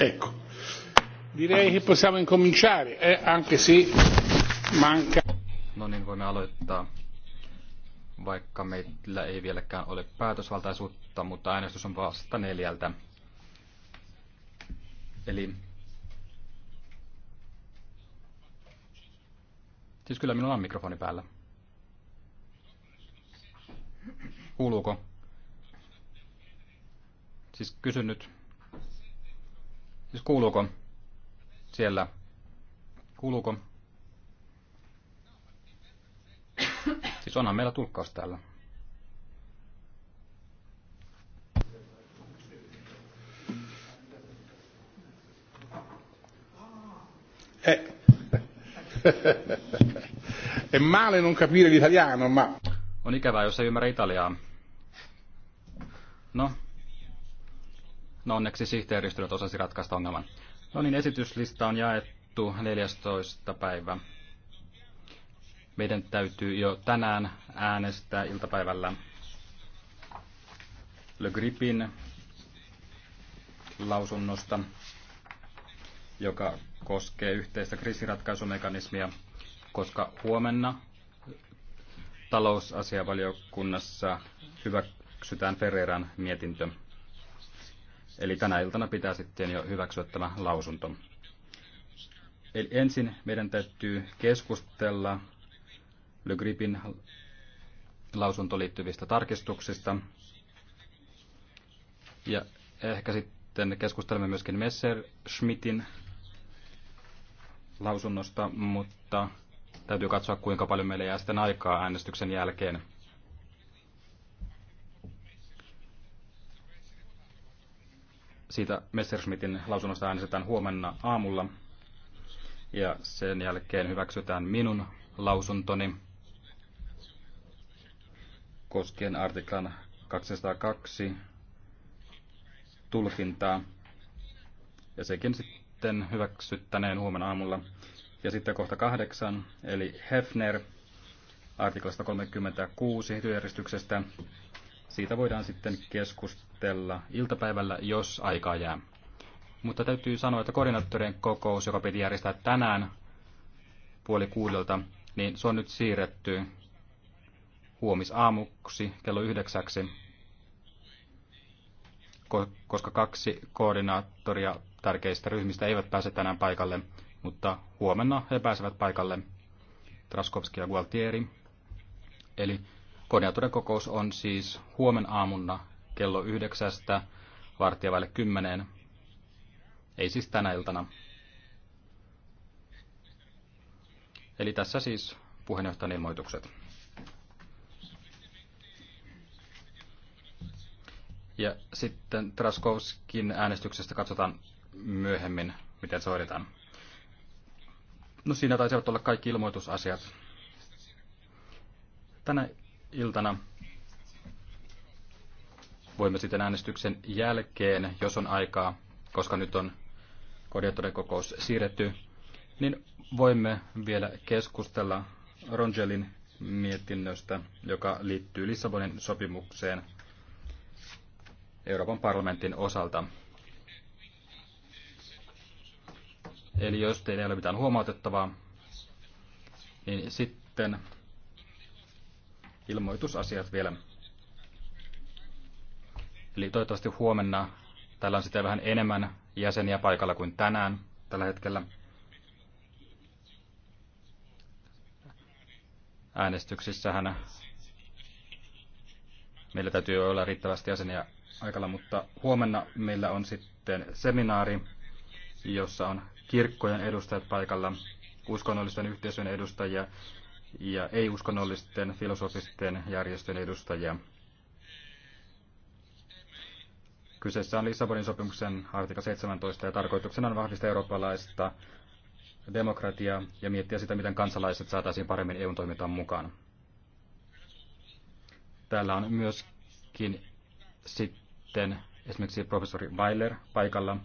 Ecco, direi che possiamo incominciare, eh, anche se manca. No niin, voimme aloittaa, vaikka meillä ei vieläkään ole päätösvaltaisuutta, mutta äänestys on vasta neljältä. Eli Siis kyllä minulla on mikrofoni päällä. Kuuluuko? Siis kysyn nyt. Siis kuuluuko siellä? Kuuluuko? Siis onhan meillä tulkkaus täällä. Eh. È male non capire l'italiano, ma... On ikävää, jos ei ymmärrä italiaa. No, no onneksi sihteeristöt osasi ratkaista ongelman. No niin, esityslista on jaettu 14. päivä. Meidän täytyy jo tänään äänestää iltapäivällä Le Gripin lausunnosta, joka koskee yhteistä kriisiratkaisumekanismia, koska huomenna talousasiavaliokunnassa hyvä hyväksytään Ferreiran mietintö. Eli tänä iltana pitää sitten jo hyväksyä tämä lausunto. Eli ensin meidän täytyy keskustella Le Gripin lausunto liittyvistä tarkistuksista. Ja ehkä sitten keskustelemme myöskin Messerschmittin lausunnosta, mutta täytyy katsoa kuinka paljon meillä jää sitten aikaa äänestyksen jälkeen. siitä Messerschmittin lausunnosta äänestetään huomenna aamulla. Ja sen jälkeen hyväksytään minun lausuntoni koskien artiklan 202 tulkintaa. Ja sekin sitten hyväksyttäneen huomenna aamulla. Ja sitten kohta kahdeksan, eli Hefner artiklasta 36 työjärjestyksestä siitä voidaan sitten keskustella iltapäivällä, jos aikaa jää. Mutta täytyy sanoa, että koordinaattorien kokous, joka piti järjestää tänään puoli kuudelta, niin se on nyt siirretty huomisaamuksi kello yhdeksäksi, koska kaksi koordinaattoria tärkeistä ryhmistä eivät pääse tänään paikalle, mutta huomenna he pääsevät paikalle, Traskovski ja Gualtieri. Eli Koordinaattorin kokous on siis huomen aamuna kello yhdeksästä vartija vaille kymmeneen. Ei siis tänä iltana. Eli tässä siis puheenjohtajan ilmoitukset. Ja sitten Traskowskin äänestyksestä katsotaan myöhemmin, miten se hoidetaan. No siinä taisivat olla kaikki ilmoitusasiat. Tänä iltana voimme sitten äänestyksen jälkeen, jos on aikaa, koska nyt on koordinaattorin kokous siirretty, niin voimme vielä keskustella Rongelin mietinnöstä, joka liittyy Lissabonin sopimukseen Euroopan parlamentin osalta. Eli jos teillä ei ole mitään huomautettavaa, niin sitten ilmoitusasiat vielä. Eli toivottavasti huomenna täällä on sitä vähän enemmän jäseniä paikalla kuin tänään tällä hetkellä. Äänestyksissähän meillä täytyy olla riittävästi jäseniä aikalla, mutta huomenna meillä on sitten seminaari, jossa on kirkkojen edustajat paikalla, uskonnollisten yhteisöjen edustajia, ja ei-uskonnollisten filosofisten järjestöjen edustajia. Kyseessä on Lissabonin sopimuksen artikla 17 ja tarkoituksena on vahvistaa eurooppalaista demokratiaa ja miettiä sitä, miten kansalaiset saataisiin paremmin EUn toimintaan mukaan. Täällä on myöskin sitten esimerkiksi professori Weiler paikalla,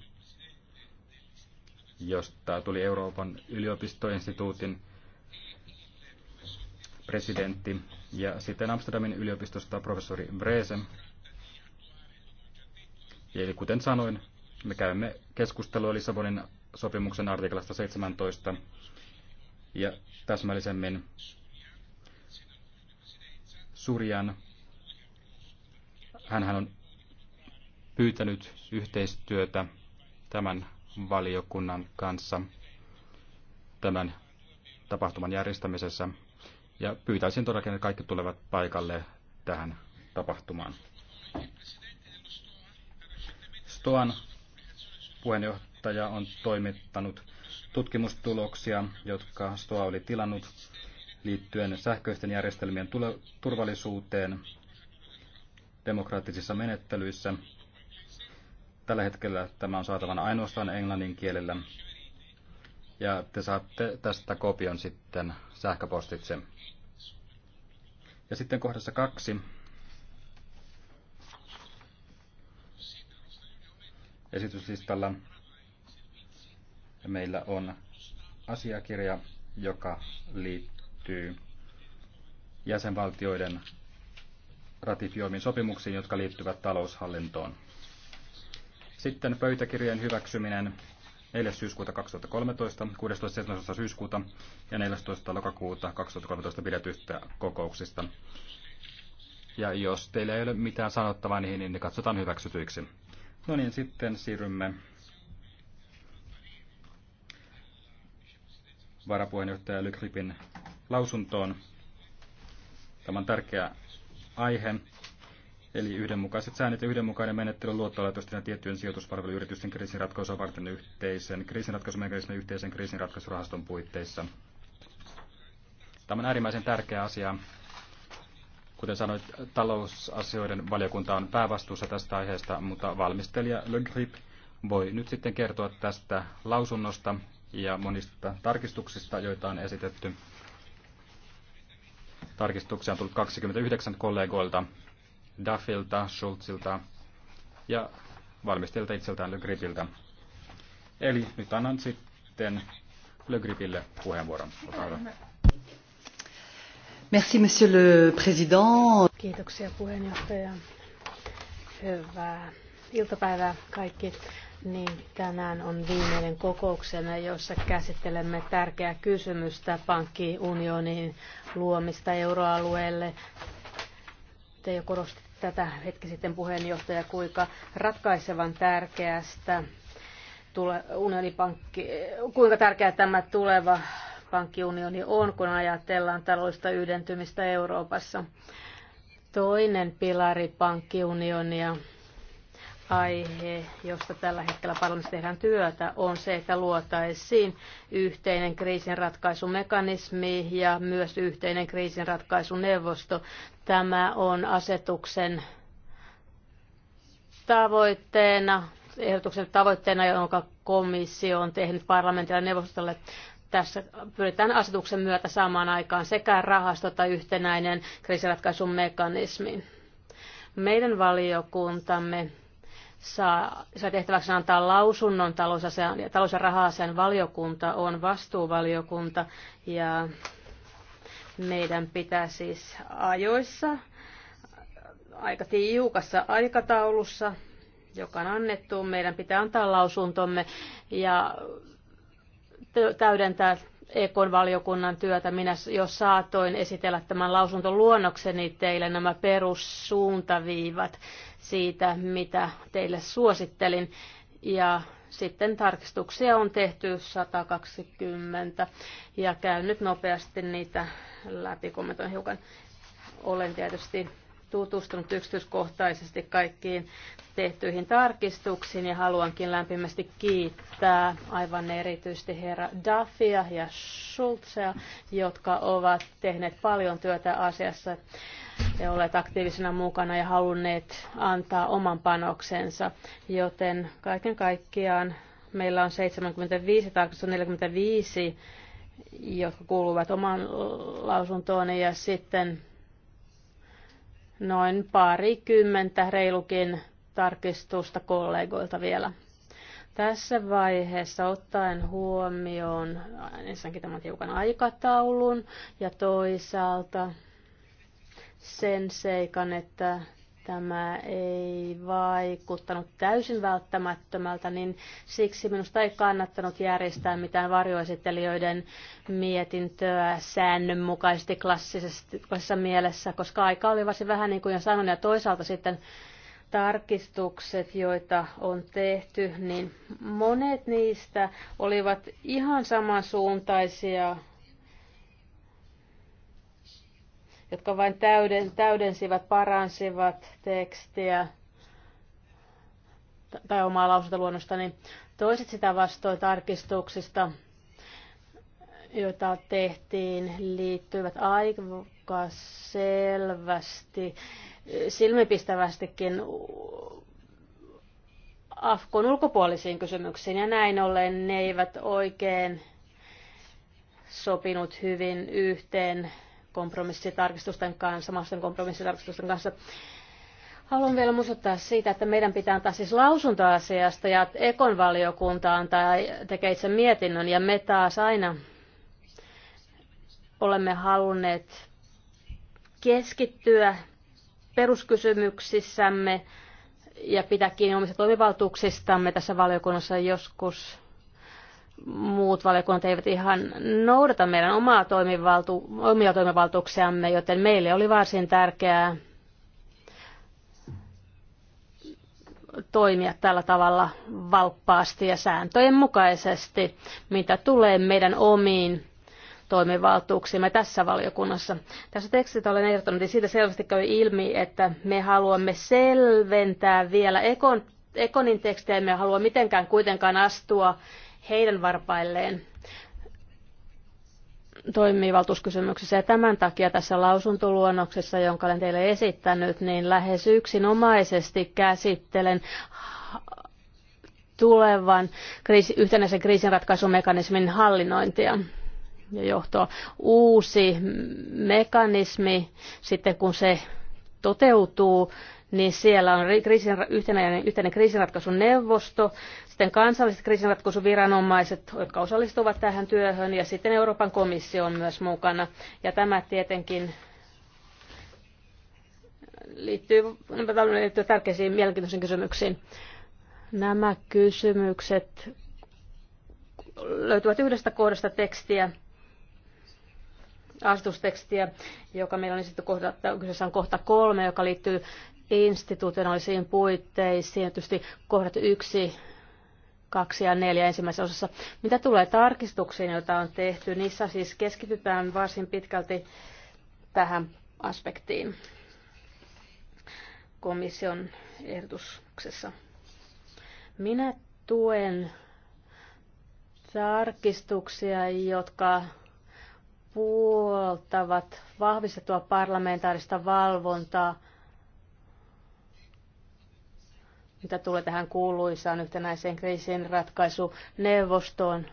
josta tuli Euroopan yliopistoinstituutin presidentti, ja sitten Amsterdamin yliopistosta professori Vreese. Eli kuten sanoin, me käymme keskustelua Lissabonin sopimuksen artiklasta 17 ja täsmällisemmin Surjan. hän on pyytänyt yhteistyötä tämän valiokunnan kanssa tämän tapahtuman järjestämisessä. Ja pyytäisin todellakin, että kaikki tulevat paikalle tähän tapahtumaan. Stoan puheenjohtaja on toimittanut tutkimustuloksia, jotka Stoa oli tilannut liittyen sähköisten järjestelmien turvallisuuteen demokraattisissa menettelyissä. Tällä hetkellä tämä on saatavana ainoastaan englannin kielellä ja te saatte tästä kopion sitten sähköpostitse. Ja sitten kohdassa kaksi. Esityslistalla meillä on asiakirja, joka liittyy jäsenvaltioiden ratifioimiin sopimuksiin, jotka liittyvät taloushallintoon. Sitten pöytäkirjojen hyväksyminen 4. syyskuuta 2013, 16. syyskuuta ja 14. lokakuuta 2013 pidetyistä kokouksista. Ja jos teillä ei ole mitään sanottavaa niihin, niin ne katsotaan hyväksytyiksi. No niin, sitten siirrymme varapuheenjohtaja Lykripin lausuntoon. Tämä on tärkeä aihe. Eli yhdenmukaiset säännöt ja yhdenmukainen menettely luottolaitosten ja tiettyjen sijoituspalveluyritysten kriisinratkaisua varten yhteisen kriisinratkaisumekanismin yhteisen kriisinratkaisurahaston puitteissa. Tämä on äärimmäisen tärkeä asia. Kuten sanoit, talousasioiden valiokunta on päävastuussa tästä aiheesta, mutta valmistelija Le Grip voi nyt sitten kertoa tästä lausunnosta ja monista tarkistuksista, joita on esitetty. Tarkistuksia on tullut 29 kollegoilta Duffilta, Schultzilta ja valmistajilta itseltään Le Gripiltä. Eli nyt annan sitten Le Gripille puheenvuoron. Merci, monsieur le président. Kiitoksia puheenjohtaja. Hyvää iltapäivää kaikki. Niin, tänään on viimeinen kokouksena, jossa käsittelemme tärkeää kysymystä pankkiunionin luomista euroalueelle. Te jo korostitte tätä hetki sitten puheenjohtaja, kuinka ratkaisevan tärkeästä tule, unionipankki, kuinka tärkeä tämä tuleva pankkiunioni on, kun ajatellaan taloudellista yhdentymistä Euroopassa. Toinen pilari pankkiunionia aihe, josta tällä hetkellä parlamentissa tehdään työtä, on se, että luotaisiin yhteinen kriisinratkaisumekanismi ja myös yhteinen kriisinratkaisuneuvosto. Tämä on asetuksen tavoitteena, ehdotuksen tavoitteena, jonka komissio on tehnyt parlamentille ja neuvostolle tässä pyritään asetuksen myötä saamaan aikaan sekä rahasto että yhtenäinen kriisiratkaisun mekanismi. Meidän valiokuntamme saa, saa tehtäväksi antaa lausunnon talous- ja, talous- ja raha-asian valiokunta on vastuuvaliokunta ja meidän pitää siis ajoissa, aika tiukassa aikataulussa, joka on annettu, meidän pitää antaa lausuntomme ja täydentää ekon valiokunnan työtä. Minä jo saatoin esitellä tämän lausuntoluonnokseni teille nämä perussuuntaviivat siitä, mitä teille suosittelin. Ja sitten tarkistuksia on tehty 120 ja käyn nyt nopeasti niitä läpi, kommentoin hiukan. Olen tietysti tutustunut yksityiskohtaisesti kaikkiin tehtyihin tarkistuksiin ja haluankin lämpimästi kiittää aivan erityisesti herra Duffia ja Schulzea, jotka ovat tehneet paljon työtä asiassa ja olleet aktiivisena mukana ja halunneet antaa oman panoksensa, joten kaiken kaikkiaan meillä on 75 tarkistus 45 jotka kuuluvat oman lausuntooni ja sitten noin parikymmentä reilukin tarkistusta kollegoilta vielä. Tässä vaiheessa ottaen huomioon ensinnäkin tämän tiukan aikataulun ja toisaalta sen seikan, että tämä ei vaikuttanut täysin välttämättömältä, niin siksi minusta ei kannattanut järjestää mitään varjoesittelijöiden mietintöä säännönmukaisesti klassisessa mielessä, koska aika oli varsin vähän niin kuin jo sanoin, ja toisaalta sitten tarkistukset, joita on tehty, niin monet niistä olivat ihan samansuuntaisia, jotka vain täyden, täydensivät, paransivat tekstiä tai omaa lausuntaluonnosta, niin toiset sitä vastoin tarkistuksista, joita tehtiin, liittyivät aika selvästi silmipistävästikin Afkon ulkopuolisiin kysymyksiin ja näin ollen ne eivät oikein sopinut hyvin yhteen kompromissitarkistusten kanssa, samasten kompromissitarkistusten kanssa. Haluan vielä muistuttaa siitä, että meidän pitää antaa siis lausuntoasiasta ja Ekon valiokunta antaa, tekee itse mietinnön ja me taas aina olemme halunneet keskittyä peruskysymyksissämme ja pitää kiinni omista toimivaltuuksistamme tässä valiokunnassa joskus muut valiokunnat eivät ihan noudata meidän omaa toimivaltu, omia toimivaltuuksiamme, joten meille oli varsin tärkeää toimia tällä tavalla valppaasti ja sääntöjen mukaisesti, mitä tulee meidän omiin toimivaltuuksimme tässä valiokunnassa. Tässä tekstistä olen ehdottanut, että siitä selvästi käy ilmi, että me haluamme selventää vielä Ekon, Ekonin tekstejä, me halua mitenkään kuitenkaan astua heidän varpailleen toimivaltuuskysymyksessä. Ja tämän takia tässä lausuntoluonnoksessa, jonka olen teille esittänyt, niin lähes yksinomaisesti käsittelen tulevan kriisi, yhtenäisen kriisinratkaisumekanismin hallinnointia ja johtoa. Uusi mekanismi, sitten kun se toteutuu, niin siellä on kriisin, yhtenäinen, yhtenäinen kriisinratkaisun neuvosto, sitten kansalliset kriisinratkaisuviranomaiset, jotka osallistuvat tähän työhön, ja sitten Euroopan komissio on myös mukana. Ja tämä tietenkin liittyy, liittyy tärkeisiin mielenkiintoisiin kysymyksiin. Nämä kysymykset löytyvät yhdestä kohdasta tekstiä, asetustekstiä, joka meillä on esitetty kohta, kyseessä on kohta kolme, joka liittyy institutionaalisiin puitteisiin, tietysti kohdat yksi, kaksi ja neljä ensimmäisessä osassa. Mitä tulee tarkistuksiin, joita on tehty, niissä siis keskitytään varsin pitkälti tähän aspektiin komission ehdotuksessa. Minä tuen tarkistuksia, jotka puoltavat vahvistettua parlamentaarista valvontaa, mitä tulee tähän kuuluisaan yhtenäiseen kriisin ratkaisuneuvostoon.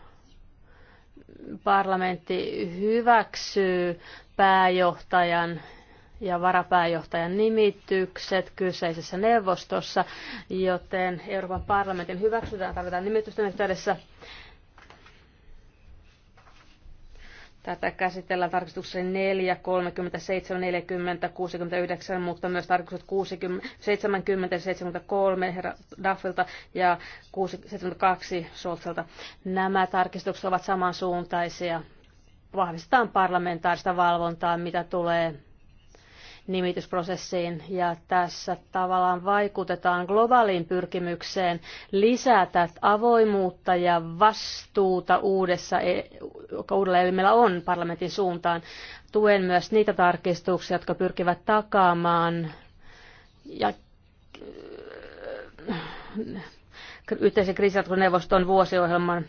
Parlamentti hyväksyy pääjohtajan ja varapääjohtajan nimitykset kyseisessä neuvostossa, joten Euroopan parlamentin hyväksytään tarvitaan nimitysten yhteydessä Tätä käsitellään tarkistuksen 4, 37, 40, 69, mutta myös tarkistukset 60, 70 ja 73 herra Daffilta ja 72 Soltselta. Nämä tarkistukset ovat samansuuntaisia. Vahvistetaan parlamentaarista valvontaa, mitä tulee nimitysprosessiin ja tässä tavallaan vaikutetaan globaaliin pyrkimykseen lisätä avoimuutta ja vastuuta uudessa, e-, joka uudella elimellä on parlamentin suuntaan. Tuen myös niitä tarkistuksia, jotka pyrkivät takaamaan ja äh, yhteisen kriisiratkoneuvoston vuosiohjelman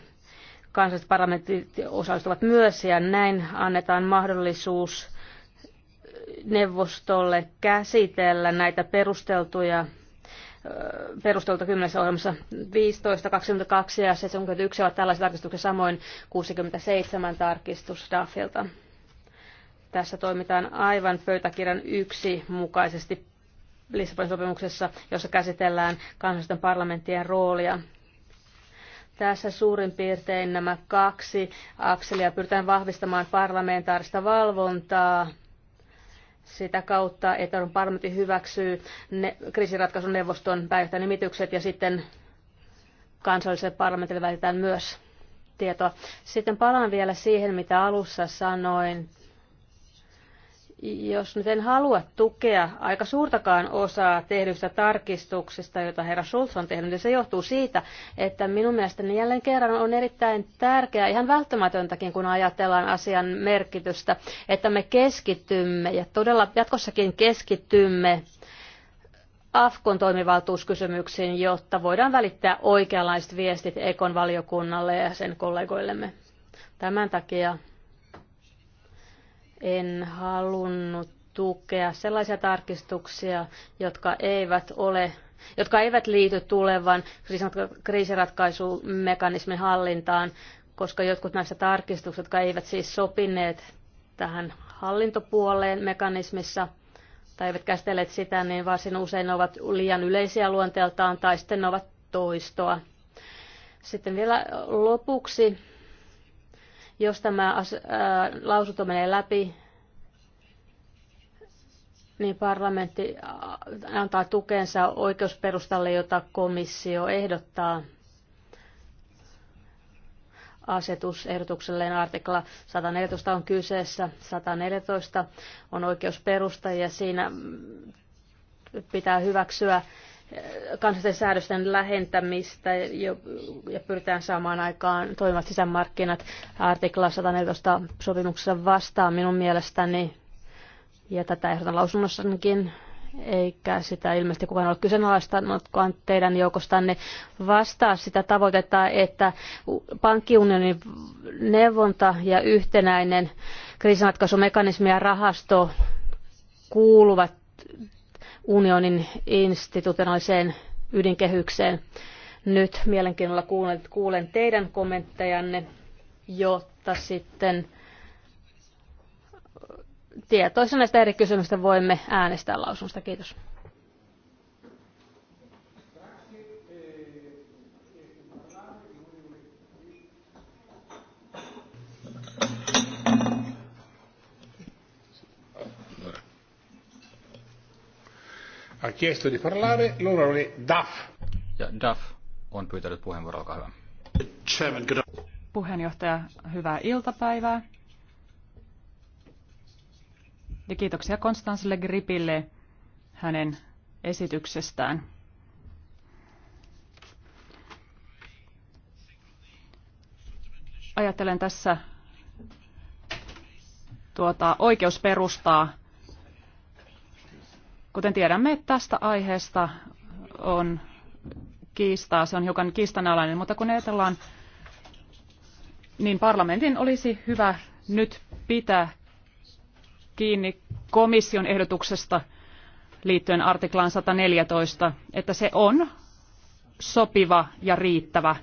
kansalliset parlamentit osallistuvat myös ja näin annetaan mahdollisuus neuvostolle käsitellä näitä perusteltuja perusteltu 10 ohjelmassa 15, 22 ja 71 ovat tällaisia tarkistuksia, samoin 67 tarkistus Daffilta. Tässä toimitaan aivan pöytäkirjan yksi mukaisesti Lissabonin sopimuksessa, jossa käsitellään kansallisten parlamenttien roolia. Tässä suurin piirtein nämä kaksi akselia pyritään vahvistamaan parlamentaarista valvontaa sitä kautta, että Euroopan parlamentti hyväksyy ne, kriisiratkaisuneuvoston pääjohtajanimitykset ja sitten kansalliselle parlamentille välitetään myös tietoa. Sitten palaan vielä siihen, mitä alussa sanoin jos nyt en halua tukea aika suurtakaan osaa tehdyistä tarkistuksista, joita herra Schulz on tehnyt, niin se johtuu siitä, että minun mielestäni jälleen kerran on erittäin tärkeää, ihan välttämätöntäkin, kun ajatellaan asian merkitystä, että me keskitymme ja todella jatkossakin keskitymme AFKon toimivaltuuskysymyksiin, jotta voidaan välittää oikeanlaiset viestit Ekon valiokunnalle ja sen kollegoillemme. Tämän takia en halunnut tukea sellaisia tarkistuksia, jotka eivät ole jotka eivät liity tulevan kriisiratkaisumekanismin hallintaan, koska jotkut näistä tarkistuksista, jotka eivät siis sopineet tähän hallintopuoleen mekanismissa tai eivät käsitelleet sitä, niin varsin usein ne ovat liian yleisiä luonteeltaan tai sitten ne ovat toistoa. Sitten vielä lopuksi jos tämä äh, lausunto menee läpi, niin parlamentti äh, antaa tukensa oikeusperustalle, jota komissio ehdottaa asetusehdotukselleen artikla 114 on kyseessä. 114 on oikeusperusta ja siinä pitää hyväksyä kansallisten säädösten lähentämistä ja pyritään saamaan aikaan toimivat sisämarkkinat artikla 114 sopimuksessa vastaan minun mielestäni. Ja tätä ehdotan lausunnossakin, eikä sitä ilmeisesti kukaan ole kyseenalaistanutkaan teidän joukostanne vastaa sitä tavoitetta, että pankkiunionin neuvonta ja yhtenäinen kriisinratkaisumekanismi ja rahasto kuuluvat unionin institutionaaliseen ydinkehykseen. Nyt mielenkiinnolla kuulen, kuulen teidän kommenttejanne, jotta sitten äh, tietoisena näistä eri kysymyksistä voimme äänestää lausunnosta. Kiitos. ha chiesto di parlare l'onorevole Duff. Ja Duff on pyytänyt puheenvuoroa, olkaa hyvä. Chairman, good Puheenjohtaja, hyvää iltapäivää. Ja kiitoksia Konstansille Gripille hänen esityksestään. Ajattelen tässä tuota, oikeusperustaa Kuten tiedämme, tästä aiheesta on kiistaa, se on hiukan kiistanalainen, mutta kun ajatellaan, niin parlamentin olisi hyvä nyt pitää kiinni komission ehdotuksesta liittyen artiklaan 114, että se on sopiva ja riittävä.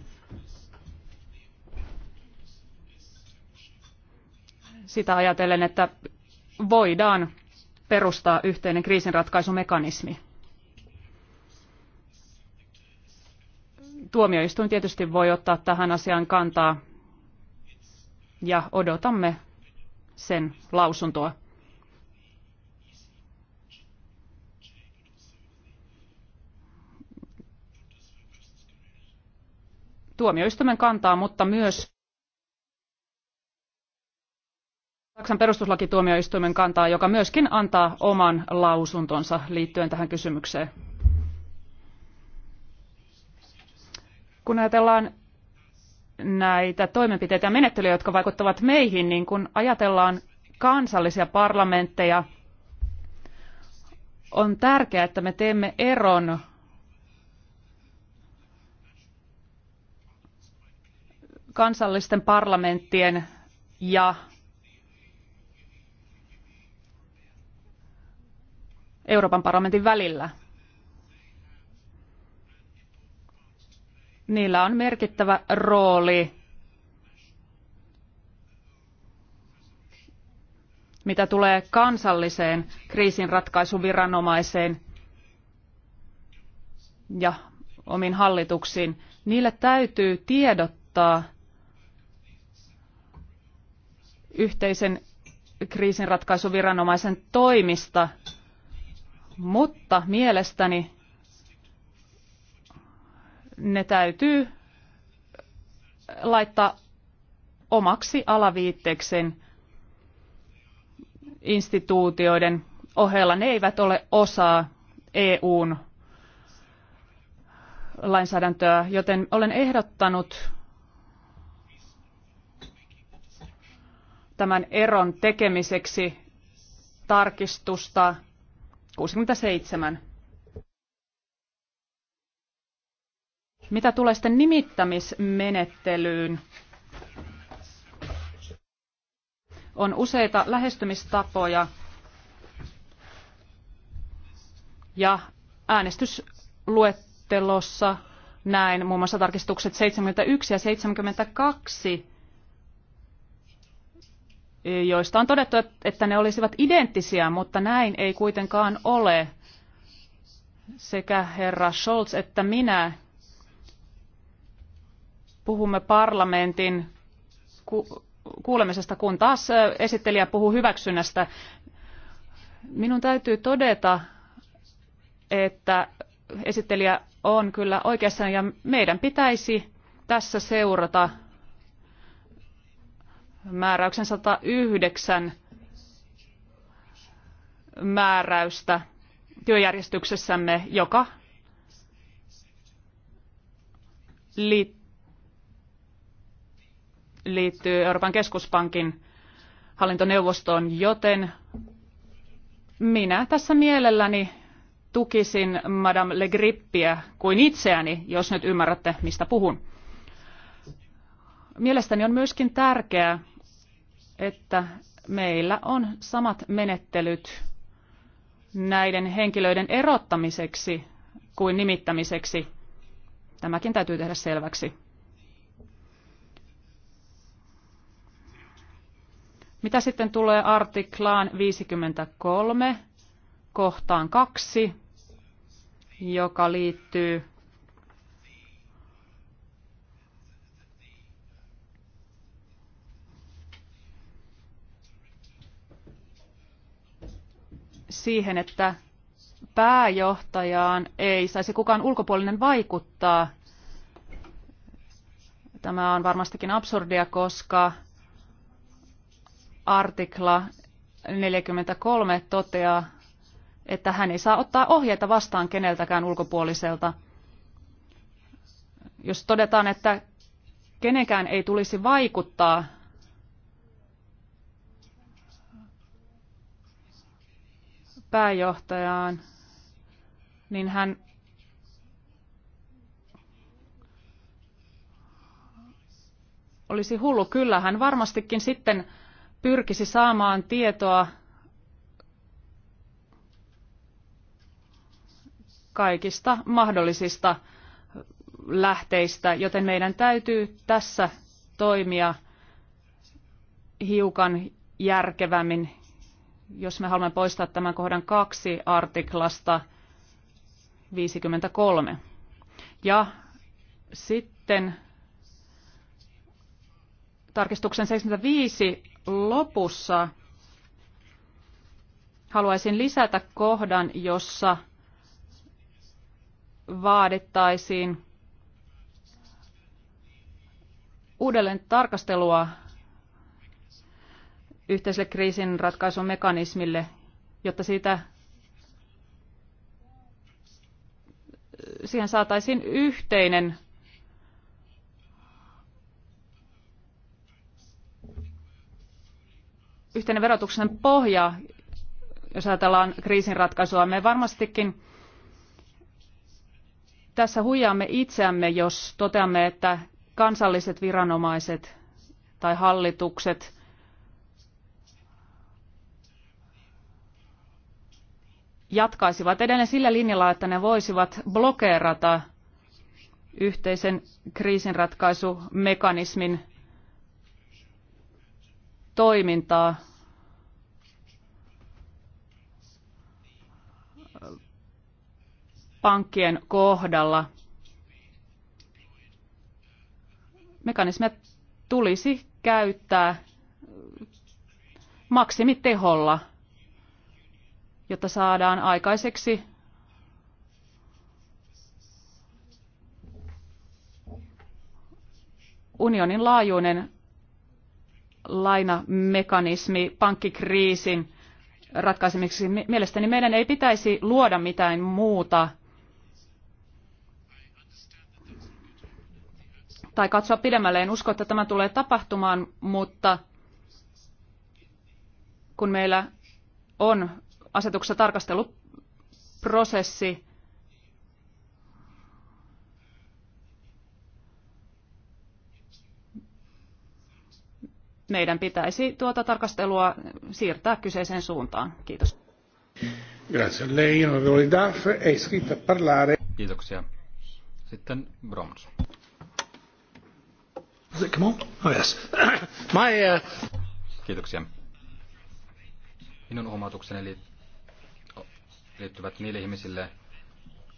Sitä ajatellen, että voidaan perustaa yhteinen kriisinratkaisumekanismi. Tuomioistuin tietysti voi ottaa tähän asiaan kantaa ja odotamme sen lausuntoa. Tuomioistuimen kantaa, mutta myös Saksan perustuslakituomioistuimen kantaa, joka myöskin antaa oman lausuntonsa liittyen tähän kysymykseen. Kun ajatellaan näitä toimenpiteitä ja menettelyjä, jotka vaikuttavat meihin, niin kun ajatellaan kansallisia parlamentteja, on tärkeää, että me teemme eron kansallisten parlamenttien ja Euroopan parlamentin välillä. Niillä on merkittävä rooli, mitä tulee kansalliseen kriisinratkaisuviranomaiseen ja omiin hallituksiin. Niille täytyy tiedottaa yhteisen kriisinratkaisuviranomaisen toimista – mutta mielestäni ne täytyy laittaa omaksi alaviitteekseen instituutioiden ohella. Ne eivät ole osa EUn lainsäädäntöä, joten olen ehdottanut tämän eron tekemiseksi tarkistusta 67. Mitä tulee sitten nimittämismenettelyyn? On useita lähestymistapoja ja äänestysluettelossa näin muun muassa tarkistukset 71 ja 72 joista on todettu, että ne olisivat identtisiä, mutta näin ei kuitenkaan ole. Sekä herra Scholz että minä puhumme parlamentin ku- kuulemisesta, kun taas esittelijä puhuu hyväksynnästä. Minun täytyy todeta, että esittelijä on kyllä oikeassa ja meidän pitäisi tässä seurata määräyksen 109 määräystä työjärjestyksessämme, joka liittyy Euroopan keskuspankin hallintoneuvostoon, joten minä tässä mielelläni tukisin Madame Le Grippiä kuin itseäni, jos nyt ymmärrätte, mistä puhun. Mielestäni on myöskin tärkeää, että meillä on samat menettelyt näiden henkilöiden erottamiseksi kuin nimittämiseksi. Tämäkin täytyy tehdä selväksi. Mitä sitten tulee artiklaan 53 kohtaan 2, joka liittyy siihen, että pääjohtajaan ei saisi kukaan ulkopuolinen vaikuttaa. Tämä on varmastikin absurdia, koska artikla 43 toteaa, että hän ei saa ottaa ohjeita vastaan keneltäkään ulkopuoliselta. Jos todetaan, että kenenkään ei tulisi vaikuttaa pääjohtajaan, niin hän olisi hullu. Kyllä, hän varmastikin sitten pyrkisi saamaan tietoa kaikista mahdollisista lähteistä, joten meidän täytyy tässä toimia hiukan järkevämmin jos me haluamme poistaa tämän kohdan kaksi artiklasta 53. Ja sitten tarkistuksen 75 lopussa haluaisin lisätä kohdan, jossa vaadittaisiin uudelleen tarkastelua yhteiselle mekanismille, jotta siitä siihen saataisiin yhteinen yhteinen verotuksen pohja, jos ajatellaan kriisinratkaisua. Me varmastikin tässä huijaamme itseämme, jos toteamme, että kansalliset viranomaiset tai hallitukset jatkaisivat edelleen sillä linjalla, että ne voisivat blokeerata yhteisen kriisinratkaisumekanismin toimintaa pankkien kohdalla. Mekanismia tulisi käyttää maksimiteholla – jotta saadaan aikaiseksi unionin laajuinen lainamekanismi pankkikriisin ratkaisemiseksi. Mielestäni meidän ei pitäisi luoda mitään muuta tai katsoa pidemmälle. En usko, että tämä tulee tapahtumaan, mutta kun meillä on asetuksessa tarkasteluprosessi meidän pitäisi tuota tarkastelua siirtää kyseiseen suuntaan. Kiitos. Grazie. Lei, onorevole Duff, è iscritta a parlare. Kiitoksia. Sitten Broms. Come on? Oh yes. My, uh... Kiitoksia. Minun huomautukseni liittyvät niille ihmisille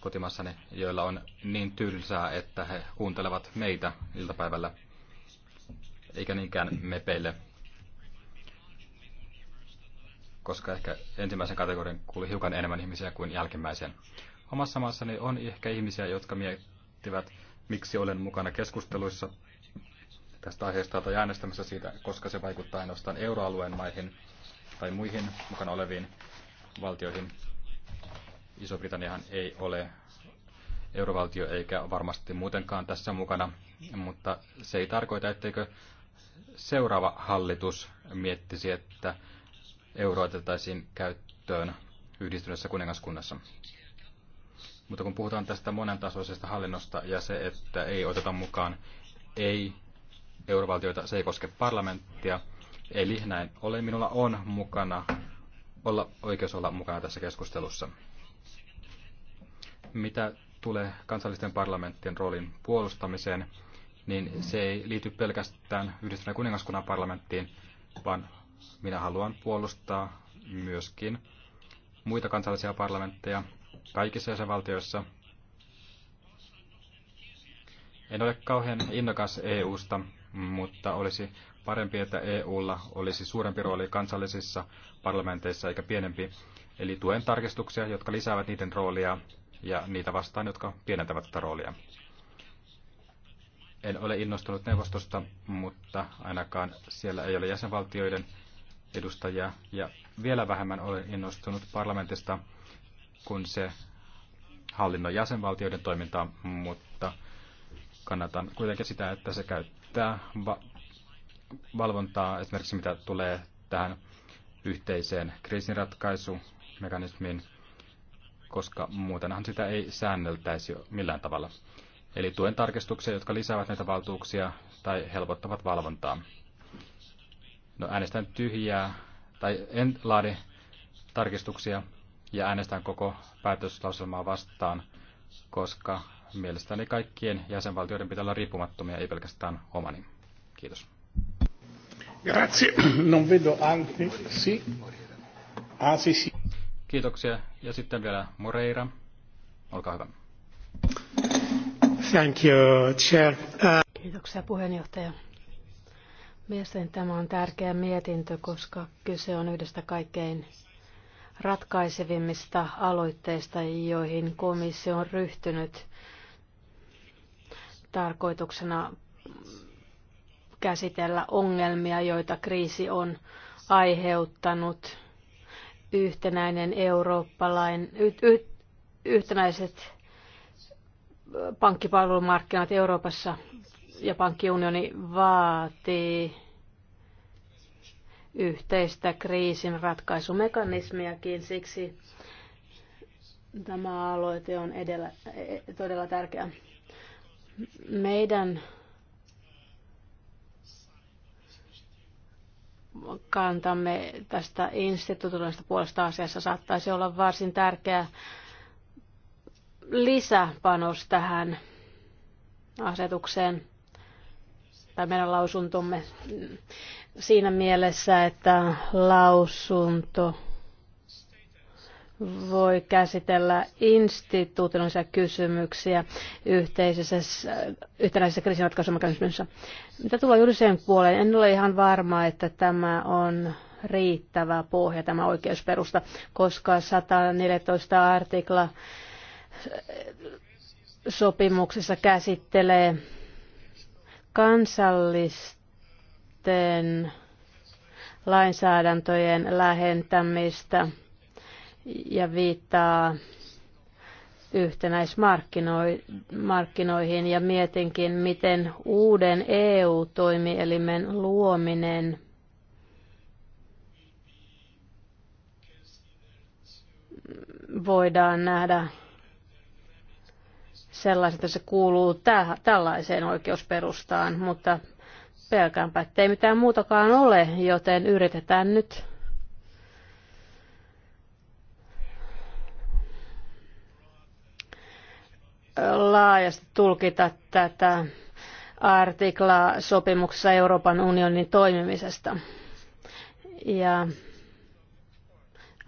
kotimassani, joilla on niin tylsää, että he kuuntelevat meitä iltapäivällä, eikä niinkään mepeille. Koska ehkä ensimmäisen kategorian kuuli hiukan enemmän ihmisiä kuin jälkimmäisen. Omassa maassani on ehkä ihmisiä, jotka miettivät, miksi olen mukana keskusteluissa tästä aiheesta tai äänestämässä siitä, koska se vaikuttaa ainoastaan euroalueen maihin tai muihin mukana oleviin valtioihin. Iso-Britanniahan ei ole eurovaltio eikä varmasti muutenkaan tässä mukana, mutta se ei tarkoita, etteikö seuraava hallitus miettisi, että euroa otettaisiin käyttöön yhdistyneessä kuningaskunnassa. Mutta kun puhutaan tästä monentasoisesta hallinnosta ja se, että ei oteta mukaan ei eurovaltioita, se ei koske parlamenttia. Eli näin ole minulla on mukana, olla oikeus olla mukana tässä keskustelussa mitä tulee kansallisten parlamenttien roolin puolustamiseen, niin se ei liity pelkästään yhdistyneen kuningaskunnan parlamenttiin, vaan minä haluan puolustaa myöskin muita kansallisia parlamentteja kaikissa jäsenvaltioissa. En ole kauhean innokas EUsta, mutta olisi parempi, että EUlla olisi suurempi rooli kansallisissa parlamenteissa eikä pienempi. Eli tuen tarkistuksia, jotka lisäävät niiden roolia ja niitä vastaan, jotka pienentävät tätä roolia. En ole innostunut neuvostosta, mutta ainakaan siellä ei ole jäsenvaltioiden edustajia ja vielä vähemmän olen innostunut parlamentista, kun se hallinnoi jäsenvaltioiden toimintaa, mutta kannatan kuitenkin sitä, että se käyttää va- valvontaa esimerkiksi mitä tulee tähän yhteiseen kriisinratkaisumekanismiin koska muutenhan sitä ei säänneltäisi millään tavalla. Eli tuen tarkistuksia, jotka lisäävät näitä valtuuksia tai helpottavat valvontaa. No äänestän tyhjää, tai en laadi tarkistuksia ja äänestän koko päätöslauselmaa vastaan, koska mielestäni kaikkien jäsenvaltioiden pitää olla riippumattomia, ei pelkästään omani. Kiitos. Grazie. Non vedo altri. Sì. Ah, sì, sì. Kiitoksia. Ja sitten vielä Moreira. Olkaa hyvä. Thank you, Chair. Uh... Kiitoksia puheenjohtaja. Mielestäni tämä on tärkeä mietintö, koska kyse on yhdestä kaikkein ratkaisevimmista aloitteista, joihin komissio on ryhtynyt tarkoituksena käsitellä ongelmia, joita kriisi on aiheuttanut yhtenäinen eurooppalainen, y, y, yhtenäiset pankkipalvelumarkkinat Euroopassa ja pankkiunioni vaatii yhteistä kriisin ratkaisumekanismiakin, siksi tämä aloite on edellä, e-, todella tärkeä. Meidän kantamme tästä instituutioista puolesta asiassa saattaisi olla varsin tärkeä lisäpanos tähän asetukseen tai meidän lausuntomme siinä mielessä, että lausunto voi käsitellä instituutionaalisia kysymyksiä yhteisessä, yhtenäisessä kriisinratkaisumekanismissa. Mitä tulee juridiseen puoleen, en ole ihan varma, että tämä on riittävä pohja, tämä oikeusperusta, koska 114 artikla sopimuksessa käsittelee kansallisten lainsäädäntöjen lähentämistä – ja viittaa yhtenäismarkkinoihin ja mietinkin, miten uuden EU-toimielimen luominen voidaan nähdä sellaiset, että se kuuluu täh- tällaiseen oikeusperustaan, mutta pelkäänpä, että ei mitään muutakaan ole, joten yritetään nyt laajasti tulkita tätä artiklaa sopimuksessa Euroopan unionin toimimisesta. Ja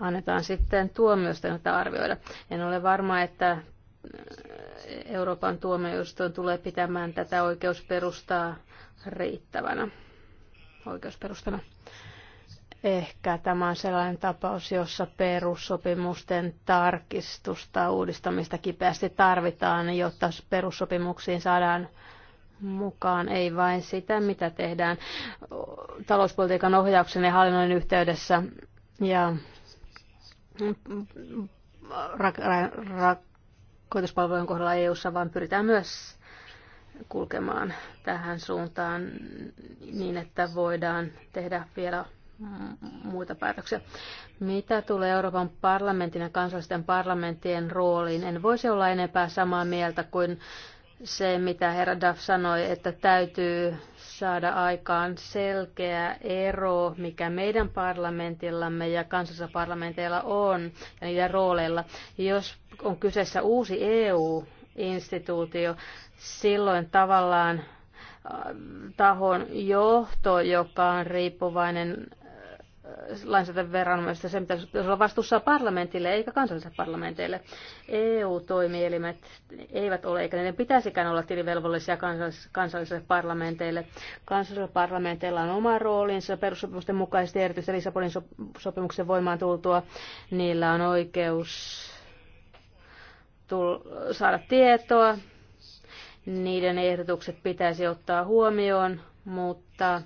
annetaan sitten tuomioista tätä arvioida. En ole varma, että Euroopan tuomioistuin tulee pitämään tätä oikeusperustaa riittävänä oikeusperustana. Ehkä tämä on sellainen tapaus, jossa perussopimusten tarkistusta, uudistamista kipeästi tarvitaan, jotta perussopimuksiin saadaan mukaan, ei vain sitä, mitä tehdään talouspolitiikan ohjauksen ja hallinnon yhteydessä ja rakoituspalvelujen kohdalla eu vaan pyritään myös kulkemaan tähän suuntaan niin, että voidaan tehdä vielä muita päätöksiä. Mitä tulee Euroopan parlamentin ja kansallisten parlamenttien rooliin, en voisi olla enempää samaa mieltä kuin se, mitä herra Duff sanoi, että täytyy saada aikaan selkeä ero, mikä meidän parlamentillamme ja kansallisilla parlamenteilla on ja niiden rooleilla. Jos on kyseessä uusi EU-instituutio, silloin tavallaan äh, tahon johto, joka on riippuvainen lainsäädäntöviranomaisista, sen pitäisi olla vastuussa parlamentille eikä kansallisille parlamenteille. EU-toimielimet eivät ole, eikä niiden pitäisikään olla tilivelvollisia kansallis- kansallisille parlamenteille. Kansallisilla parlamenteilla on oma roolinsa perussopimusten mukaisesti, erityisesti Lissabonin sopimuksen voimaan tultua. Niillä on oikeus saada tietoa. Niiden ehdotukset pitäisi ottaa huomioon, mutta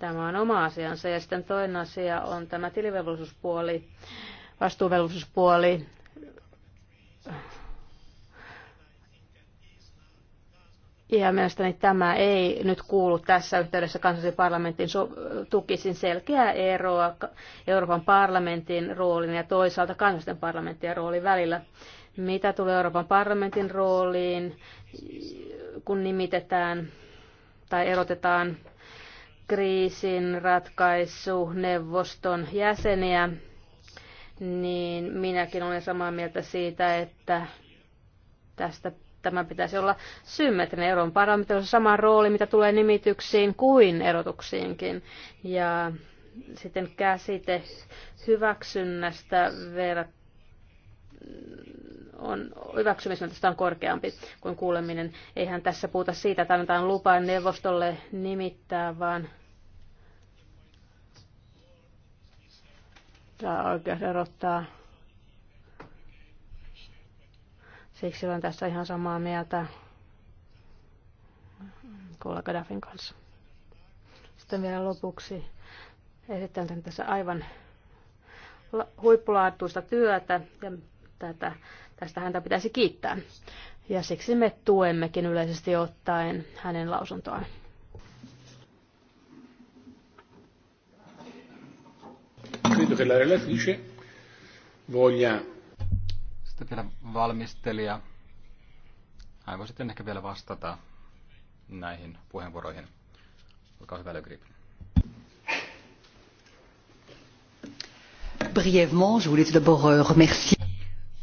Tämä on oma asiansa. Ja sitten toinen asia on tämä tilivelvollisuuspuoli, vastuuvelvollisuuspuoli. Ja mielestäni tämä ei nyt kuulu tässä yhteydessä kansallisen parlamentin tukisin selkeää eroa Euroopan parlamentin roolin ja toisaalta kansallisten parlamenttien roolin välillä. Mitä tulee Euroopan parlamentin rooliin, kun nimitetään tai erotetaan kriisin neuvoston jäseniä, niin minäkin olen samaa mieltä siitä, että tästä tämä pitäisi olla symmetrinen. Euroopan parlamentilla sama rooli, mitä tulee nimityksiin kuin erotuksiinkin. Ja sitten käsite hyväksynnästä verrattuna on, hyväksymismenetystä on korkeampi kuin kuuleminen. Eihän tässä puhuta siitä, että annetaan lupa neuvostolle nimittää, vaan tämä oikeus erottaa. Siksi olen tässä ihan samaa mieltä kollega Daffin kanssa. Sitten vielä lopuksi esittelen tässä aivan huippulaatuista työtä ja tätä, tästä häntä pitäisi kiittää. Ja siksi me tuemmekin yleisesti ottaen hänen lausuntoaan. della relatrice voglia... Sitten vielä valmistelija. Hän voi sitten ehkä vielä vastata näihin puheenvuoroihin. Olkaa hyvä, Le Brièvement, je voulais tout d'abord euh, remercier.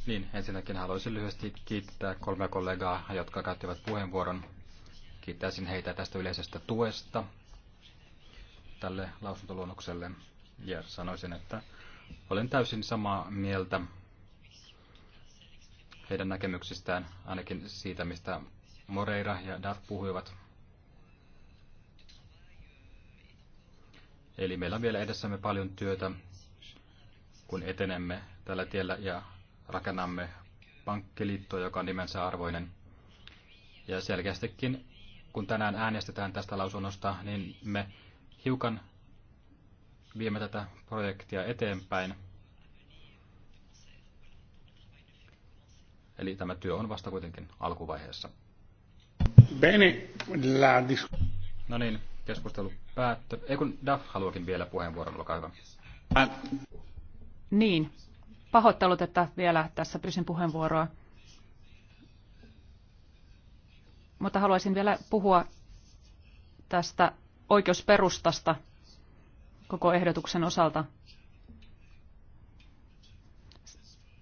Niin, ensinnäkin haluaisin lyhyesti kiittää kolme kollegaa, jotka käyttivät puheenvuoron. Kiittäisin heitä tästä yleisestä tuesta tälle lausuntoluonnokselle. Ja sanoisin, että olen täysin samaa mieltä heidän näkemyksistään, ainakin siitä, mistä Moreira ja Dart puhuivat. Eli meillä on vielä edessämme paljon työtä, kun etenemme tällä tiellä ja rakennamme pankkiliittoa, joka on nimensä arvoinen. Ja selkeästikin, kun tänään äänestetään tästä lausunnosta, niin me hiukan viemme tätä projektia eteenpäin. Eli tämä työ on vasta kuitenkin alkuvaiheessa. Bene, la No niin, keskustelu päättyi. Ei kun Daf haluakin vielä puheenvuoron, olkaa hyvä. Niin, pahoittelut, että vielä tässä pyysin puheenvuoroa. Mutta haluaisin vielä puhua tästä oikeusperustasta koko ehdotuksen osalta.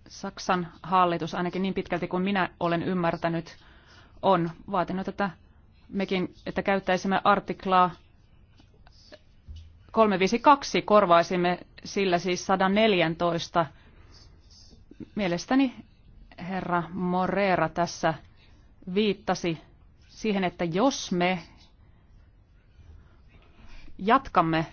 Saksan hallitus, ainakin niin pitkälti kuin minä olen ymmärtänyt, on vaatinut, että mekin, että käyttäisimme artiklaa 352, korvaisimme sillä siis 114. Mielestäni herra Morera tässä viittasi siihen, että jos me jatkamme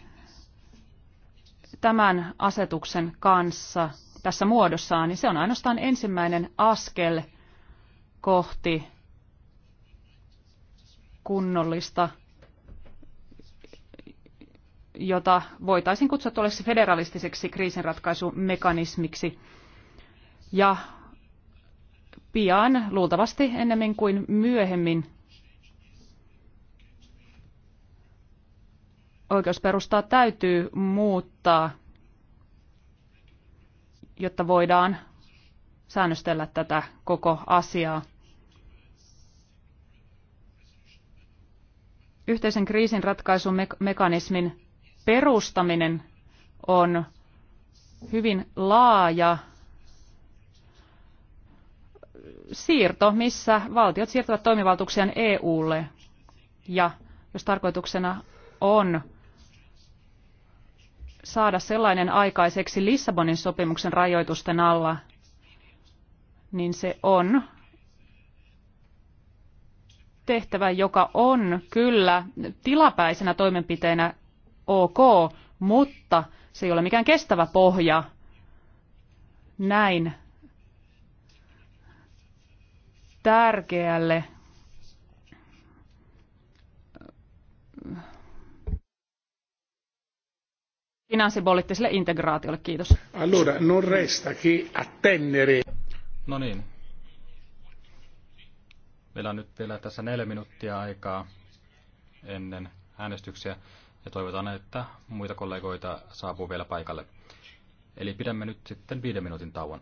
tämän asetuksen kanssa tässä muodossaan, niin se on ainoastaan ensimmäinen askel kohti kunnollista, jota voitaisiin kutsua tuollaiseksi federalistiseksi kriisinratkaisumekanismiksi. Ja pian, luultavasti ennemmin kuin myöhemmin, oikeusperustaa täytyy muuttaa, jotta voidaan säännöstellä tätä koko asiaa. Yhteisen kriisin ratkaisumekanismin perustaminen on hyvin laaja siirto, missä valtiot siirtävät toimivaltuuksiaan EUlle. Ja jos tarkoituksena on saada sellainen aikaiseksi Lissabonin sopimuksen rajoitusten alla, niin se on tehtävä, joka on kyllä tilapäisenä toimenpiteenä ok, mutta se ei ole mikään kestävä pohja näin tärkeälle finanssipoliittiselle integraatiolle. Kiitos. Allora, non resta che attendere. No niin. Meillä on nyt vielä tässä neljä minuuttia aikaa ennen äänestyksiä ja toivotaan, että muita kollegoita saapuu vielä paikalle. Eli pidämme nyt sitten viiden minuutin tauon.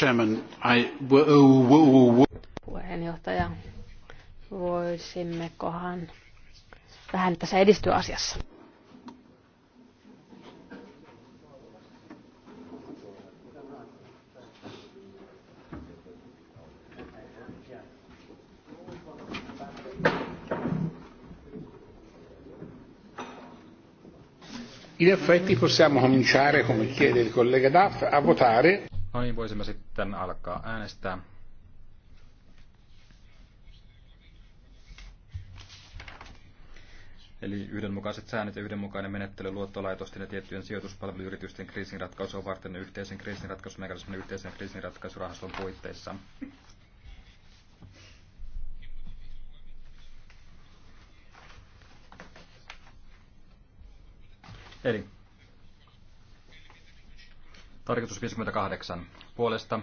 Chairman, I... Puheenjohtaja, voisimmekohan vähän tässä edistyä asiassa? In effetti possiamo cominciare, come chiede il collega Duff, a votare. No niin, voisimme sitten alkaa äänestää. Eli yhdenmukaiset säännöt ja yhdenmukainen menettely luottolaitosten ja tiettyjen sijoituspalveluyritysten kriisinratkaisua varten yhteisen kriisinratkaisumekanismin yhteisen kriisinratkaisurahaston puitteissa. Eli Tarkoitus 58 puolesta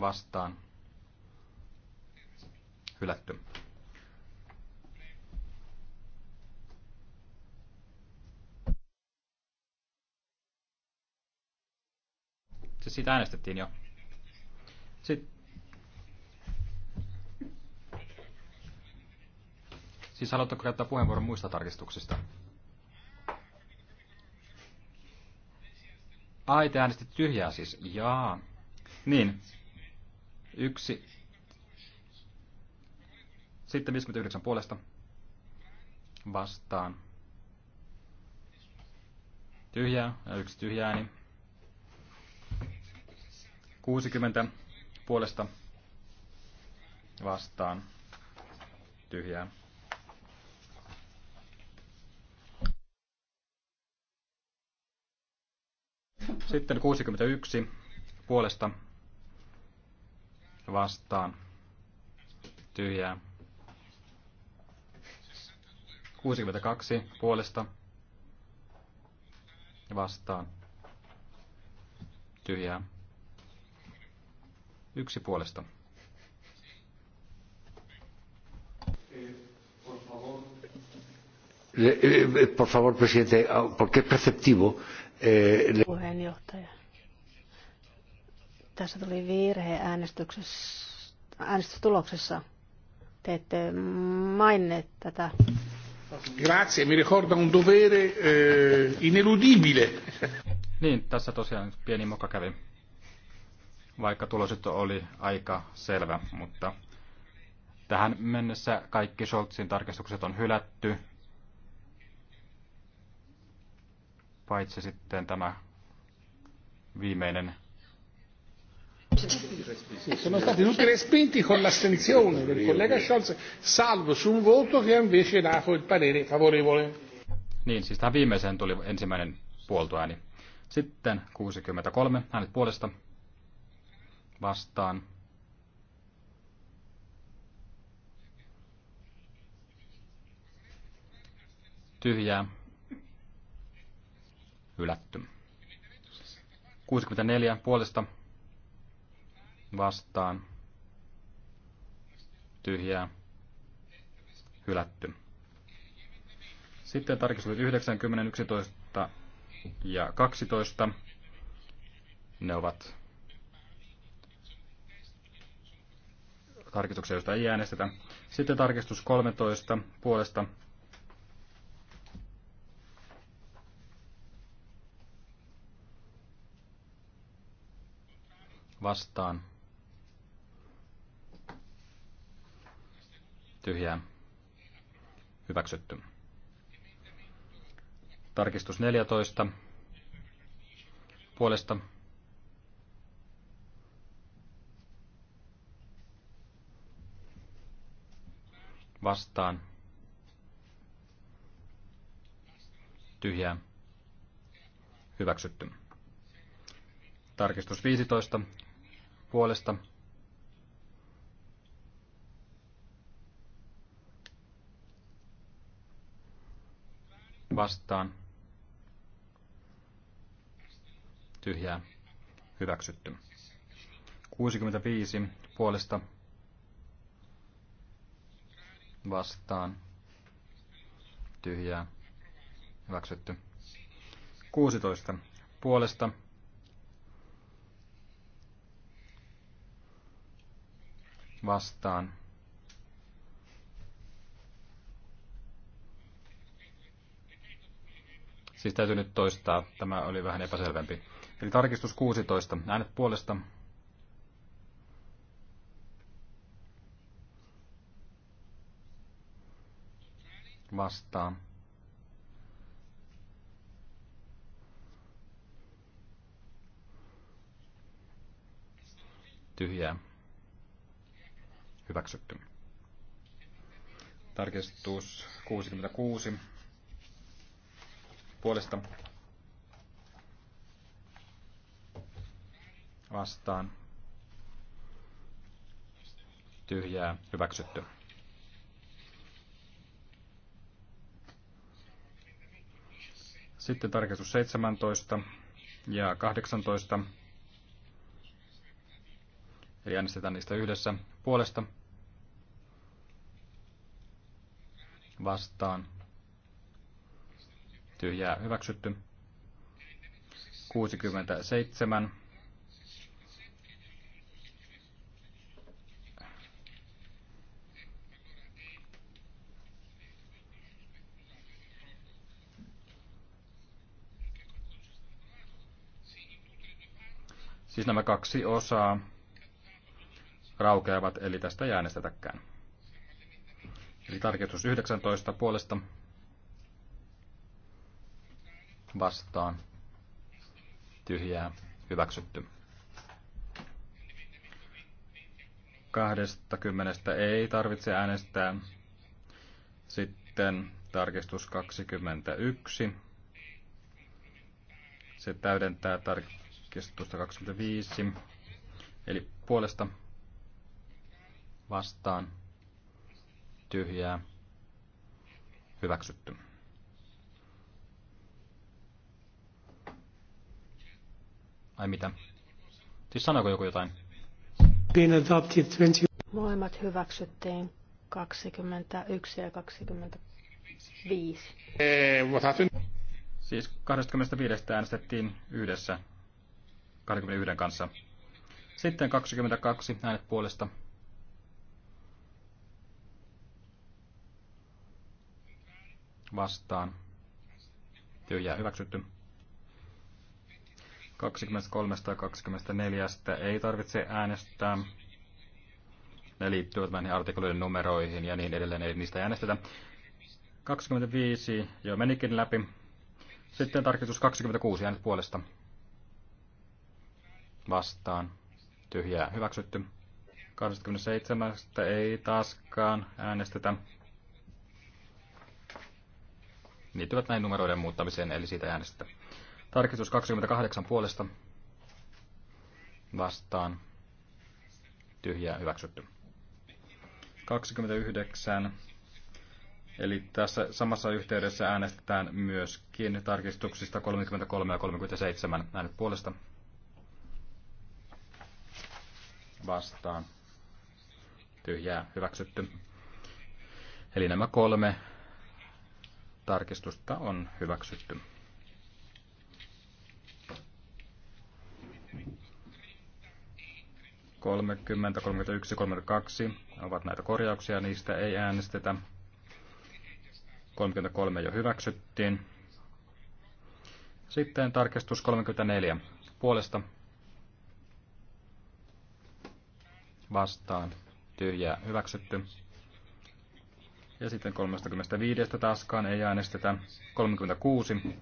vastaan hylätty. Se siitä äänestettiin jo. Sitten Siis haluatteko käyttää puheenvuoron muista tarkistuksista? Ai, te äänestit tyhjää siis. Jaa. Niin. Yksi. Sitten 59 puolesta. Vastaan. Tyhjää. Ja yksi tyhjää ääni. Niin. 60 puolesta. Vastaan. Tyhjää. Sitten 61 puolesta vastaan tyhjää. 62 puolesta vastaan tyhjää. Yksi puolesta. Eh, eh, por favor, presidente, ah, porque es perceptivo Eh, Puheenjohtaja. Tässä tuli virhe äänestyksessä, äänestystuloksessa. Te ette mainneet tätä. Grazie, mi ricorda un dovere eh, ineludibile. Niin, tässä tosiaan pieni moka kävi. Vaikka tulos oli aika selvä, mutta tähän mennessä kaikki Scholzin tarkistukset on hylätty paitsi sitten tämä viimeinen. Sono stati tutti respinti con l'astensione del collega Scholz, salvo su un voto che invece dà il parere favorevole. Niin, siis tähän viimeiseen tuli ensimmäinen puoltoääni. Sitten 63 äänet puolesta vastaan. Tyhjää hylätty. 64 puolesta vastaan tyhjää hylätty. Sitten tarkistukset 90, 11 ja 12. Ne ovat tarkistuksia, joista ei äänestetä. Sitten tarkistus 13 puolesta vastaan tyhjää hyväksytty. Tarkistus 14 puolesta vastaan tyhjää hyväksytty. Tarkistus 15 puolesta vastaan tyhjää hyväksytty. 65 puolesta vastaan tyhjää hyväksytty. 16 puolesta vastaan. Siis täytyy nyt toistaa, tämä oli vähän epäselvempi. Eli tarkistus 16, äänet puolesta. Vastaan. Tyhjää. Hyväksytty. Tarkistus 66. Puolesta vastaan. Tyhjää. Hyväksytty. Sitten tarkistus 17 ja 18 Eli äänestetään niistä yhdessä puolesta vastaan. Tyhjää hyväksytty. 67. Siis nämä kaksi osaa raukeavat, eli tästä ei äänestetäkään. Eli tarkistus 19 puolesta vastaan tyhjää hyväksytty. 20 ei tarvitse äänestää. Sitten tarkistus 21. Se täydentää tarkistusta 25. Eli puolesta vastaan tyhjää hyväksytty. Ai mitä? Siis sanoiko joku jotain? Molemmat hyväksyttiin 21 ja 25. Eh, siis 25 äänestettiin yhdessä 21 kanssa. Sitten 22 äänet puolesta vastaan. Tyhjää hyväksytty. 23 ja 24 ei tarvitse äänestää. Ne liittyvät vähän artikloiden numeroihin ja niin edelleen, ei niistä äänestetä. 25 jo menikin läpi. Sitten tarkistus 26 äänet puolesta. Vastaan. Tyhjää hyväksytty. 27 ei taaskaan äänestetä liittyvät näin numeroiden muuttamiseen, eli siitä äänestä. Tarkistus 28 puolesta vastaan tyhjää hyväksytty. 29. Eli tässä samassa yhteydessä äänestetään myöskin tarkistuksista 33 ja 37 äänet puolesta vastaan tyhjää hyväksytty. Eli nämä kolme tarkistusta on hyväksytty. Kolmekymmentä, 31, 32 ovat näitä korjauksia, niistä ei äänestetä. 33 jo hyväksyttiin. Sitten tarkistus 34 puolesta vastaan tyhjää hyväksytty. Ja sitten 35 taaskaan ei äänestetä. 36.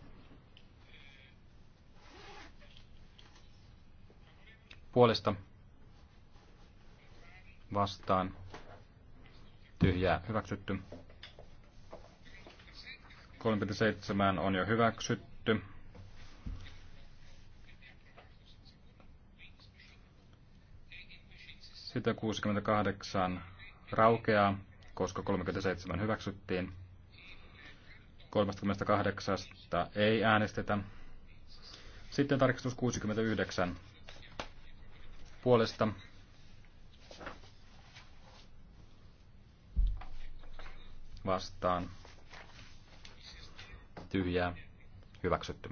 Puolesta vastaan tyhjää hyväksytty. 37 on jo hyväksytty. Sitten 68 raukeaa koska 37 hyväksyttiin. 38 ei äänestetä. Sitten tarkistus 69 puolesta vastaan tyhjää hyväksytty.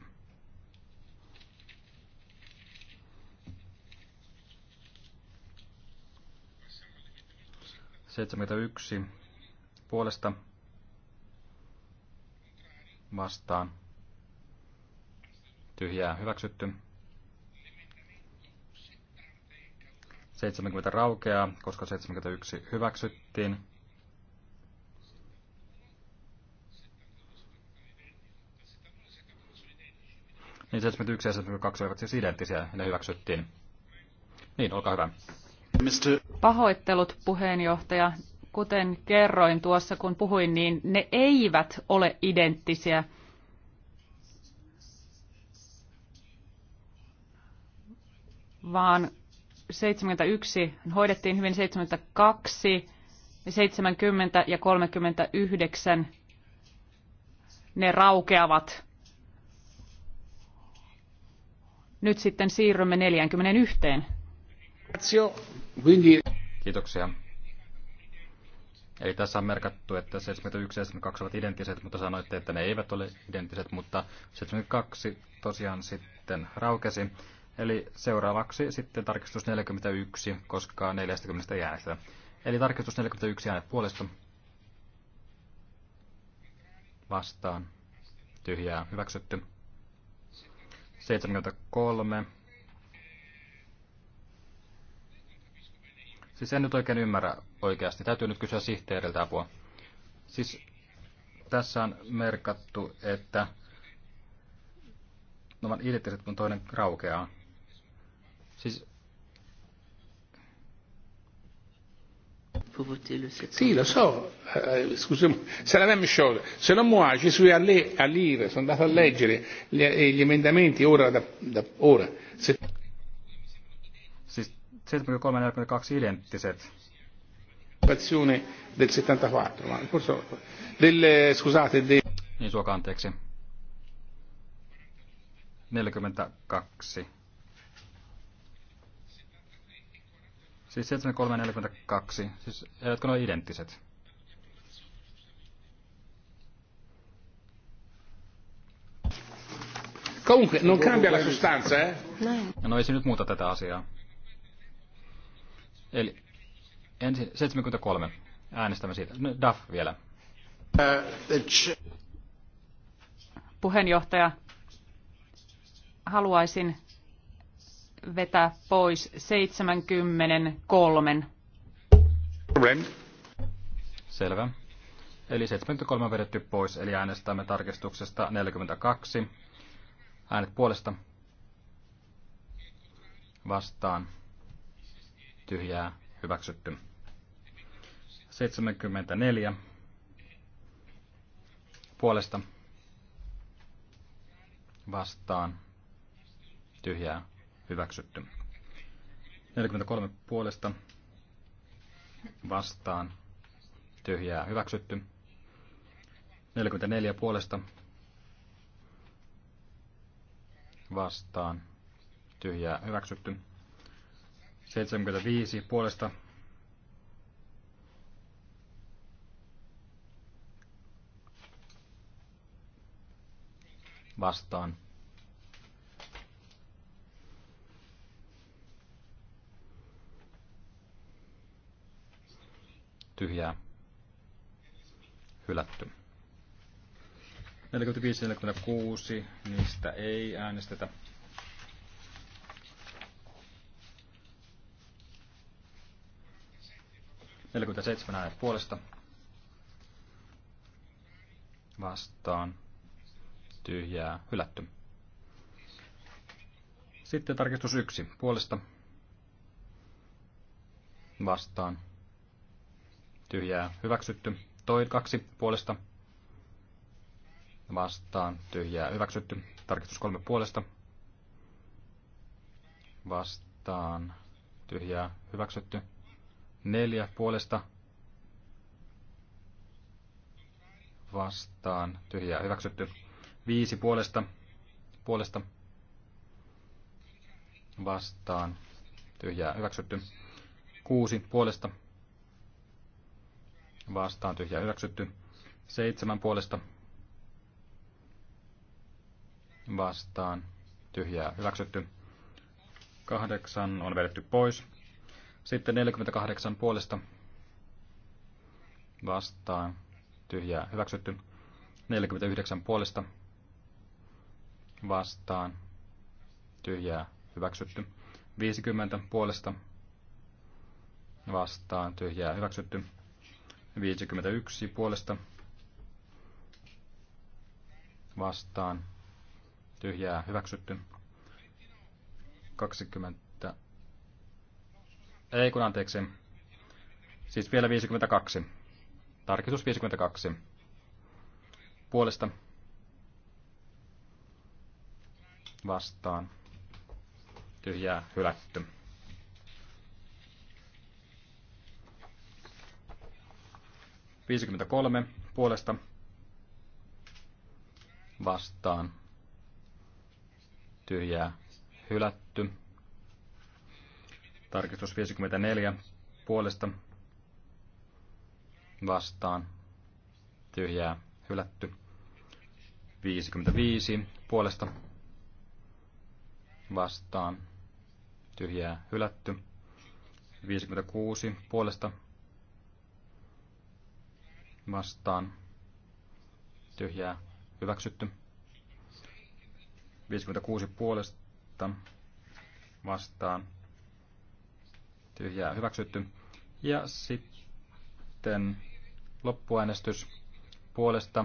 71 puolesta vastaan. Tyhjää hyväksytty. 70 raukeaa, koska 71 hyväksyttiin. Niin 71 ja 72 olivat siis identtisiä, ne hyväksyttiin. Niin, olkaa hyvä. Pahoittelut puheenjohtaja. Kuten kerroin tuossa, kun puhuin, niin ne eivät ole identtisiä. Vaan 71 hoidettiin hyvin 72, 70 ja 39 ne raukeavat. Nyt sitten siirrymme 41. Kiitoksia. Eli tässä on merkattu, että 71 ja 72 ovat identtiset, mutta sanoitte, että ne eivät ole identtiset, mutta 72 tosiaan sitten raukesi. Eli seuraavaksi sitten tarkistus 41, koska 40 jää sitä. Eli tarkistus 41 äänet puolesta. Vastaan. Tyhjää hyväksytty. 73 Siis en nyt oikein ymmärrä oikeasti. Täytyy nyt kysyä sihteeriltä apua. Siis tässä on merkattu, että ne no, ovat identtiset, kun toinen raukeaa. Siis... Sì, lo so, eh, eh, Scusi, se la même chose. Se non moi, ci suis allé a lire, sono andato a leggere gli, eh, gli emendamenti ora da, da ora. Se... 73 42 identtiset. del 74, Niin suokaa anteeksi. 42. Siis 73 ja 42, siis eivätkö ne ole identtiset? Comunque, non cambia la sostanza, eh? No ei se nyt muuta tätä asiaa. Eli ensin 73. Äänestämme siitä. No, DAF vielä. Puheenjohtaja, haluaisin vetää pois 73. Selvä. Eli 73 on vedetty pois, eli äänestämme tarkistuksesta 42. Äänet puolesta vastaan tyhjää hyväksytty. 74 puolesta vastaan tyhjää hyväksytty. 43 puolesta vastaan tyhjää hyväksytty. 44 puolesta vastaan tyhjää hyväksytty. 75 puolesta vastaan. Tyhjää. Hylätty. 45-46, niistä ei äänestetä. 47 äänet puolesta vastaan tyhjää hylätty. Sitten tarkistus 1 puolesta vastaan tyhjää hyväksytty. Toi kaksi puolesta vastaan tyhjää hyväksytty. Tarkistus kolme puolesta vastaan tyhjää hyväksytty. Neljä puolesta vastaan. Tyhjää hyväksytty. Viisi puolesta. Puolesta vastaan. Tyhjää hyväksytty. Kuusi puolesta vastaan. Tyhjää hyväksytty. Seitsemän puolesta vastaan. Tyhjää hyväksytty. Kahdeksan on vedetty pois. Sitten 48 puolesta vastaan tyhjää hyväksytty. 49 puolesta vastaan tyhjää hyväksytty. 50 puolesta vastaan tyhjää hyväksytty. 51 puolesta vastaan tyhjää hyväksytty. 20 ei kun anteeksi. Siis vielä 52. Tarkistus 52. Puolesta. Vastaan. Tyhjää hylätty. Viisikymmentäkolme puolesta vastaan tyhjää hylätty. Tarkistus 54 puolesta vastaan tyhjää hylätty. 55 puolesta vastaan tyhjää hylätty. 56 puolesta vastaan tyhjää hyväksytty. 56 puolesta vastaan tyhjää hyväksytty. Ja sitten loppuäänestys puolesta.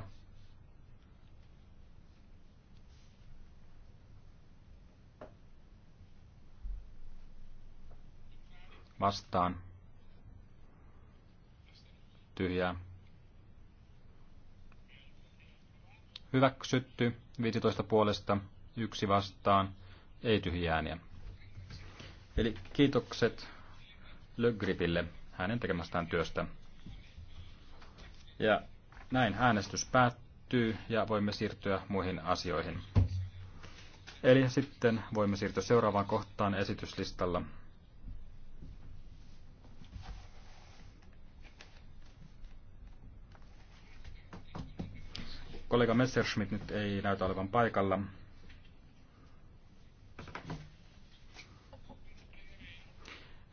Vastaan. Tyhjää. Hyväksytty 15 puolesta, yksi vastaan, ei tyhjääniä. Eli kiitokset Le Gripille hänen tekemästään työstä. Ja näin äänestys päättyy ja voimme siirtyä muihin asioihin. Eli sitten voimme siirtyä seuraavaan kohtaan esityslistalla. Kollega Messerschmidt nyt ei näytä olevan paikalla.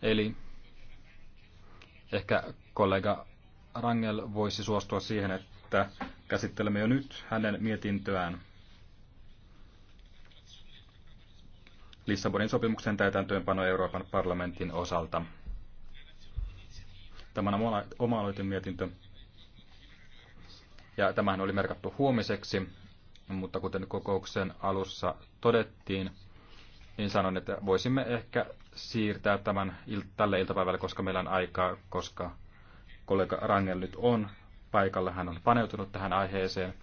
Eli Ehkä kollega Rangel voisi suostua siihen, että käsittelemme jo nyt hänen mietintöään Lissabonin sopimuksen täytäntöönpano Euroopan parlamentin osalta. Tämä on oma mietintö. Ja tämähän oli merkattu huomiseksi, mutta kuten kokouksen alussa todettiin, niin sanon, että voisimme ehkä siirtää tämän tälle iltapäivälle, koska meillä on aikaa, koska kollega Rangel nyt on paikalla. Hän on paneutunut tähän aiheeseen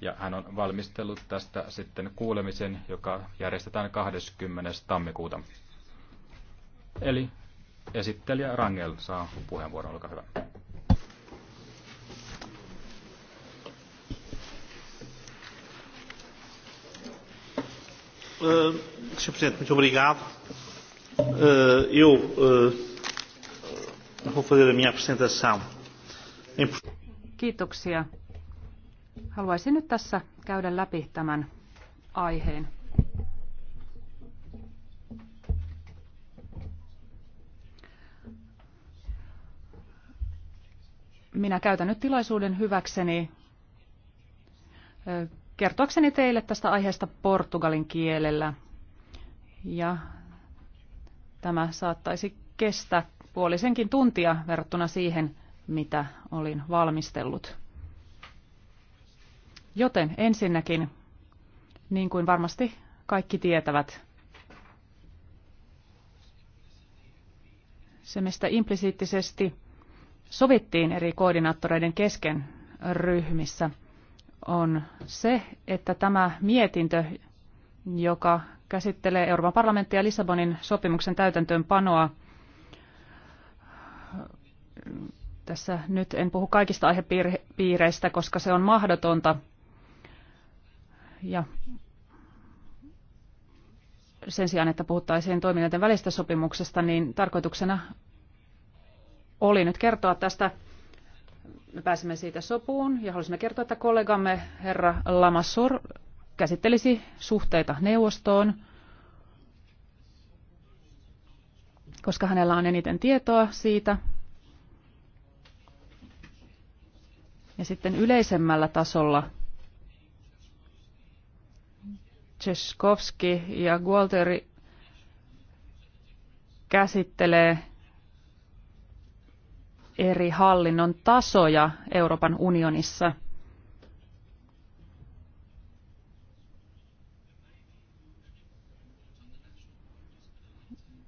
ja hän on valmistellut tästä sitten kuulemisen, joka järjestetään 20. tammikuuta. Eli esittelijä Rangel saa puheenvuoron, olkaa hyvä. Uh. Sr. Presidente, muito obrigado. Eh, eu eh, vou fazer a minha apresentação. Kiitoksia. Haluaisin nyt tässä käydä läpi tämän aiheen. Minä käytän nyt tilaisuuden hyväkseni eh, kertoakseni teille tästä aiheesta portugalin kielellä ja tämä saattaisi kestää puolisenkin tuntia verrattuna siihen, mitä olin valmistellut. Joten ensinnäkin, niin kuin varmasti kaikki tietävät, se mistä implisiittisesti sovittiin eri koordinaattoreiden kesken ryhmissä, on se, että tämä mietintö, joka käsittelee Euroopan parlamenttia ja Lissabonin sopimuksen täytäntöönpanoa. Tässä nyt en puhu kaikista aihepiireistä, koska se on mahdotonta. Ja sen sijaan, että puhuttaisiin toimijoiden välistä sopimuksesta, niin tarkoituksena oli nyt kertoa tästä. Me pääsimme siitä sopuun ja halusimme kertoa, että kollegamme herra Lamassur käsittelisi suhteita neuvostoon, koska hänellä on eniten tietoa siitä. Ja sitten yleisemmällä tasolla Tcheskovski ja Gualteri käsittelee eri hallinnon tasoja Euroopan unionissa –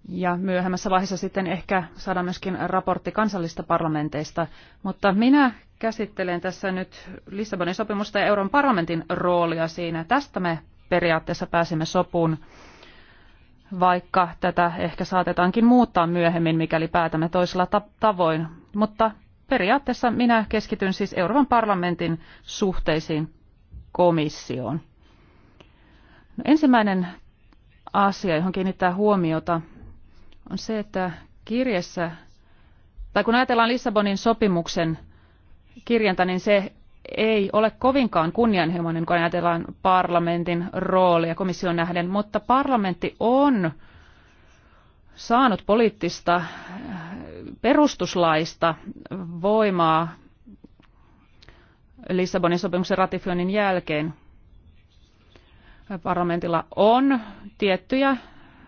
ja myöhemmässä vaiheessa sitten ehkä saada myöskin raportti kansallista parlamenteista. Mutta minä käsittelen tässä nyt Lissabonin sopimusta ja Euroopan parlamentin roolia siinä. Tästä me periaatteessa pääsimme sopuun, vaikka tätä ehkä saatetaankin muuttaa myöhemmin, mikäli päätämme toisella tavoin. Mutta periaatteessa minä keskityn siis Euroopan parlamentin suhteisiin komissioon. No, ensimmäinen asia, johon kiinnittää huomiota, on se, että kirjassa, tai kun ajatellaan Lissabonin sopimuksen kirjanta, niin se ei ole kovinkaan kunnianhimoinen, kun ajatellaan parlamentin roolia komission nähden, mutta parlamentti on saanut poliittista eh, perustuslaista voimaa Lissabonin sopimuksen ratifioinnin jälkeen. Parlamentilla on tiettyjä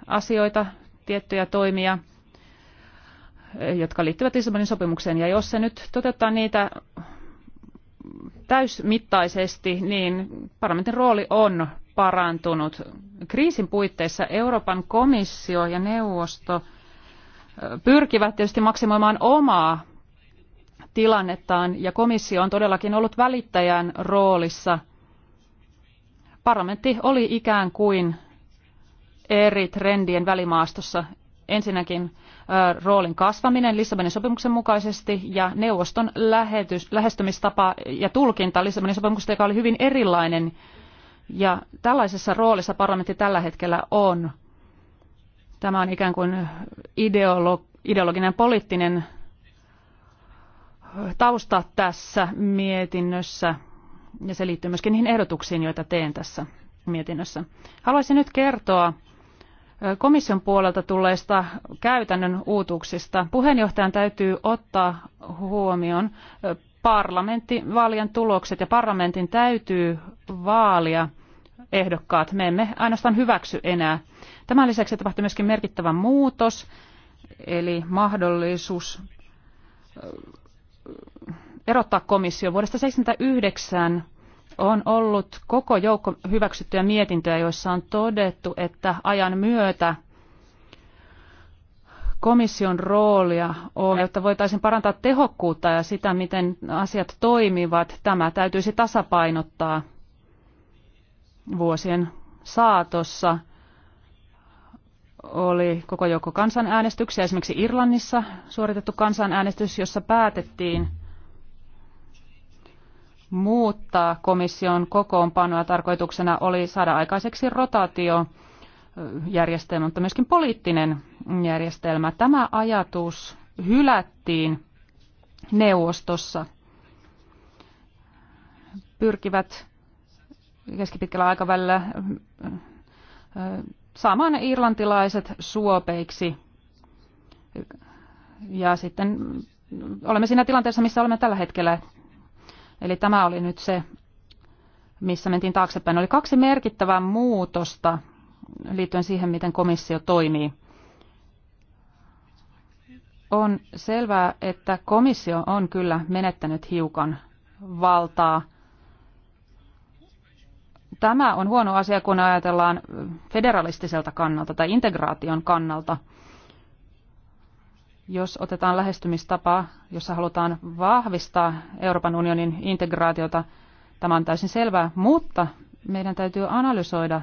asioita tiettyjä toimia, jotka liittyvät Lissabonin sopimukseen. Ja jos se nyt toteuttaa niitä täysmittaisesti, niin parlamentin rooli on parantunut. Kriisin puitteissa Euroopan komissio ja neuvosto pyrkivät tietysti maksimoimaan omaa tilannettaan ja komissio on todellakin ollut välittäjän roolissa. Parlamentti oli ikään kuin eri trendien välimaastossa. Ensinnäkin roolin kasvaminen Lissabonin sopimuksen mukaisesti ja neuvoston lähetys, lähestymistapa ja tulkinta Lissabonin sopimuksesta, joka oli hyvin erilainen. Ja tällaisessa roolissa parlamentti tällä hetkellä on. Tämä on ikään kuin ideolo, ideologinen poliittinen tausta tässä mietinnössä ja se liittyy myöskin niihin ehdotuksiin, joita teen tässä mietinnössä. Haluaisin nyt kertoa komission puolelta tulleista käytännön uutuuksista. Puheenjohtajan täytyy ottaa huomioon parlamenttivaalien tulokset ja parlamentin täytyy vaalia ehdokkaat. Me emme ainoastaan hyväksy enää. Tämän lisäksi tapahtui myöskin merkittävä muutos, eli mahdollisuus erottaa komissio vuodesta 1979 on ollut koko joukko hyväksyttyjä mietintöjä, joissa on todettu, että ajan myötä komission roolia on, jotta voitaisiin parantaa tehokkuutta ja sitä, miten asiat toimivat. Tämä täytyisi tasapainottaa vuosien saatossa. Oli koko joukko kansanäänestyksiä, esimerkiksi Irlannissa suoritettu kansanäänestys, jossa päätettiin muuttaa komission kokoonpanoa. Tarkoituksena oli saada aikaiseksi rotaatiojärjestelmä, mutta myöskin poliittinen järjestelmä. Tämä ajatus hylättiin neuvostossa. Pyrkivät keskipitkällä aikavälillä äh, saamaan irlantilaiset suopeiksi. Ja sitten olemme siinä tilanteessa, missä olemme tällä hetkellä. Eli tämä oli nyt se, missä mentiin taaksepäin. Oli kaksi merkittävää muutosta liittyen siihen, miten komissio toimii. On selvää, että komissio on kyllä menettänyt hiukan valtaa. Tämä on huono asia, kun ajatellaan federalistiselta kannalta tai integraation kannalta – jos otetaan lähestymistapa, jossa halutaan vahvistaa Euroopan unionin integraatiota, tämä on täysin selvää, mutta meidän täytyy analysoida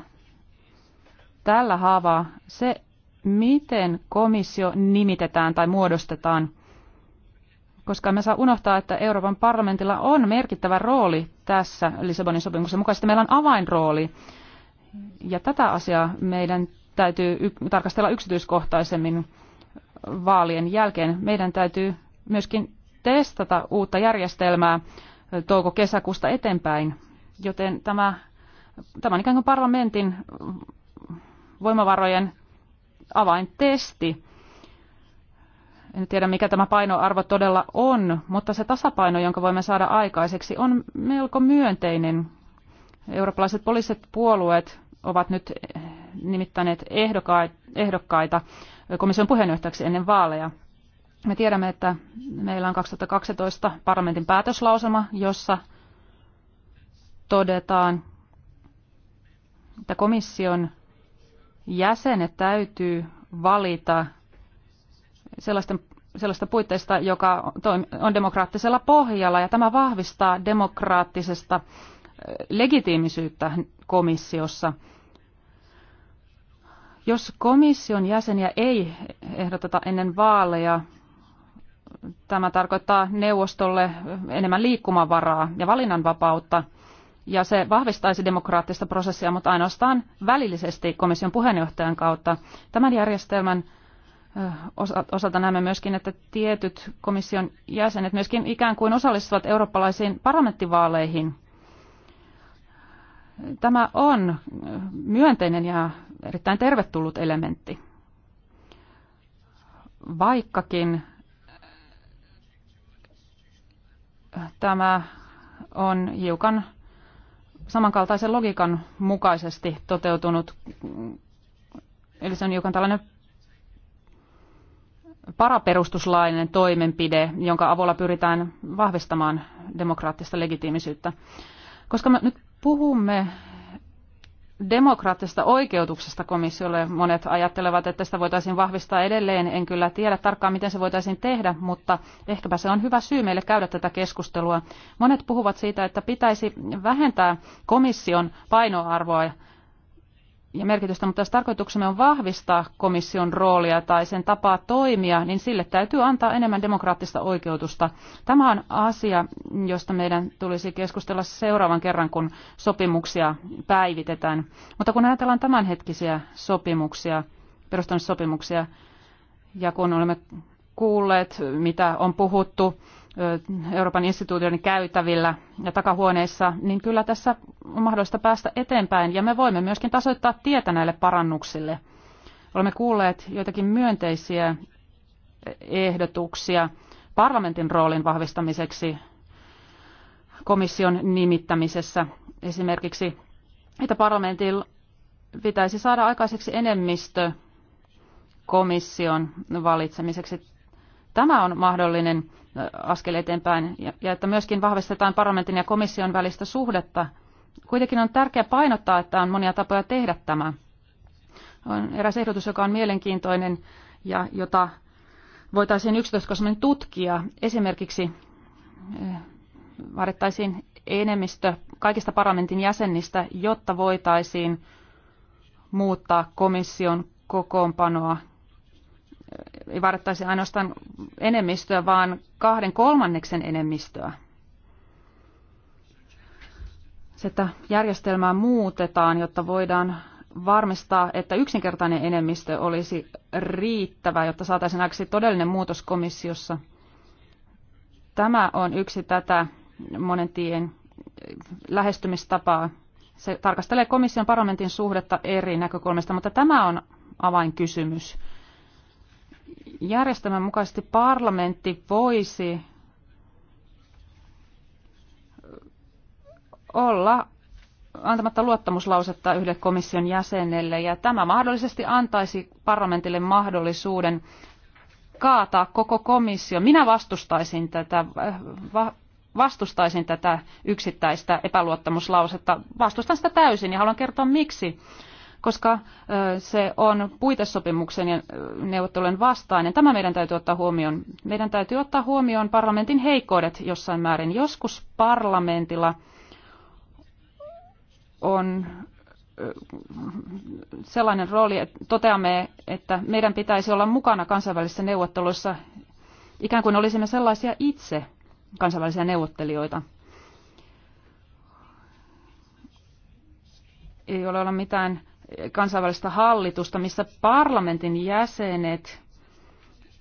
tällä haavaa se, miten komissio nimitetään tai muodostetaan, koska me saa unohtaa, että Euroopan parlamentilla on merkittävä rooli tässä Lissabonin sopimuksen mukaisesti. Meillä on avainrooli, ja tätä asiaa meidän täytyy tarkastella yksityiskohtaisemmin vaalien jälkeen. Meidän täytyy myöskin testata uutta järjestelmää touko-kesäkuusta eteenpäin, joten tämä, tämä on ikään kuin parlamentin voimavarojen avaintesti. En tiedä, mikä tämä painoarvo todella on, mutta se tasapaino, jonka voimme saada aikaiseksi, on melko myönteinen. Eurooppalaiset poliiset puolueet ovat nyt nimittäneet ehdokkaita komission puheenjohtajaksi ennen vaaleja. Me tiedämme, että meillä on 2012 parlamentin päätöslausema, jossa todetaan, että komission jäsenet täytyy valita sellaisten, sellaista puitteista, joka on demokraattisella pohjalla, ja tämä vahvistaa demokraattisesta eh, legitiimisyyttä komissiossa – jos komission jäseniä ei ehdoteta ennen vaaleja, tämä tarkoittaa neuvostolle enemmän liikkumavaraa ja valinnanvapautta, ja se vahvistaisi demokraattista prosessia, mutta ainoastaan välillisesti komission puheenjohtajan kautta. Tämän järjestelmän osalta näemme myöskin, että tietyt komission jäsenet myöskin ikään kuin osallistuvat eurooppalaisiin parlamenttivaaleihin. Tämä on myönteinen ja erittäin tervetullut elementti. Vaikkakin tämä on hiukan samankaltaisen logiikan mukaisesti toteutunut, eli se on hiukan tällainen paraperustuslainen toimenpide, jonka avulla pyritään vahvistamaan demokraattista legitiimisyyttä. Koska me nyt puhumme demokraattisesta oikeutuksesta komissiolle. Monet ajattelevat, että sitä voitaisiin vahvistaa edelleen. En kyllä tiedä tarkkaan, miten se voitaisiin tehdä, mutta ehkäpä se on hyvä syy meille käydä tätä keskustelua. Monet puhuvat siitä, että pitäisi vähentää komission painoarvoa ja merkitystä, mutta jos tarkoituksemme on vahvistaa komission roolia tai sen tapaa toimia, niin sille täytyy antaa enemmän demokraattista oikeutusta. Tämä on asia, josta meidän tulisi keskustella seuraavan kerran, kun sopimuksia päivitetään. Mutta kun ajatellaan tämänhetkisiä sopimuksia, perustamissopimuksia, ja kun olemme kuulleet, mitä on puhuttu Euroopan instituutioiden käytävillä ja takahuoneissa, niin kyllä tässä on mahdollista päästä eteenpäin ja me voimme myöskin tasoittaa tietä näille parannuksille. Olemme kuulleet joitakin myönteisiä ehdotuksia parlamentin roolin vahvistamiseksi komission nimittämisessä esimerkiksi, että parlamentilla pitäisi saada aikaiseksi enemmistö komission valitsemiseksi. Tämä on mahdollinen askel eteenpäin ja että myöskin vahvistetaan parlamentin ja komission välistä suhdetta. Kuitenkin on tärkeää painottaa, että on monia tapoja tehdä tämä. On eräs ehdotus, joka on mielenkiintoinen ja jota voitaisiin yksityiskosmin tutkia. Esimerkiksi vaadittaisiin enemmistö kaikista parlamentin jäsenistä, jotta voitaisiin muuttaa komission kokoonpanoa ei vaadittaisi ainoastaan enemmistöä, vaan kahden kolmanneksen enemmistöä. Se, että järjestelmää muutetaan, jotta voidaan varmistaa, että yksinkertainen enemmistö olisi riittävä, jotta saataisiin aikaisemmin todellinen muutos komissiossa. Tämä on yksi tätä monen tien lähestymistapaa. Se tarkastelee komission parlamentin suhdetta eri näkökulmista, mutta tämä on avainkysymys järjestelmän mukaisesti parlamentti voisi olla antamatta luottamuslausetta yhdelle komission jäsenelle, ja tämä mahdollisesti antaisi parlamentille mahdollisuuden kaataa koko komissio. Minä vastustaisin tätä, va, vastustaisin tätä yksittäistä epäluottamuslausetta. Vastustan sitä täysin ja haluan kertoa miksi koska se on puitesopimuksen ja neuvottelujen vastainen. Tämä meidän täytyy ottaa huomioon. Meidän täytyy ottaa huomioon parlamentin heikkoudet jossain määrin. Joskus parlamentilla on sellainen rooli, että toteamme, että meidän pitäisi olla mukana kansainvälisissä neuvotteluissa ikään kuin olisimme sellaisia itse kansainvälisiä neuvottelijoita. Ei ole olla mitään kansainvälistä hallitusta, missä parlamentin jäsenet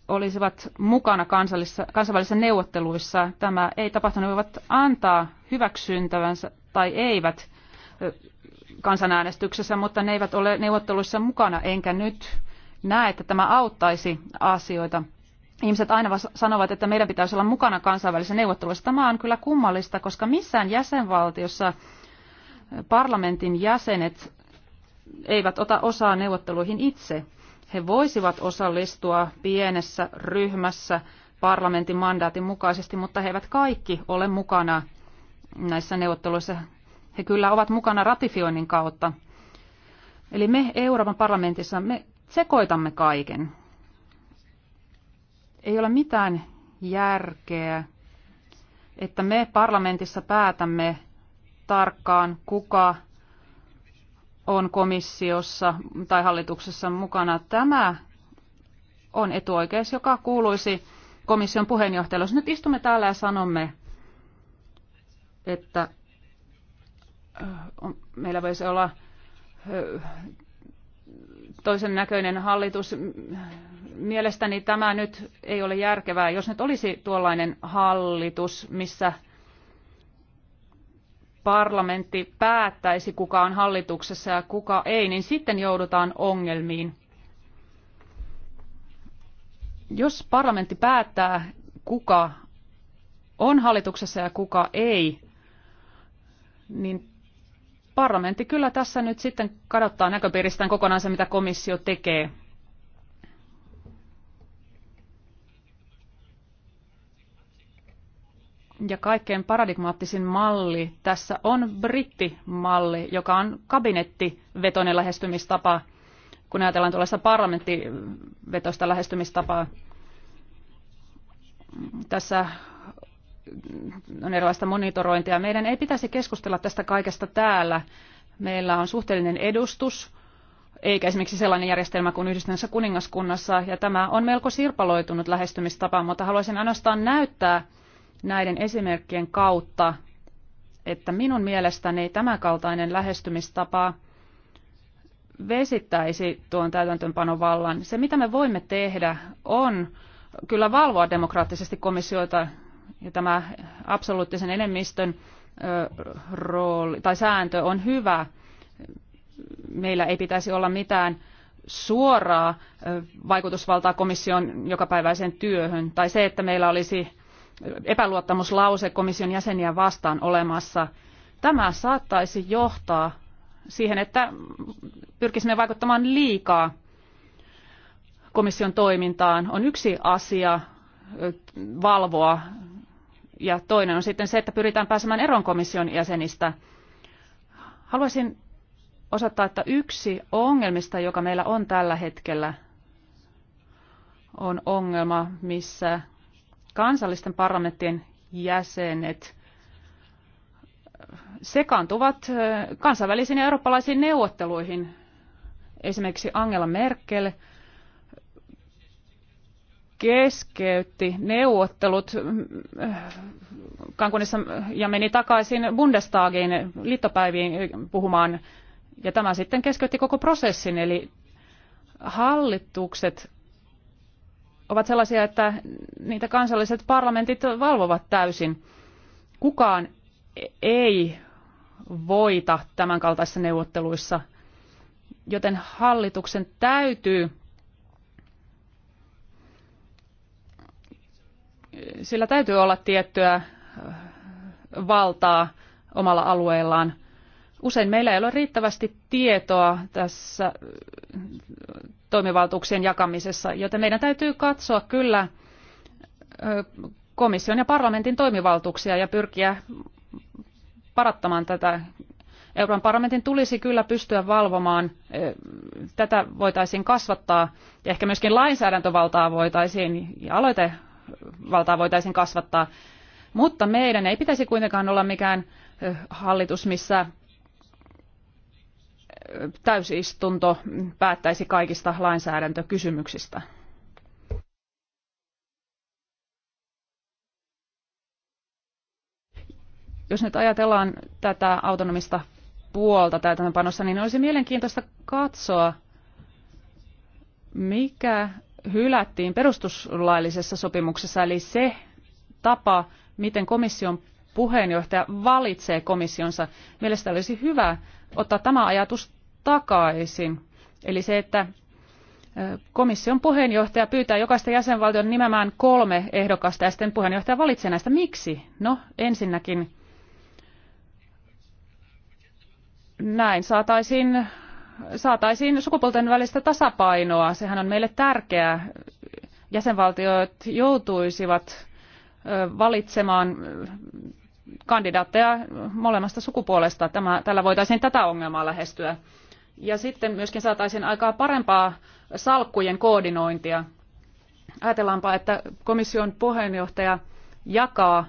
olisivat mukana kansallisissa, kansainvälisissä neuvotteluissa. Tämä ei tapahtunut, voivat antaa hyväksyntävänsä tai eivät kansanäänestyksessä, mutta ne eivät ole neuvotteluissa mukana, enkä nyt näe, että tämä auttaisi asioita. Ihmiset aina sanovat, että meidän pitäisi olla mukana kansainvälisissä neuvotteluissa. Tämä on kyllä kummallista, koska missään jäsenvaltiossa parlamentin jäsenet eivät ota osaa neuvotteluihin itse. He voisivat osallistua pienessä ryhmässä parlamentin mandaatin mukaisesti, mutta he eivät kaikki ole mukana näissä neuvotteluissa. He kyllä ovat mukana ratifioinnin kautta. Eli me Euroopan parlamentissa me sekoitamme kaiken. Ei ole mitään järkeä, että me parlamentissa päätämme tarkkaan, kuka on komissiossa tai hallituksessa mukana. Tämä on etuoikeus, joka kuuluisi komission puheenjohtajalle. Jos nyt istumme täällä ja sanomme, että äh, meillä voisi olla äh, toisen näköinen hallitus. Mielestäni tämä nyt ei ole järkevää. Jos nyt olisi tuollainen hallitus, missä parlamentti päättäisi, kuka on hallituksessa ja kuka ei, niin sitten joudutaan ongelmiin. Jos parlamentti päättää, kuka on hallituksessa ja kuka ei, niin parlamentti kyllä tässä nyt sitten kadottaa näköpiiristään kokonaan se, mitä komissio tekee. Ja kaikkein paradigmaattisin malli tässä on brittimalli, joka on kabinettivetoinen lähestymistapa, kun ajatellaan tuollaista parlamenttivetoista lähestymistapaa. Tässä on erilaista monitorointia. Meidän ei pitäisi keskustella tästä kaikesta täällä. Meillä on suhteellinen edustus, eikä esimerkiksi sellainen järjestelmä kuin yhdistyneessä kuningaskunnassa, ja tämä on melko sirpaloitunut lähestymistapa, mutta haluaisin ainoastaan näyttää, näiden esimerkkien kautta, että minun mielestäni tämä kaltainen lähestymistapa vesittäisi tuon täytäntöönpanovallan. Se, mitä me voimme tehdä, on kyllä valvoa demokraattisesti komissioita ja tämä absoluuttisen enemmistön rooli tai sääntö on hyvä. Meillä ei pitäisi olla mitään suoraa vaikutusvaltaa komission jokapäiväiseen työhön tai se, että meillä olisi epäluottamuslause komission jäseniä vastaan olemassa. Tämä saattaisi johtaa siihen, että pyrkisimme vaikuttamaan liikaa komission toimintaan. On yksi asia valvoa ja toinen on sitten se, että pyritään pääsemään eron komission jäsenistä. Haluaisin osoittaa, että yksi ongelmista, joka meillä on tällä hetkellä, on ongelma, missä kansallisten parlamenttien jäsenet sekaantuvat kansainvälisiin ja eurooppalaisiin neuvotteluihin. Esimerkiksi Angela Merkel keskeytti neuvottelut Kankunissa ja meni takaisin Bundestagiin liittopäiviin puhumaan. Ja tämä sitten keskeytti koko prosessin, eli hallitukset ovat sellaisia, että niitä kansalliset parlamentit valvovat täysin. Kukaan ei voita tämänkaltaisissa neuvotteluissa, joten hallituksen täytyy sillä täytyy olla tiettyä äh, valtaa omalla alueellaan. Usein meillä ei ole riittävästi tietoa tässä toimivaltuuksien jakamisessa, joten meidän täytyy katsoa kyllä komission ja parlamentin toimivaltuuksia ja pyrkiä parattamaan tätä. Euroopan parlamentin tulisi kyllä pystyä valvomaan, tätä voitaisiin kasvattaa ja ehkä myöskin lainsäädäntövaltaa voitaisiin ja aloitevaltaa voitaisiin kasvattaa, mutta meidän ei pitäisi kuitenkaan olla mikään hallitus, missä täysistunto päättäisi kaikista lainsäädäntökysymyksistä. Jos nyt ajatellaan tätä autonomista puolta täytäntöönpanossa, niin olisi mielenkiintoista katsoa, mikä hylättiin perustuslaillisessa sopimuksessa, eli se tapa, miten komission puheenjohtaja valitsee komissionsa. Mielestäni olisi hyvä ottaa tämä ajatus takaisin. Eli se, että komission puheenjohtaja pyytää jokaista jäsenvaltion nimeämään kolme ehdokasta ja sitten puheenjohtaja valitsee näistä. Miksi? No ensinnäkin näin saataisiin, saataisiin sukupuolten välistä tasapainoa. Sehän on meille tärkeää. Jäsenvaltiot joutuisivat valitsemaan kandidaatteja molemmasta sukupuolesta. Tämä, tällä voitaisiin tätä ongelmaa lähestyä. Ja sitten myöskin saataisiin aikaa parempaa salkkujen koordinointia. Ajatellaanpa, että komission puheenjohtaja jakaa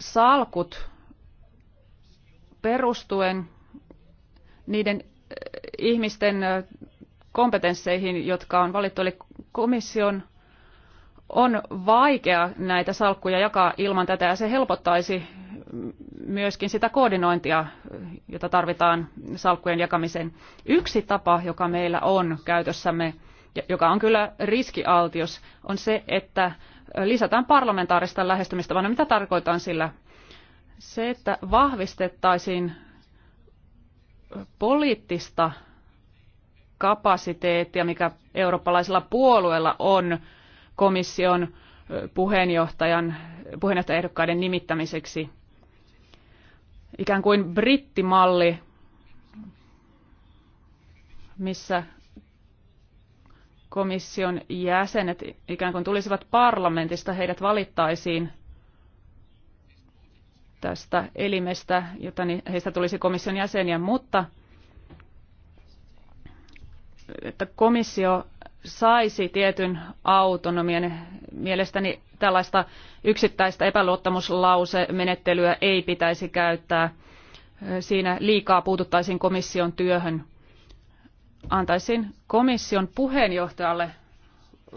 salkut perustuen niiden eh, ihmisten eh, kompetensseihin, jotka on valittu. Eli komission on vaikea näitä salkkuja jakaa ilman tätä ja se helpottaisi myöskin sitä koordinointia, jota tarvitaan salkkujen jakamiseen. Yksi tapa, joka meillä on käytössämme, joka on kyllä riskialtios, on se, että lisätään parlamentaarista lähestymistä. vaan no, Mitä tarkoitan sillä? Se, että vahvistettaisiin poliittista kapasiteettia, mikä eurooppalaisilla puolueilla on komission puheenjohtajan, puheenjohtajaehdokkaiden nimittämiseksi. Ikään kuin brittimalli, missä komission jäsenet ikään kuin tulisivat parlamentista, heidät valittaisiin tästä elimestä, jotta heistä tulisi komission jäseniä, mutta että komissio saisi tietyn autonomian. Mielestäni tällaista yksittäistä epäluottamuslausemenettelyä ei pitäisi käyttää. Siinä liikaa puututtaisiin komission työhön. Antaisin komission puheenjohtajalle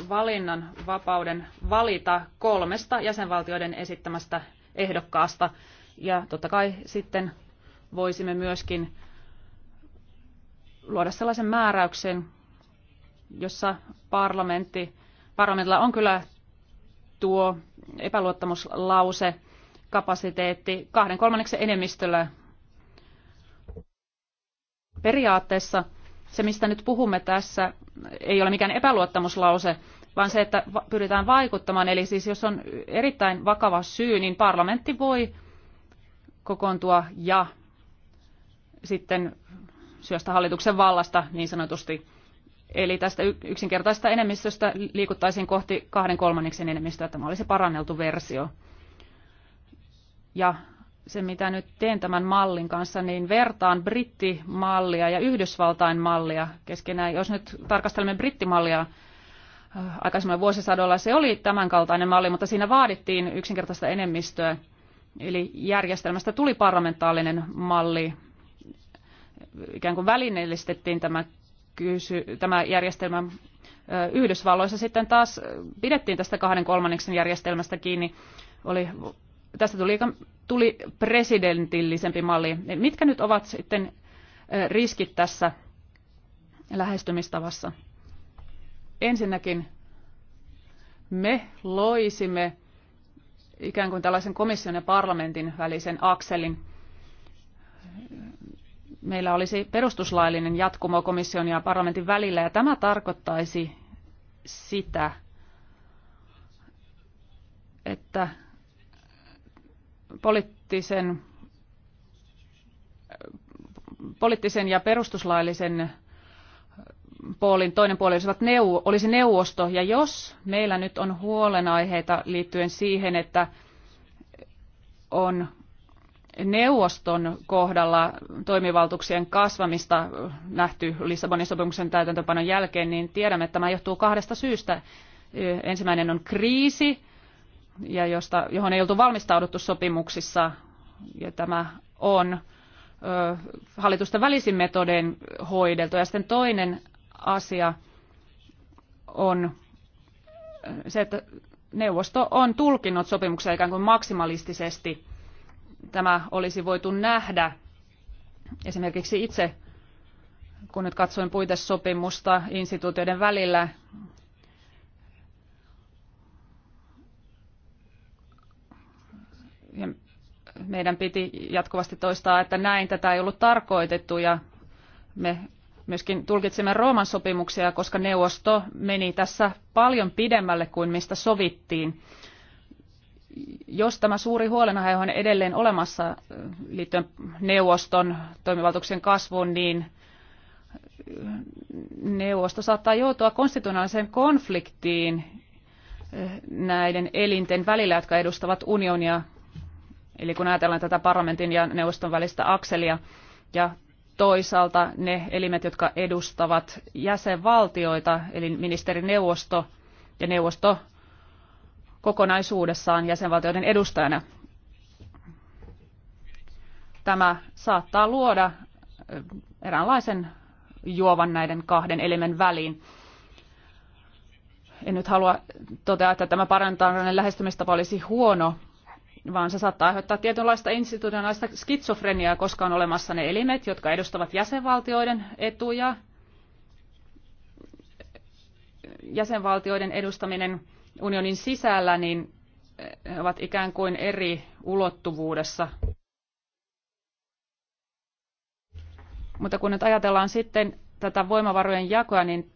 valinnan vapauden valita kolmesta jäsenvaltioiden esittämästä ehdokkaasta. Ja totta kai sitten voisimme myöskin luoda sellaisen määräyksen, jossa parlamentti, parlamentilla on kyllä tuo epäluottamuslause kapasiteetti kahden kolmanneksen enemmistöllä. Periaatteessa se, mistä nyt puhumme tässä, ei ole mikään epäluottamuslause, vaan se, että pyritään vaikuttamaan. Eli siis jos on erittäin vakava syy, niin parlamentti voi kokoontua ja sitten syöstä hallituksen vallasta niin sanotusti. Eli tästä yksinkertaisesta enemmistöstä liikuttaisiin kohti kahden kolmanneksen enemmistöä. Tämä oli se paranneltu versio. Ja se, mitä nyt teen tämän mallin kanssa, niin vertaan brittimallia ja Yhdysvaltain mallia keskenään. Jos nyt tarkastelemme brittimallia äh, aikaisemmalla vuosisadolla, se oli tämänkaltainen malli, mutta siinä vaadittiin yksinkertaista enemmistöä. Eli järjestelmästä tuli parlamentaalinen malli. Ikään kuin välineellistettiin tämä kysy, tämä järjestelmä Yhdysvalloissa sitten taas pidettiin tästä kahden kolmanneksen järjestelmästä kiinni. Oli, tästä tuli, tuli presidentillisempi malli. Mitkä nyt ovat sitten riskit tässä lähestymistavassa? Ensinnäkin me loisimme ikään kuin tällaisen komission ja parlamentin välisen akselin meillä olisi perustuslaillinen jatkumo komission ja parlamentin välillä, ja tämä tarkoittaisi sitä, että poliittisen, poliittisen ja perustuslaillisen puolin toinen puoli olisi, neu, olisi neuvosto, ja jos meillä nyt on huolenaiheita liittyen siihen, että on neuvoston kohdalla toimivaltuuksien kasvamista nähty Lissabonin sopimuksen täytäntöpanon jälkeen, niin tiedämme, että tämä johtuu kahdesta syystä. Ensimmäinen on kriisi, ja josta, johon ei oltu valmistauduttu sopimuksissa, ja tämä on ö, hallitusten välisin metodeen hoideltu. Ja sitten toinen asia on se, että neuvosto on tulkinnut sopimuksia ikään kuin maksimalistisesti – tämä olisi voitu nähdä. Esimerkiksi itse, kun nyt katsoin puitesopimusta instituutioiden välillä, ja meidän piti jatkuvasti toistaa, että näin tätä ei ollut tarkoitettu ja me myöskin tulkitsimme Rooman sopimuksia, koska neuvosto meni tässä paljon pidemmälle kuin mistä sovittiin jos tämä suuri huolenaihe on edelleen olemassa liittyen neuvoston toimivaltuuksien kasvuun, niin neuvosto saattaa joutua konstitutionaaliseen konfliktiin näiden elinten välillä, jotka edustavat unionia. Eli kun ajatellaan tätä parlamentin ja neuvoston välistä akselia ja toisaalta ne elimet, jotka edustavat jäsenvaltioita, eli ministerineuvosto ja neuvosto kokonaisuudessaan jäsenvaltioiden edustajana. Tämä saattaa luoda eräänlaisen juovan näiden kahden elimen väliin. En nyt halua totea, että tämä parantainen lähestymistapa olisi huono, vaan se saattaa aiheuttaa tietynlaista institutionaalista skitsofreniaa, koska on olemassa ne elimet, jotka edustavat jäsenvaltioiden etuja. Jäsenvaltioiden edustaminen unionin sisällä, niin he ovat ikään kuin eri ulottuvuudessa. Mutta kun nyt ajatellaan sitten tätä voimavarojen jakoa, niin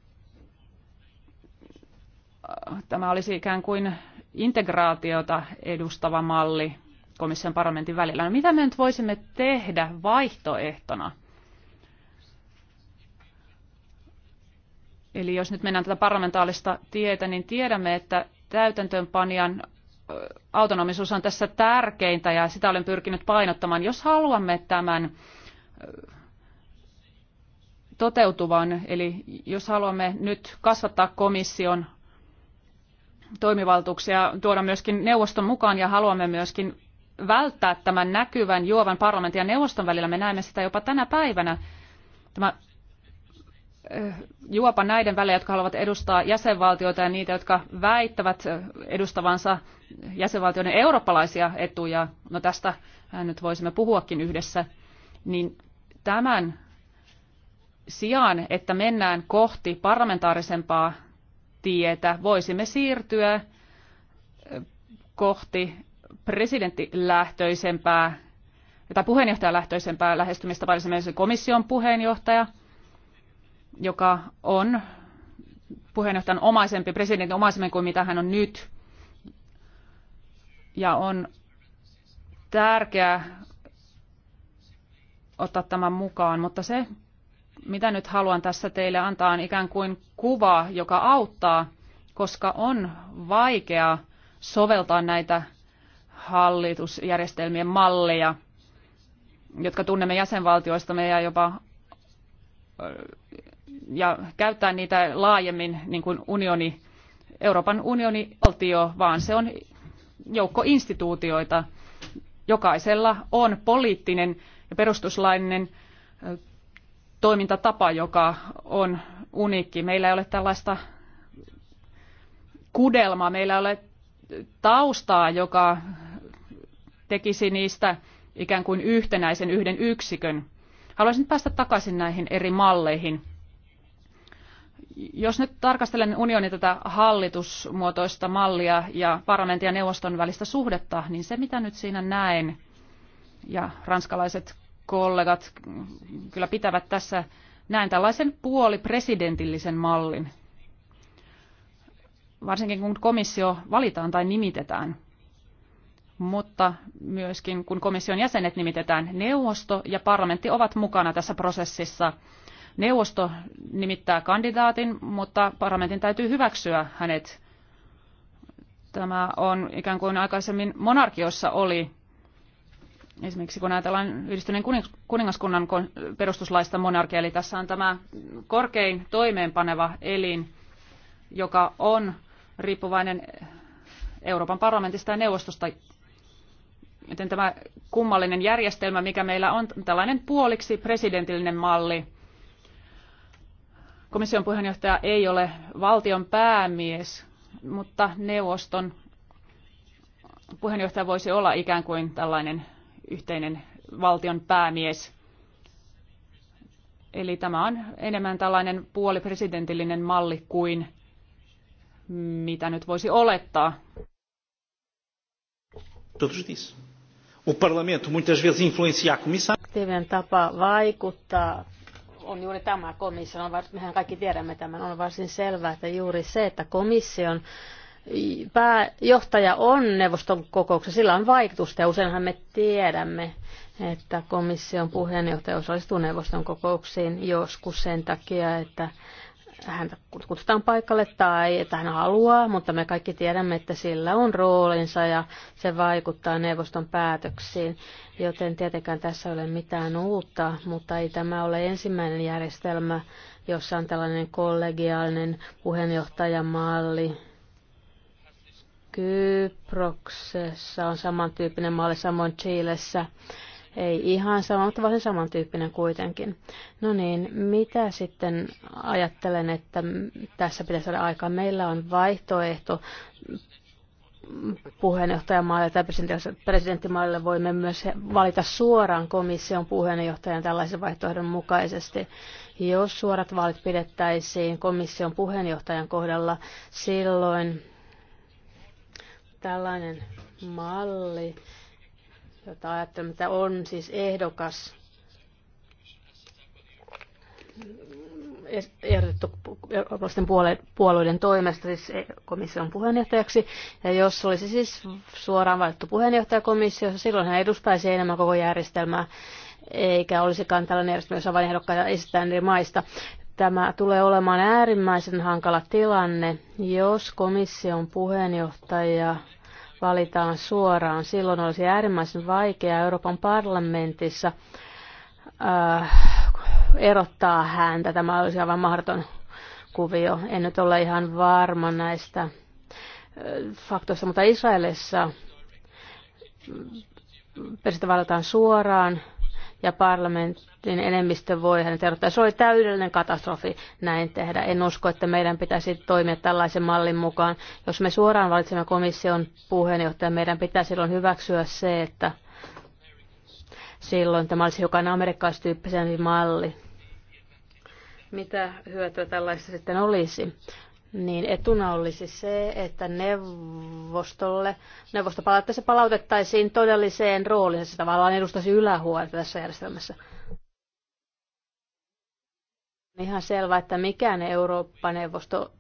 äh, tämä olisi ikään kuin integraatiota edustava malli komission parlamentin välillä. No, mitä me nyt voisimme tehdä vaihtoehtona? Eli jos nyt mennään tätä parlamentaalista tietä, niin tiedämme, että täytäntöönpanijan autonomisuus on tässä tärkeintä ja sitä olen pyrkinyt painottamaan. Jos haluamme tämän toteutuvan, eli jos haluamme nyt kasvattaa komission toimivaltuuksia, tuoda myöskin neuvoston mukaan ja haluamme myöskin välttää tämän näkyvän juovan parlamentin ja neuvoston välillä. Me näemme sitä jopa tänä päivänä. Tämä juopa näiden välillä, jotka haluavat edustaa jäsenvaltioita ja niitä, jotka väittävät edustavansa jäsenvaltioiden eurooppalaisia etuja, no tästä nyt voisimme puhuakin yhdessä, niin tämän sijaan, että mennään kohti parlamentaarisempaa tietä, voisimme siirtyä kohti presidenttilähtöisempää tai puheenjohtajalähtöisempää lähestymistä, esimerkiksi komission puheenjohtaja – joka on puheenjohtajan omaisempi, presidentin omaisempi kuin mitä hän on nyt. Ja on tärkeää ottaa tämän mukaan, mutta se, mitä nyt haluan tässä teille antaa, on ikään kuin kuva, joka auttaa, koska on vaikea soveltaa näitä hallitusjärjestelmien malleja, jotka tunnemme jäsenvaltioistamme ja jopa ja käyttää niitä laajemmin niin kuin unioni, Euroopan unioni valtio, vaan se on joukko instituutioita. Jokaisella on poliittinen ja perustuslainen toimintatapa, joka on uniikki. Meillä ei ole tällaista kudelmaa, meillä ei ole taustaa, joka tekisi niistä ikään kuin yhtenäisen yhden yksikön. Haluaisin päästä takaisin näihin eri malleihin. Jos nyt tarkastelen unionin tätä hallitusmuotoista mallia ja parlamentin ja neuvoston välistä suhdetta, niin se mitä nyt siinä näen, ja ranskalaiset kollegat kyllä pitävät tässä, näen tällaisen puolipresidentillisen mallin, varsinkin kun komissio valitaan tai nimitetään mutta myöskin kun komission jäsenet nimitetään, neuvosto ja parlamentti ovat mukana tässä prosessissa – Neuvosto nimittää kandidaatin, mutta parlamentin täytyy hyväksyä hänet. Tämä on ikään kuin aikaisemmin monarkiossa oli. Esimerkiksi kun ajatellaan yhdistyneen kuningaskunnan perustuslaista monarkia, eli tässä on tämä korkein toimeenpaneva elin, joka on riippuvainen Euroopan parlamentista ja neuvostosta. Joten tämä kummallinen järjestelmä, mikä meillä on, tällainen puoliksi presidentillinen malli – komission puheenjohtaja ei ole valtion päämies, mutta neuvoston puheenjohtaja voisi olla ikään kuin tällainen yhteinen valtion päämies. Eli tämä on enemmän tällainen puolipresidentillinen malli kuin mitä nyt voisi olettaa. Aktiivinen tapa vaikuttaa on juuri tämä komissio. On, mehän kaikki tiedämme tämän. On varsin selvää, että juuri se, että komission pääjohtaja on neuvoston kokouksessa, sillä on vaikutusta ja useinhan me tiedämme, että komission puheenjohtaja osallistuu neuvoston kokouksiin joskus sen takia, että häntä kutsutaan paikalle tai että hän haluaa, mutta me kaikki tiedämme, että sillä on roolinsa ja se vaikuttaa neuvoston päätöksiin. Joten tietenkään tässä ei ole mitään uutta, mutta ei tämä ole ensimmäinen järjestelmä, jossa on tällainen kollegiaalinen puheenjohtajamalli. Kyproksessa on samantyyppinen malli, samoin Chilessä. Ei ihan sama, mutta varsin samantyyppinen kuitenkin. No niin, mitä sitten ajattelen, että tässä pitäisi olla aikaa? Meillä on vaihtoehto puheenjohtajamaalle ja presidenttimaalle voimme myös valita suoraan komission puheenjohtajan tällaisen vaihtoehdon mukaisesti. Jos suorat vaalit pidettäisiin komission puheenjohtajan kohdalla, silloin tällainen malli jota ajattelen, että on siis ehdokas ehdotettu eurooppalaisten puolueiden toimesta siis komission puheenjohtajaksi. Ja jos olisi siis suoraan valittu puheenjohtaja komissiossa, silloin hän edustaisi enemmän koko järjestelmää, eikä olisikaan tällainen järjestelmä, jossa vain ehdokkaita esittää eri maista. Tämä tulee olemaan äärimmäisen hankala tilanne, jos komission puheenjohtaja valitaan suoraan. Silloin olisi äärimmäisen vaikeaa Euroopan parlamentissa äh, erottaa häntä. Tämä olisi aivan mahdoton kuvio. En nyt ole ihan varma näistä äh, faktoista, mutta Israelissa mm, presidentti valitaan suoraan ja parlamentin enemmistö voi hänet erottaa. Se oli täydellinen katastrofi näin tehdä. En usko, että meidän pitäisi toimia tällaisen mallin mukaan. Jos me suoraan valitsemme komission puheenjohtajan, meidän pitää silloin hyväksyä se, että silloin tämä olisi jokainen amerikkalaistyyppisempi malli. Mitä hyötyä tällaista sitten olisi? niin etuna olisi se, että neuvostolle, neuvostopalautteessa palautettaisiin todelliseen rooliin, se tavallaan edustaisi ylähuolta tässä järjestelmässä. On ihan selvä, että mikään Eurooppa-neuvosto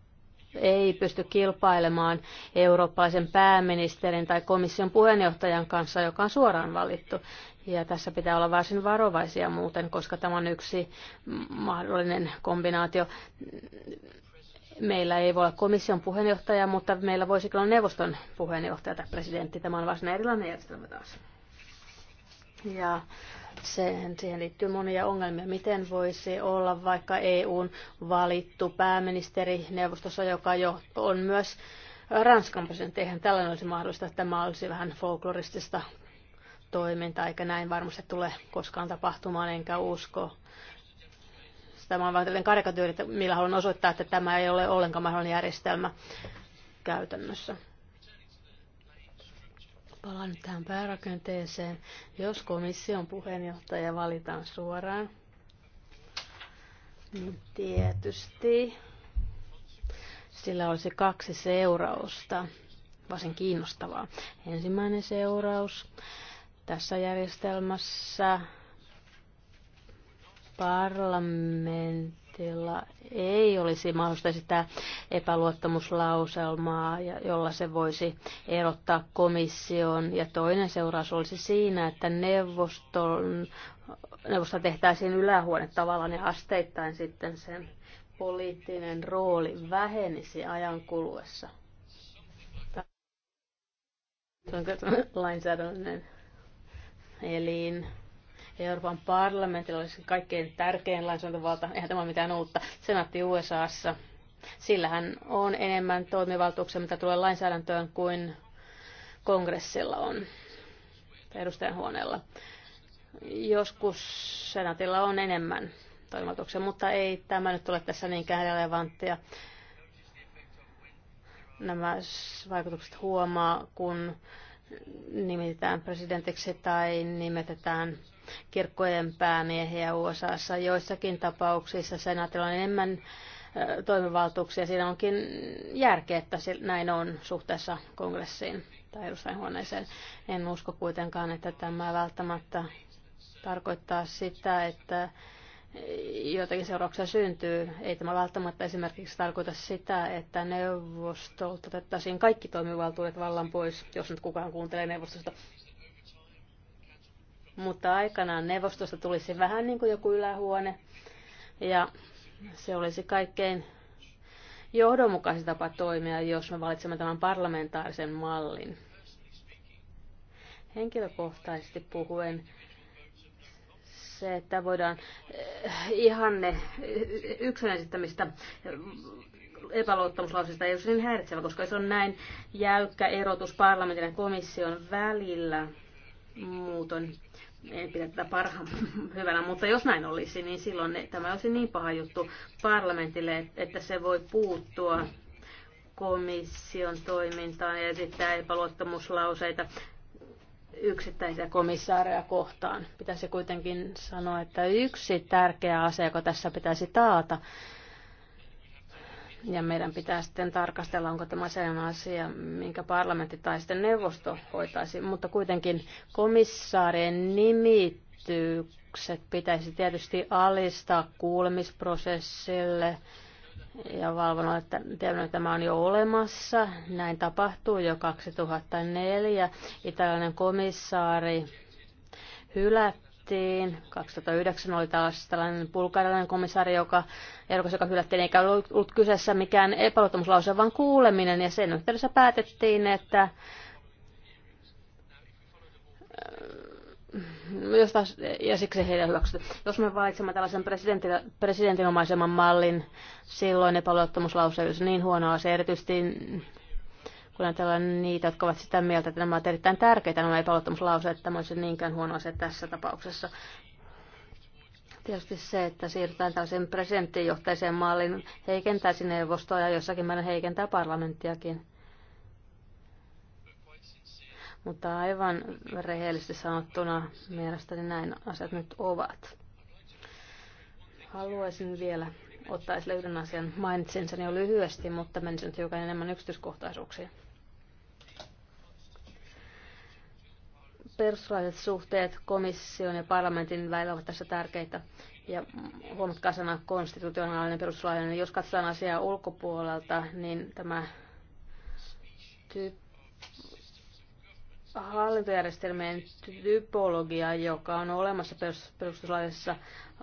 ei pysty kilpailemaan eurooppalaisen pääministerin tai komission puheenjohtajan kanssa, joka on suoraan valittu. Ja tässä pitää olla varsin varovaisia muuten, koska tämä on yksi mahdollinen kombinaatio Meillä ei voi olla komission puheenjohtaja, mutta meillä voisi olla neuvoston puheenjohtaja tai presidentti. Tämä on varsin erilainen järjestelmä taas. Ja siihen, siihen liittyy monia ongelmia. Miten voisi olla vaikka EUn valittu pääministeri neuvostossa, joka jo on myös Ranskan presidentti? Eihän tällainen olisi mahdollista, että tämä olisi vähän folkloristista toimintaa, eikä näin varmasti tule koskaan tapahtumaan, enkä usko, Tämä on vain karikatyyri, millä haluan osoittaa, että tämä ei ole ollenkaan mahdollinen järjestelmä käytännössä. Palaan nyt tähän päärakenteeseen. Jos komission puheenjohtaja valitaan suoraan, niin tietysti sillä olisi kaksi seurausta, varsin kiinnostavaa. Ensimmäinen seuraus tässä järjestelmässä parlamentilla ei olisi mahdollista sitä epäluottamuslauselmaa, jolla se voisi erottaa komission. Ja toinen seuraus olisi siinä, että neuvoston, neuvosta tehtäisiin ylähuone tavallaan ja asteittain sitten sen poliittinen rooli vähenisi ajan kuluessa. Onko lainsäädännön elin? Euroopan parlamentilla olisi kaikkein tärkein lainsäädäntövalta, eihän tämä ole mitään uutta, senaatti USAssa. Sillähän on enemmän toimivaltuuksia, mitä tulee lainsäädäntöön, kuin kongressilla on huoneella. Joskus senaatilla on enemmän toimivaltuuksia, mutta ei tämä nyt ole tässä niinkään relevanttia. Nämä vaikutukset huomaa, kun nimitetään presidentiksi tai nimetetään kirkkojen päämiehiä USAssa. Joissakin tapauksissa senaatilla on enemmän toimivaltuuksia. Siinä onkin järkeä, että näin on suhteessa kongressiin tai edustajanhuoneeseen. En usko kuitenkaan, että tämä välttämättä tarkoittaa sitä, että joitakin seurauksia syntyy. Ei tämä välttämättä esimerkiksi tarkoita sitä, että neuvostolta otettaisiin kaikki toimivaltuudet vallan pois, jos nyt kukaan kuuntelee neuvostosta mutta aikanaan neuvostosta tulisi vähän niin kuin joku ylähuone, ja se olisi kaikkein johdonmukaisin tapa toimia, jos me valitsemme tämän parlamentaarisen mallin. Henkilökohtaisesti puhuen se, että voidaan eh, ihanne yksin esittämistä eh, epäluottamuslausista ei ole niin häiritsevä, koska se on näin jäykkä erotus parlamentin ja komission välillä muuton en pidä tätä parhaan hyvänä, mutta jos näin olisi, niin silloin tämä olisi niin paha juttu parlamentille, että se voi puuttua komission toimintaan ja esittää epäluottamuslauseita yksittäisiä komissaareja kohtaan. Pitäisi kuitenkin sanoa, että yksi tärkeä asia, joka tässä pitäisi taata, ja meidän pitää sitten tarkastella, onko tämä sellainen asia, minkä parlamentti tai sitten neuvosto hoitaisi. Mutta kuitenkin komissaarien nimitykset pitäisi tietysti alistaa kuulemisprosessille ja valvonut, että tämä on jo olemassa. Näin tapahtuu jo 2004. Italian komissaari hylätti hylättiin. 2009 oli taas tällainen pulkarilainen komissaari, joka, ehdokas, joka hylättiin, eikä ollut kyseessä mikään epäluottamuslause, vaan kuuleminen. Ja sen yhteydessä päätettiin, että äh, jos taas, ja siksi heidän hyväksytty. Jos me valitsemme tällaisen presidentinomaisemman mallin, silloin epäluottamuslause olisi niin huono asia, erityisesti kun ajatellaan niitä, jotka ovat sitä mieltä, että nämä ovat erittäin tärkeitä, nämä epäluottamuslauseet, että tämä olisi niinkään huono asia tässä tapauksessa. Tietysti se, että siirrytään tällaiseen presidenttijohtaiseen malliin, heikentäisi neuvostoa ja jossakin määrin heikentää parlamenttiakin. Mutta aivan rehellisesti sanottuna mielestäni näin asiat nyt ovat. Haluaisin vielä ottaa esille yhden asian. Mainitsin sen jo lyhyesti, mutta menisin nyt hiukan enemmän yksityiskohtaisuuksiin. perustuslailliset suhteet komission ja parlamentin välillä ovat tässä tärkeitä. Ja huomatkaa sana konstitutionaalinen perustuslaillinen. Jos katsotaan asiaa ulkopuolelta, niin tämä hallintojärjestelmien typologia, joka on olemassa perustuslaillisessa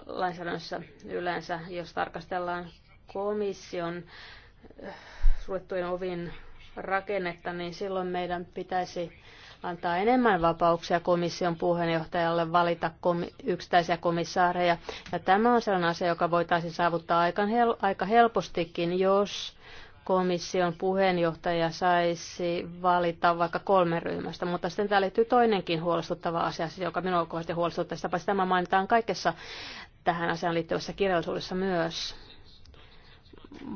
lainsäädännössä yleensä, jos tarkastellaan komission eh, suljettujen ovin rakennetta, niin silloin meidän pitäisi antaa enemmän vapauksia komission puheenjohtajalle valita komi- yksittäisiä komissaareja. Ja tämä on sellainen asia, joka voitaisiin saavuttaa aika helpostikin, jos komission puheenjohtaja saisi valita vaikka kolme ryhmästä. Mutta sitten täällä liittyy toinenkin huolestuttava asia, siis joka minua kovasti huolestuttaa. Sitä tämä mainitaan kaikessa tähän asiaan liittyvässä kirjallisuudessa myös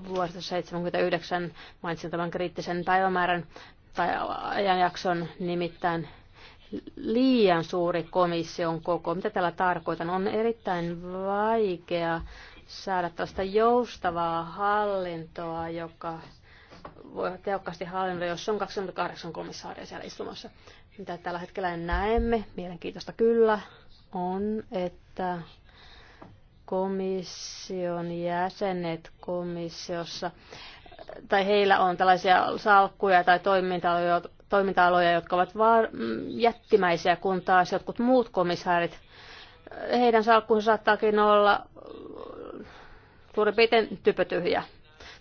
vuodesta 79 mainitsin tämän kriittisen päivämäärän tai ajanjakson nimittäin liian suuri komission koko. Mitä tällä tarkoitan? On erittäin vaikea saada tällaista joustavaa hallintoa, joka voi tehokkaasti hallinnoida, jos on 28 komissaaria siellä istumassa. Mitä tällä hetkellä näemme, mielenkiintoista kyllä, on, että komission jäsenet komissiossa, tai heillä on tällaisia salkkuja tai toiminta-aloja, toiminta-aloja jotka ovat var- jättimäisiä, kun taas jotkut muut komissaarit, heidän salkkunsa saattaakin olla suurin piirtein typötyhjä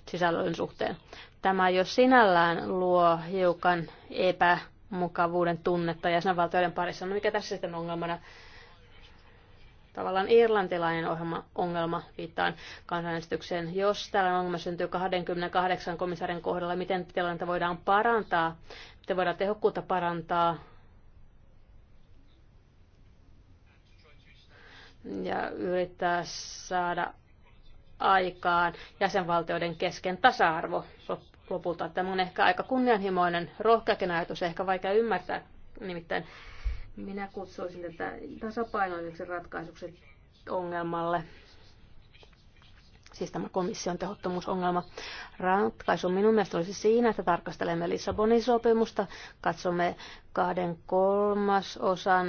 sisällön suhteen. Tämä jo sinällään luo hiukan epämukavuuden tunnetta jäsenvaltioiden parissa. No mikä tässä sitten ongelmana? tavallaan irlantilainen ohjelma, ongelma, viittaan kansanäänestykseen. Jos tällainen ongelma syntyy 28 komissarin kohdalla, miten tilannetta voidaan parantaa, miten voidaan tehokkuutta parantaa, ja yrittää saada aikaan jäsenvaltioiden kesken tasa-arvo lopulta. Tämä on ehkä aika kunnianhimoinen, rohkeakin ajatus, ehkä vaikea ymmärtää nimittäin minä kutsuisin tätä tasapainoiseksi ratkaisuksi ongelmalle siis tämä komission tehottomuusongelma. Ratkaisu minun mielestä olisi siinä, että tarkastelemme Lissabonin sopimusta, katsomme kahden kolmasosan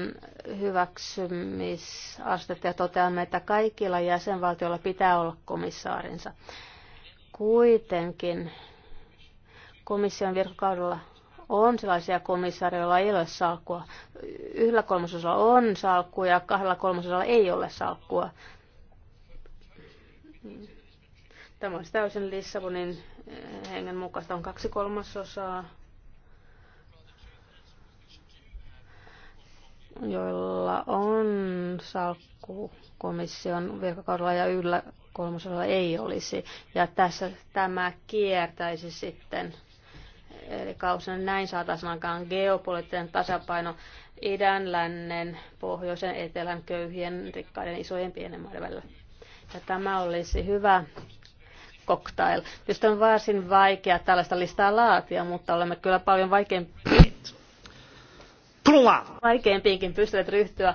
hyväksymisastetta ja toteamme, että kaikilla jäsenvaltioilla pitää olla komissaarinsa. Kuitenkin komission virkakaudella on sellaisia komissaarioilla, joilla ei ole salkkua. Yhdellä kolmasosalla on salkkua ja kahdella kolmasosalla ei ole salkkua. Tämä olisi täysin Lissabonin eh, hengen mukaista. On kaksi kolmasosaa, joilla on salkku komission virkakaudella ja yllä kolmasosalla ei olisi. Ja tässä tämä kiertäisi sitten eli kausina näin saataisiin geopoliittinen tasapaino idän, lännen, pohjoisen, etelän, köyhien, rikkaiden, isojen, pienen maiden välillä. Ja tämä olisi hyvä cocktail. Tietysti on varsin vaikea tällaista listaa laatia, mutta olemme kyllä paljon vaikeimpiinkin pystyneet ryhtyä.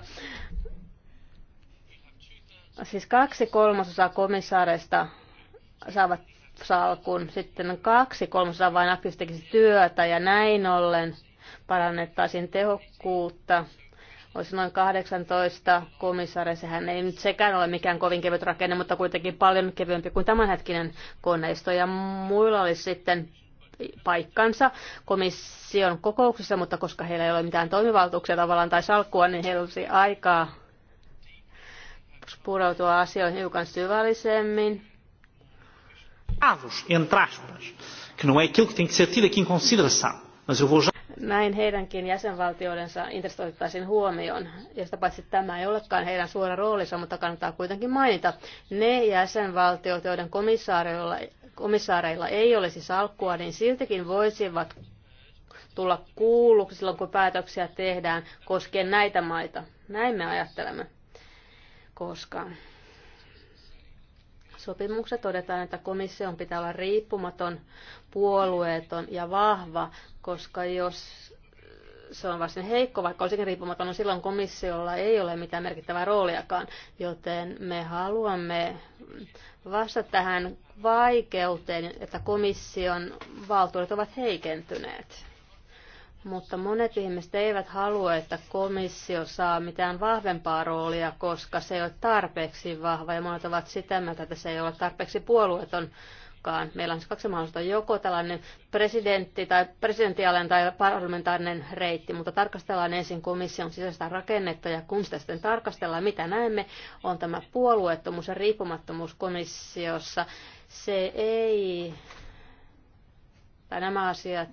Siis kaksi kolmasosaa komissaareista saavat salkun. Sitten kaksi kolmasosaa vain aktiivisesti tekisi työtä ja näin ollen parannettaisiin tehokkuutta. Olisi noin 18 komissaaria. Sehän ei nyt sekään ole mikään kovin kevyt rakenne, mutta kuitenkin paljon kevyempi kuin tämänhetkinen koneisto. Ja muilla olisi sitten paikkansa komission kokouksissa, mutta koska heillä ei ole mitään toimivaltuuksia tavallaan tai salkkua, niin heillä olisi aikaa pureutua asioihin hiukan syvällisemmin entre aspas, que não é aquilo que tem que ser tido aqui em consideração. Mas eu vou já... Näin heidänkin jäsenvaltioidensa intressit otettaisiin huomioon. josta paitsi tämä ei olekaan heidän suora roolinsa, mutta kannattaa kuitenkin mainita. Ne jäsenvaltiot, joiden komissaareilla, komissaareilla ei olisi salkkua, niin siltikin voisivat tulla kuulluksi silloin, kun päätöksiä tehdään koskien näitä maita. Näin me ajattelemme koskaan. Sopimuksessa todetaan, että komission pitää olla riippumaton, puolueeton ja vahva, koska jos se on varsin heikko, vaikka olisikin riippumaton, niin silloin komissiolla ei ole mitään merkittävää rooliakaan, joten me haluamme vastata tähän vaikeuteen, että komission valtuudet ovat heikentyneet mutta monet ihmiset eivät halua, että komissio saa mitään vahvempaa roolia, koska se ei ole tarpeeksi vahva ja monet ovat sitä mieltä, että se ei ole tarpeeksi puolueeton. Meillä on siis kaksi mahdollista. joko tällainen presidentti tai presidentiaalinen tai parlamentaarinen reitti, mutta tarkastellaan ensin komission sisäistä rakennetta ja kun sitä sitten tarkastellaan, mitä näemme, on tämä puolueettomuus ja riippumattomuus komissiossa. Se ei, tai nämä asiat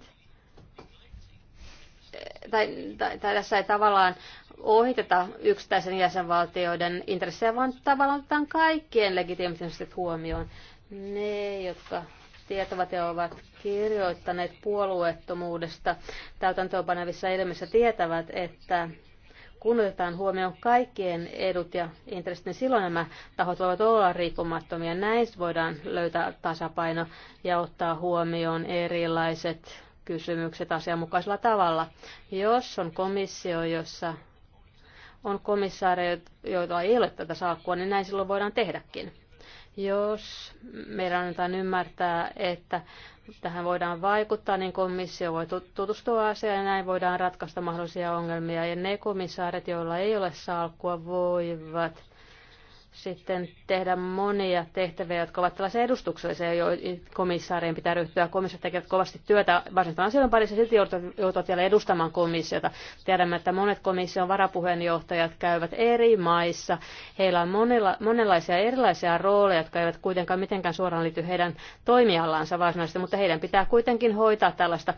tai, tai, tai tässä ei tavallaan ohiteta yksittäisen jäsenvaltioiden intressejä, vaan tavallaan otetaan kaikkien legitiimiset huomioon. Ne, jotka tietävät ja ovat kirjoittaneet puolueettomuudesta täytäntöönpanevissa elimissä, tietävät, että kun otetaan huomioon kaikkien edut ja intressit, niin silloin nämä tahot voivat olla riippumattomia. Näistä voidaan löytää tasapaino ja ottaa huomioon erilaiset kysymykset asianmukaisella tavalla. Jos on komissio, jossa on komissaareja, joita ei ole tätä salkkua, niin näin silloin voidaan tehdäkin. Jos meidän annetaan ymmärtää, että tähän voidaan vaikuttaa, niin komissio voi tutustua asiaan ja näin voidaan ratkaista mahdollisia ongelmia. Ja ne komissaarit, joilla ei ole salkkua, voivat sitten tehdä monia tehtäviä, jotka ovat tällaisia edustuksellisia, joihin komissaarien pitää ryhtyä. Komissiot tekevät kovasti työtä varsinaisten asioiden parissa, silti joutuvat vielä edustamaan komissiota. Tiedämme, että monet komission varapuheenjohtajat käyvät eri maissa. Heillä on monella, monenlaisia erilaisia rooleja, jotka eivät kuitenkaan mitenkään suoraan liity heidän toimialansa varsinaisesti, mutta heidän pitää kuitenkin hoitaa tällaista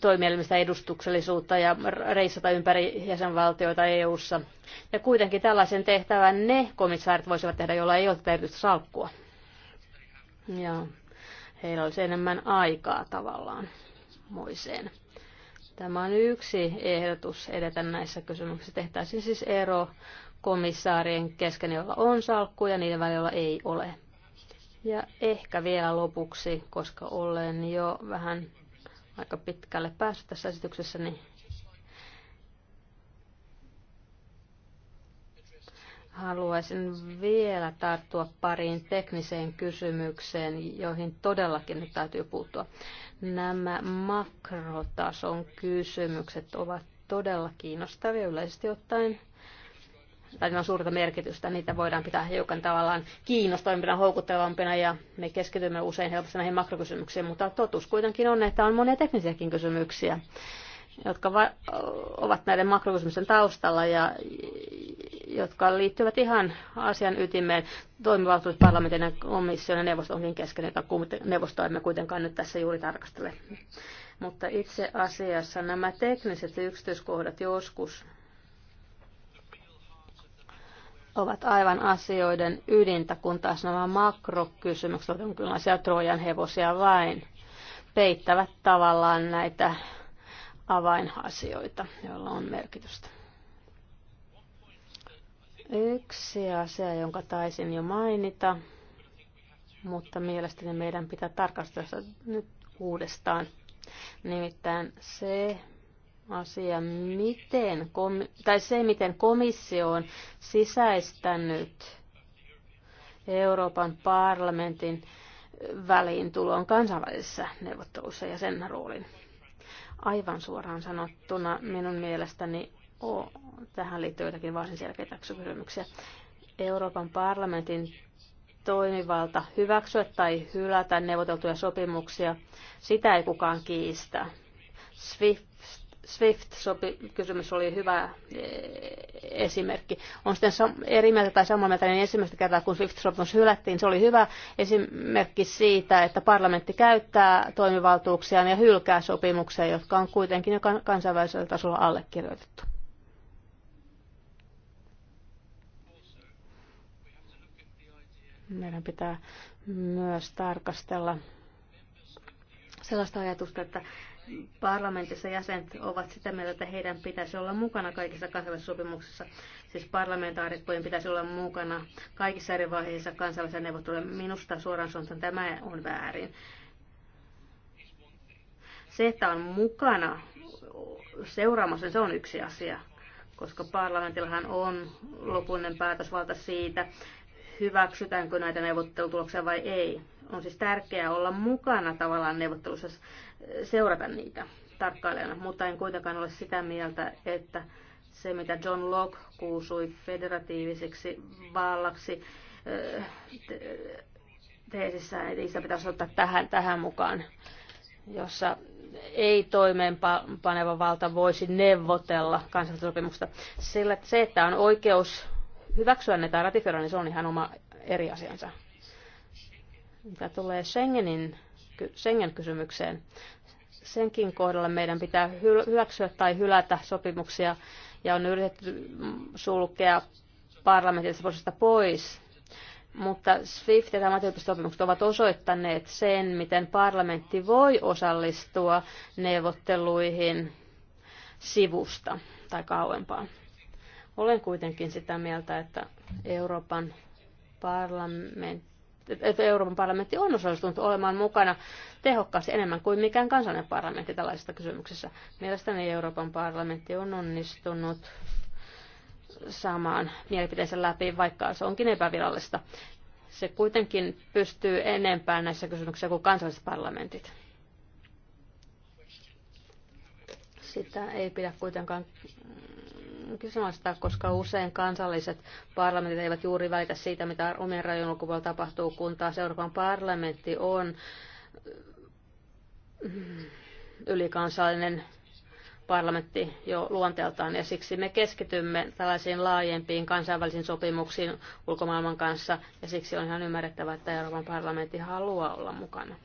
toimielimistä edustuksellisuutta ja reissata ympäri jäsenvaltioita EU-ssa. Ja kuitenkin tällaisen tehtävän ne komissaarit voisivat tehdä, joilla ei ole erityistä salkkua. Ja heillä olisi enemmän aikaa tavallaan moiseen. Tämä on yksi ehdotus edetä näissä kysymyksissä. Tehtäisiin siis ero komissaarien kesken, joilla on salkku ja niiden välillä ei ole. Ja ehkä vielä lopuksi, koska olen jo vähän aika pitkälle päässyt tässä esityksessä, niin haluaisin vielä tarttua pariin tekniseen kysymykseen, joihin todellakin nyt täytyy puuttua. Nämä makrotason kysymykset ovat todella kiinnostavia yleisesti ottaen tai on suurta merkitystä, niitä voidaan pitää hiukan tavallaan kiinnostavimpina, houkuttelevampina ja me keskitymme usein helposti näihin makrokysymyksiin, mutta totuus kuitenkin on, että on monia teknisiäkin kysymyksiä, jotka va- ovat näiden makrokysymysten taustalla ja jotka liittyvät ihan asian ytimeen toimivaltuudet parlamentin ja komission ja onkin kesken, jota neuvostoa emme kuitenkaan nyt tässä juuri tarkastele. Mutta itse asiassa nämä tekniset yksityiskohdat joskus ovat aivan asioiden ydintä, kun taas nämä makrokysymykset ovat jonkinlaisia trojan hevosia vain peittävät tavallaan näitä avainasioita, joilla on merkitystä. Yksi asia, jonka taisin jo mainita, mutta mielestäni meidän pitää tarkastella nyt uudestaan. Nimittäin se, asia, miten, tai se, miten komissio on sisäistänyt Euroopan parlamentin väliin tuloon kansainvälisessä neuvottelussa ja sen roolin. Aivan suoraan sanottuna minun mielestäni oh, tähän liittyy jotakin varsin selkeitä kysymyksiä. Euroopan parlamentin toimivalta hyväksyä tai hylätä neuvoteltuja sopimuksia, sitä ei kukaan kiistä. SWIFT SWIFT-kysymys oli hyvä e, esimerkki. On sitten eri mieltä tai samaa mieltä, niin ensimmäistä kertaa kun SWIFT-sopimus hylättiin, se oli hyvä esimerkki siitä, että parlamentti käyttää toimivaltuuksiaan ja hylkää sopimuksia, jotka on kuitenkin jo kansainvälisellä tasolla allekirjoitettu. Meidän pitää myös tarkastella sellaista ajatusta, että Parlamentissa jäsenet ovat sitä mieltä, että heidän pitäisi olla mukana kaikissa kansainvälisissä sopimuksissa. Siis parlamentaarikkojen pitäisi olla mukana kaikissa eri vaiheissa kansainvälisiä neuvottelujen Minusta suoraan sanottuna tämä on väärin. Se, että on mukana seuraamassa, se on yksi asia, koska parlamentillahan on lopullinen päätösvalta siitä, hyväksytäänkö näitä neuvottelutuloksia vai ei. On siis tärkeää olla mukana tavallaan neuvottelussa, seurata niitä tarkkailijana, mutta en kuitenkaan ole sitä mieltä, että se mitä John Locke kuusui federatiiviseksi vallaksi teesissään, että niistä pitäisi ottaa tähän, tähän mukaan, jossa ei toimeenpaneva valta voisi neuvotella kansallisopimusta. Sillä se, että on oikeus hyväksyä ne tai ratifioida, niin se on ihan oma eri asiansa. Mitä tulee Schengenin, Schengen-kysymykseen, senkin kohdalla meidän pitää hyväksyä tai hylätä sopimuksia ja on yritetty sulkea parlamentista prosessista pois. Mutta SWIFT ja tämä ovat osoittaneet sen, miten parlamentti voi osallistua neuvotteluihin sivusta tai kauempaa. Olen kuitenkin sitä mieltä, että Euroopan parlamentti että Euroopan parlamentti on osallistunut olemaan mukana tehokkaasti enemmän kuin mikään kansallinen parlamentti tällaisessa kysymyksessä. Mielestäni Euroopan parlamentti on onnistunut saamaan mielipiteensä läpi, vaikka se onkin epävirallista. Se kuitenkin pystyy enempään näissä kysymyksissä kuin kansalliset parlamentit. Sitä ei pidä kuitenkaan kyseenalaistaa, koska usein kansalliset parlamentit eivät juuri välitä siitä, mitä omien rajojen ulkopuolella tapahtuu, kun taas Euroopan parlamentti on mm, ylikansallinen parlamentti jo luonteeltaan ja siksi me keskitymme tällaisiin laajempiin kansainvälisiin sopimuksiin ulkomaailman kanssa ja siksi on ihan ymmärrettävää, että Euroopan parlamentti haluaa olla mukana.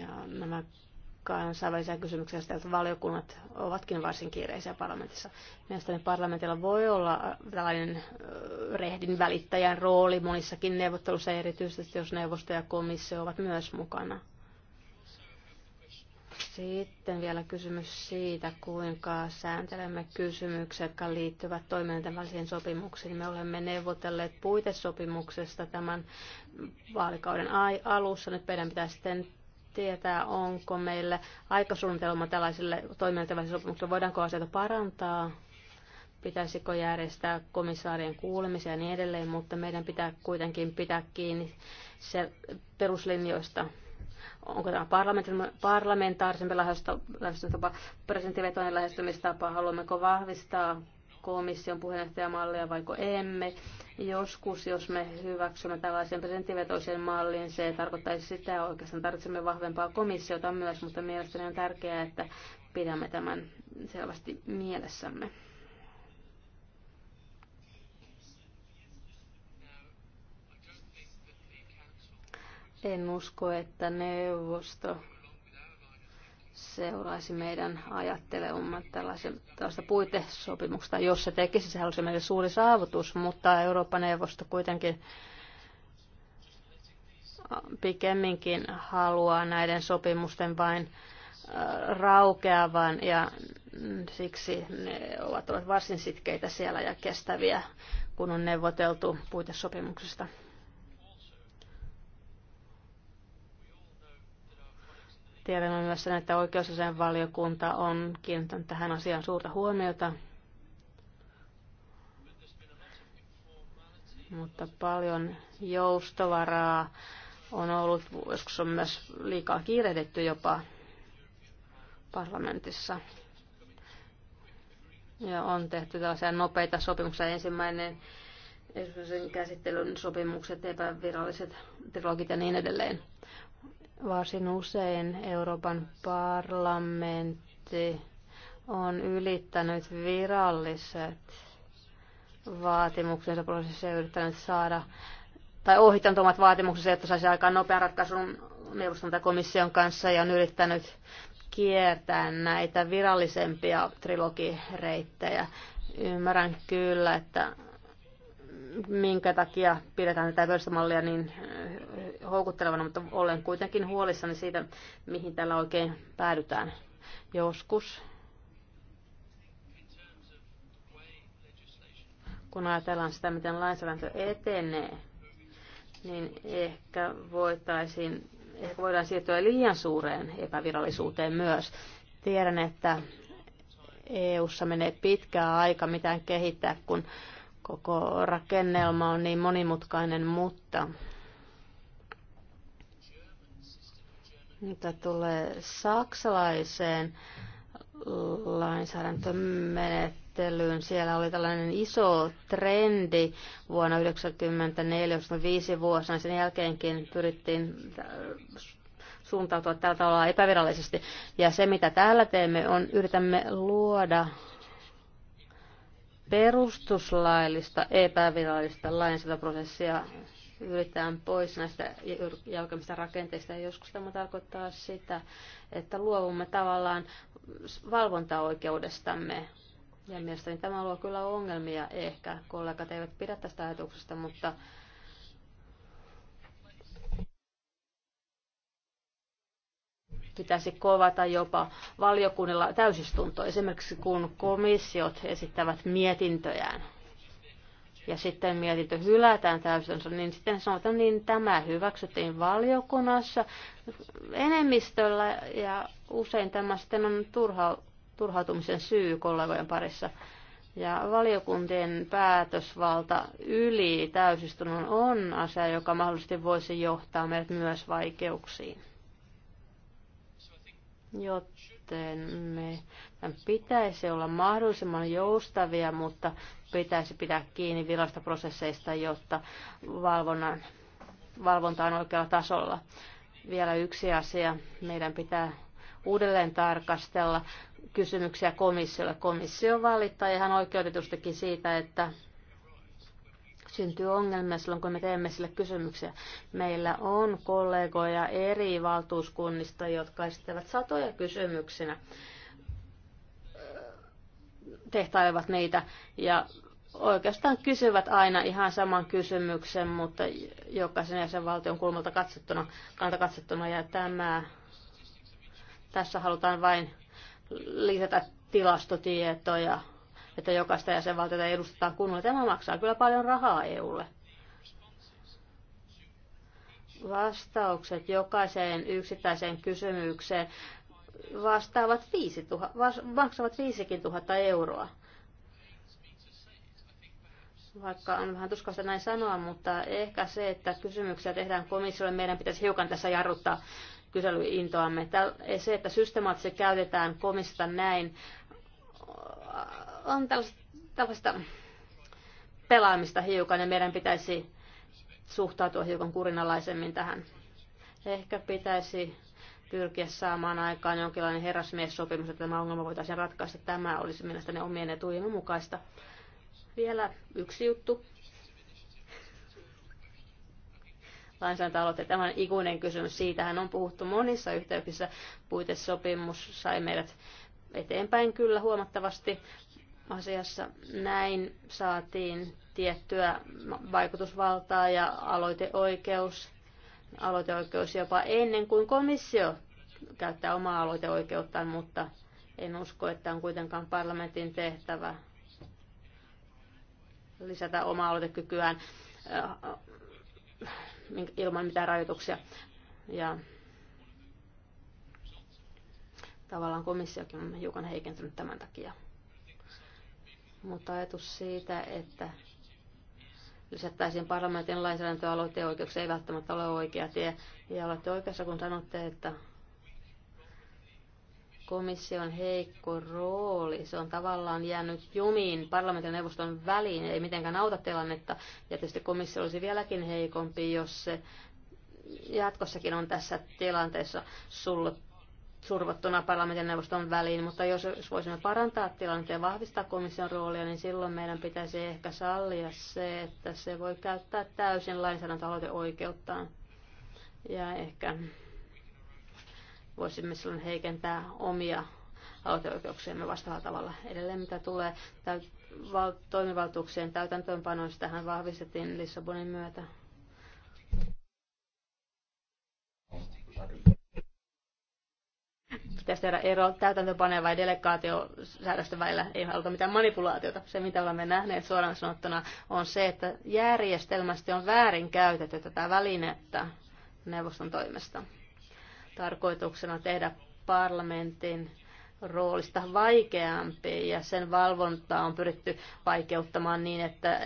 Ja nämä kansainvälisiä kysymyksiä, että valiokunnat ovatkin varsin kiireisiä parlamentissa. Mielestäni parlamentilla voi olla tällainen rehdin välittäjän rooli monissakin neuvottelussa, erityisesti jos neuvosto ja komissio ovat myös mukana. Sitten vielä kysymys siitä, kuinka sääntelemme kysymykset, jotka liittyvät toimintavälisiin sopimuksiin. Me olemme neuvotelleet puitesopimuksesta tämän vaalikauden alussa. Nyt meidän pitää sitten tietää, onko meillä aikasuunnitelma tällaisille toimintatavallisille sopimuksille, voidaanko asioita parantaa, pitäisikö järjestää komissaarien kuulemisia ja niin edelleen, mutta meidän pitää kuitenkin pitää kiinni se peruslinjoista. Onko tämä parlamentaarisempi lähestymistapa, presidenttivetoinen lähestymistapa, haluammeko vahvistaa komission puheenjohtajamallia vaiko emme. Joskus, jos me hyväksymme tällaisen presidenttivetoisen mallin, se tarkoittaisi sitä, oikeastaan tarvitsemme vahvempaa komissiota myös, mutta mielestäni on tärkeää, että pidämme tämän selvästi mielessämme. En usko, että neuvosto seuraisi meidän ajattelemaan tällaista puitesopimuksesta. Jos se tekisi, sehän olisi meille suuri saavutus, mutta Euroopan neuvosto kuitenkin pikemminkin haluaa näiden sopimusten vain raukeavan ja siksi ne ovat olleet varsin sitkeitä siellä ja kestäviä, kun on neuvoteltu puitesopimuksesta. Tiedämme myös sen, että oikeusasian valiokunta on kiinnittänyt tähän asiaan suurta huomiota. Mutta paljon joustovaraa on ollut, joskus on myös liikaa kiirehditty jopa parlamentissa. Ja on tehty tällaisia nopeita sopimuksia. Ensimmäinen esimerkiksi käsittelyn sopimukset, epäviralliset trilogit ja niin edelleen. Varsin usein Euroopan parlamentti on ylittänyt viralliset vaatimuksensa prosessissa ja yrittänyt saada tai ohittanut omat vaatimuksensa, että saisi aikaan nopean ratkaisun neuvoston tai komission kanssa ja on yrittänyt kiertää näitä virallisempia trilogireittejä. Ymmärrän kyllä, että minkä takia pidetään tätä pörssimallia niin eh, houkuttelevana, mutta olen kuitenkin huolissani siitä, mihin tällä oikein päädytään joskus. Kun ajatellaan sitä, miten lainsäädäntö etenee, niin ehkä voitaisiin ehkä voidaan siirtyä liian suureen epävirallisuuteen myös. Tiedän, että EU-ssa menee pitkää aika mitään kehittää, kun Koko rakennelma on niin monimutkainen, mutta mitä tulee saksalaiseen lainsäädäntömenettelyyn, siellä oli tällainen iso trendi vuonna 1994-1995 vuosina. Sen jälkeenkin pyrittiin äh, suuntautua tällä tavalla epävirallisesti. Ja se, mitä täällä teemme, on yritämme luoda perustuslaillista epävirallista lainsäädäntöprosessia yritetään pois näistä jalkamista rakenteista. Ja joskus tämä tarkoittaa sitä, että luovumme tavallaan valvontaoikeudestamme. Ja mielestäni tämä luo kyllä ongelmia ehkä. Kollegat eivät pidä tästä ajatuksesta, mutta pitäisi kovata jopa valiokunnilla täysistunto, esimerkiksi kun komissiot esittävät mietintöjään ja sitten mietintö hylätään täysin, niin sitten sanotaan, niin tämä hyväksyttiin valiokunnassa enemmistöllä ja usein tämä sitten on turha, turhautumisen syy kollegojen parissa. Ja valiokuntien päätösvalta yli täysistunnon on asia, joka mahdollisesti voisi johtaa meidät myös vaikeuksiin. Joten me tämän pitäisi olla mahdollisimman joustavia, mutta pitäisi pitää kiinni virallista prosesseista, jotta valvonnan, valvonta on oikealla tasolla. Vielä yksi asia. Meidän pitää uudelleen tarkastella kysymyksiä komissiolle. Komissio valittaa ihan oikeutetustakin siitä, että syntyy ongelmia silloin, kun me teemme sille kysymyksiä. Meillä on kollegoja eri valtuuskunnista, jotka esittävät satoja kysymyksinä tehtailevat niitä ja oikeastaan kysyvät aina ihan saman kysymyksen, mutta jokaisen jäsenvaltion kulmalta katsottuna, kanta katsottuna ja tämä, tässä halutaan vain lisätä tilastotietoja että jokaista jäsenvaltiota edustetaan kunnolla. Tämä maksaa kyllä paljon rahaa EUlle. Vastaukset jokaiseen yksittäiseen kysymykseen vastaavat 5 000, maksavat 5000 euroa. Vaikka on vähän tuskasta näin sanoa, mutta ehkä se, että kysymyksiä tehdään komissiolle, meidän pitäisi hiukan tässä jarruttaa kyselyintoamme. Se, että systemaattisesti käytetään komissiota näin on tällaista, tällaista pelaamista hiukan ja meidän pitäisi suhtautua hiukan kurinalaisemmin tähän. Ehkä pitäisi pyrkiä saamaan aikaan jonkinlainen herrasmiessopimus, että tämä ongelma voitaisiin ratkaista. Tämä olisi mielestäni omien etujen mukaista. Vielä yksi juttu. Lainsäädäntöaloitteet. Tämä on ikuinen kysymys. Siitähän on puhuttu monissa yhteyksissä. Puitesopimus sai meidät eteenpäin kyllä huomattavasti, asiassa. Näin saatiin tiettyä vaikutusvaltaa ja aloiteoikeus, aloiteoikeus jopa ennen kuin komissio käyttää omaa aloiteoikeuttaan, mutta en usko, että on kuitenkaan parlamentin tehtävä lisätä omaa aloitekykyään äh, äh, ilman mitään rajoituksia. Ja tavallaan komissiokin on hiukan heikentynyt tämän takia. Mutta ajatus siitä, että lisättäisiin parlamentin lainsäädäntöaloiteoikeuksia ei välttämättä ole oikea tie. Ja olette oikeassa, kun sanotte, että komission heikko rooli, se on tavallaan jäänyt jumiin parlamentin ja neuvoston väliin, ei mitenkään auta tilannetta. Ja tietysti komissio olisi vieläkin heikompi, jos se jatkossakin on tässä tilanteessa sullut survottuna parlamentin neuvoston väliin, mutta jos voisimme parantaa tilannetta ja vahvistaa komission roolia, niin silloin meidän pitäisi ehkä sallia se, että se voi käyttää täysin lainsäädäntöaloiteoikeuttaan. Ja ehkä voisimme silloin heikentää omia aloiteoikeuksiamme vastaavalla tavalla. Edelleen mitä tulee toimivaltuuksien täytäntöönpanoon, tähän vahvistettiin Lissabonin myötä pitäisi tehdä ero täytäntöpaneen vai delegaatiosäädöstä välillä. Ei haluta mitään manipulaatiota. Se, mitä olemme nähneet suoraan sanottuna, on se, että järjestelmästi on väärin käytetty tätä välinettä neuvoston toimesta. Tarkoituksena tehdä parlamentin roolista vaikeampi ja sen valvontaa on pyritty vaikeuttamaan niin, että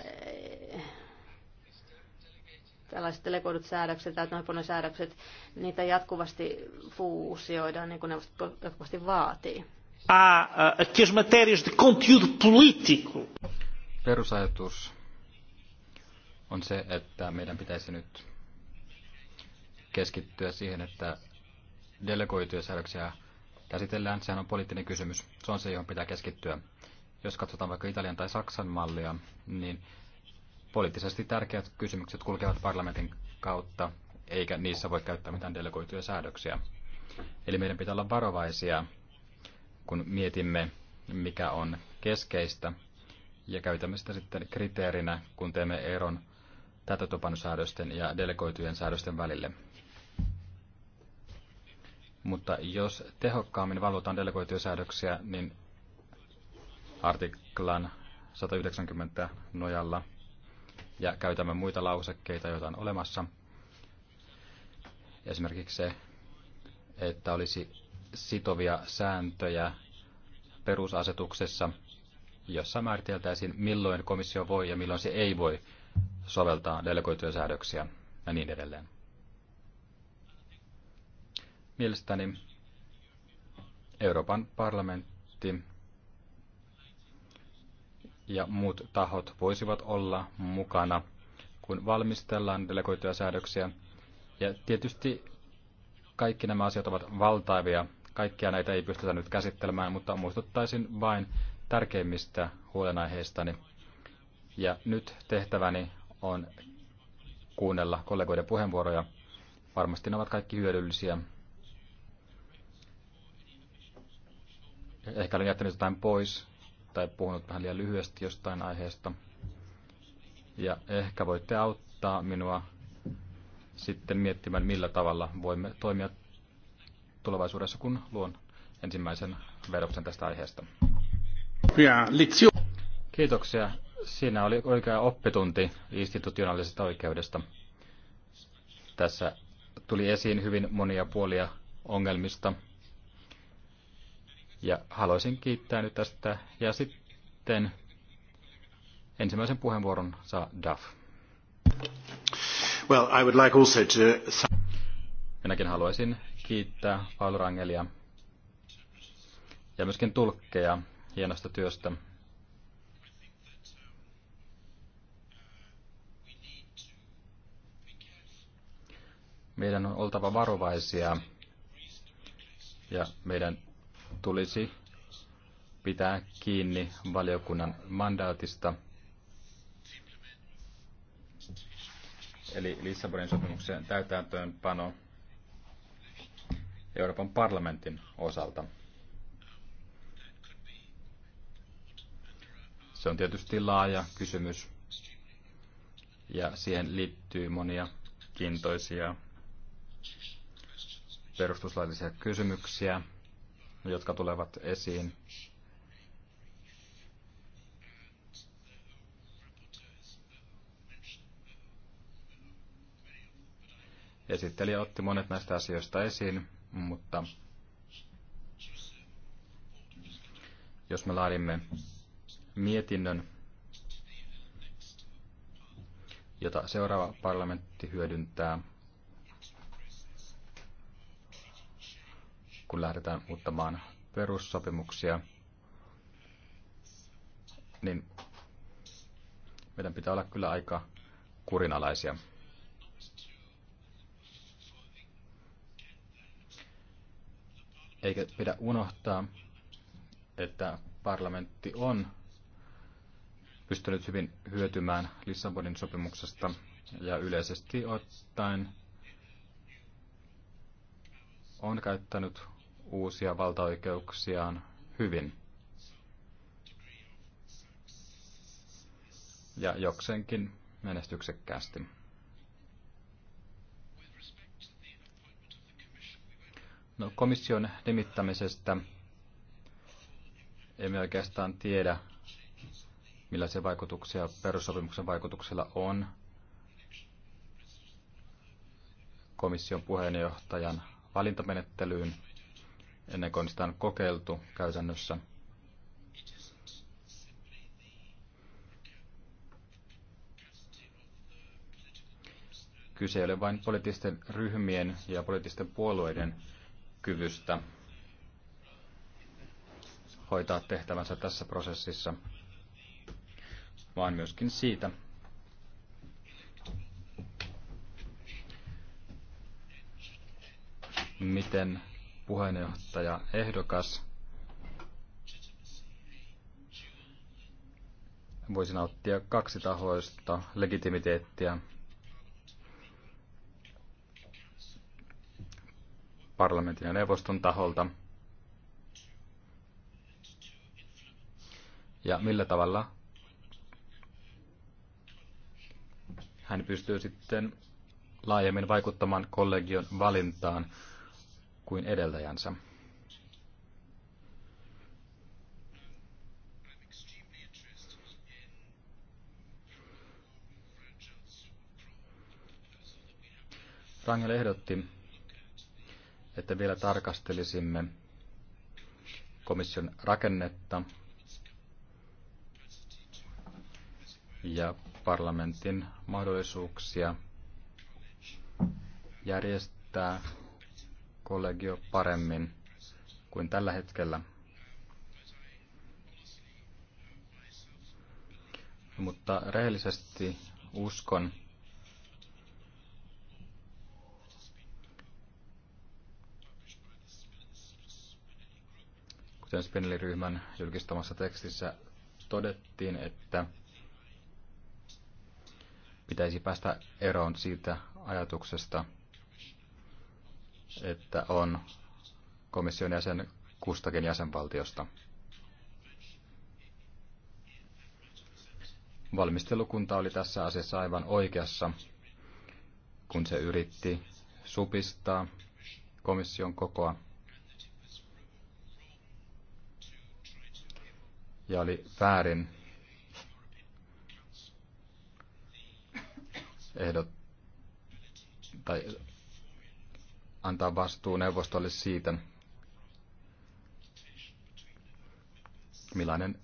tällaiset delegoidut säädökset, täytäntöönpanon säädökset, niitä jatkuvasti fuusioidaan, niin kuin ne jatkuvasti vaatii. Há aqui as matérias de conteúdo político. Perusajatus on se, että meidän pitäisi nyt keskittyä siihen, että delegoituja säädöksiä käsitellään. Sehän on poliittinen kysymys. Se on se, johon pitää keskittyä. Jos katsotaan vaikka Italian tai Saksan mallia, niin poliittisesti tärkeät kysymykset kulkevat parlamentin kautta, eikä niissä voi käyttää mitään delegoituja säädöksiä. Eli meidän pitää olla varovaisia, kun mietimme, mikä on keskeistä, ja käytämme sitä sitten kriteerinä, kun teemme eron täytäntöpanosäädösten ja delegoitujen säädösten välille. Mutta jos tehokkaammin valvotaan delegoituja säädöksiä, niin artiklan 190 nojalla – ja käytämme muita lausekkeita, joita on olemassa. Esimerkiksi se, että olisi sitovia sääntöjä perusasetuksessa, jossa määriteltäisiin, milloin komissio voi ja milloin se ei voi soveltaa delegoituja säädöksiä ja niin edelleen. Mielestäni Euroopan parlamentti ja muut tahot voisivat olla mukana, kun valmistellaan delegoituja säädöksiä. Ja tietysti kaikki nämä asiat ovat valtaivia. Kaikkia näitä ei pystytä nyt käsittelemään, mutta muistuttaisin vain tärkeimmistä huolenaiheistani. Ja nyt tehtäväni on kuunnella kollegoiden puheenvuoroja. Varmasti ne ovat kaikki hyödyllisiä. Ehkä olen jättänyt jotain pois, tai puhunut vähän liian lyhyesti jostain aiheesta. Ja ehkä voitte auttaa minua sitten miettimään, millä tavalla voimme toimia tulevaisuudessa, kun luon ensimmäisen veroksen tästä aiheesta. Kiitoksia. Siinä oli oikea oppitunti institutionaalisesta oikeudesta. Tässä tuli esiin hyvin monia puolia ongelmista, ja haluaisin kiittää nyt tästä. Ja sitten ensimmäisen puheenvuoron saa Duff. Well, I would like also to... Minäkin haluaisin kiittää Paul Rangelia ja myöskin tulkkeja hienosta työstä. Meidän on oltava varovaisia ja meidän tulisi pitää kiinni valiokunnan mandaatista. Eli Lissabonin sopimuksen täytäntöönpano Euroopan parlamentin osalta. Se on tietysti laaja kysymys ja siihen liittyy monia kiintoisia perustuslaillisia kysymyksiä, jotka tulevat esiin. Esittelijä otti monet näistä asioista esiin, mutta jos me laadimme mietinnön, jota seuraava parlamentti hyödyntää kun lähdetään muuttamaan perussopimuksia, niin meidän pitää olla kyllä aika kurinalaisia. Eikä pidä unohtaa, että parlamentti on pystynyt hyvin hyötymään Lissabonin sopimuksesta ja yleisesti ottaen on käyttänyt uusia valtaoikeuksiaan hyvin. Ja jokseenkin menestyksekkäästi. No, komission nimittämisestä emme oikeastaan tiedä, millaisia vaikutuksia perussopimuksen vaikutuksella on komission puheenjohtajan valintamenettelyyn – ennen kuin sitä on kokeiltu käytännössä. Kyse ei ole vain poliittisten ryhmien ja poliittisten puolueiden kyvystä hoitaa tehtävänsä tässä prosessissa, vaan myöskin siitä, miten puheenjohtaja ehdokas voisi nauttia kaksi tahoista legitimiteettiä parlamentin ja neuvoston taholta. Ja millä tavalla hän pystyy sitten laajemmin vaikuttamaan kollegion valintaan kuin edeltäjänsä. Rangel ehdotti, että vielä tarkastelisimme komission rakennetta ja parlamentin mahdollisuuksia järjestää kollegio paremmin kuin tällä hetkellä. Mutta rehellisesti uskon, kuten Spinelli-ryhmän julkistamassa tekstissä todettiin, että pitäisi päästä eroon siitä ajatuksesta – että on komission jäsen kustakin jäsenvaltiosta. Valmistelukunta oli tässä asiassa aivan oikeassa, kun se yritti supistaa komission kokoa ja oli väärin ehdot, tai antaa vastuu neuvostolle siitä, millainen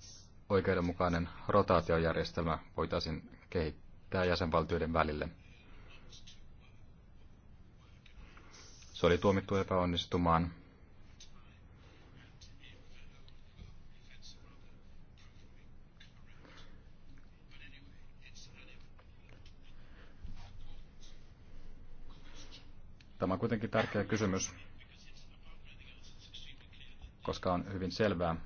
oikeudenmukainen rotaatiojärjestelmä voitaisiin kehittää jäsenvaltioiden välille. Se oli tuomittu epäonnistumaan Tämä on kuitenkin tärkeä kysymys, koska on hyvin selvää,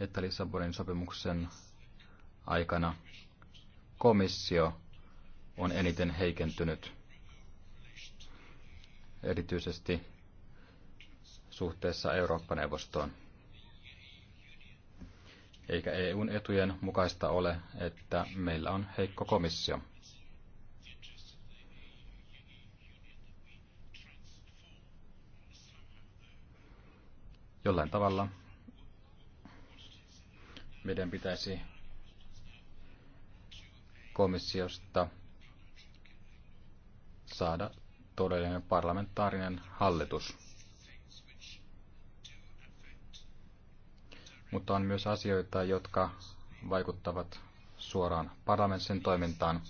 että Lissabonin sopimuksen aikana komissio on eniten heikentynyt, erityisesti suhteessa Eurooppa-neuvostoon eikä EUn etujen mukaista ole, että meillä on heikko komissio. Jollain tavalla meidän pitäisi komissiosta saada todellinen parlamentaarinen hallitus. mutta on myös asioita, jotka vaikuttavat suoraan parlamentin toimintaan.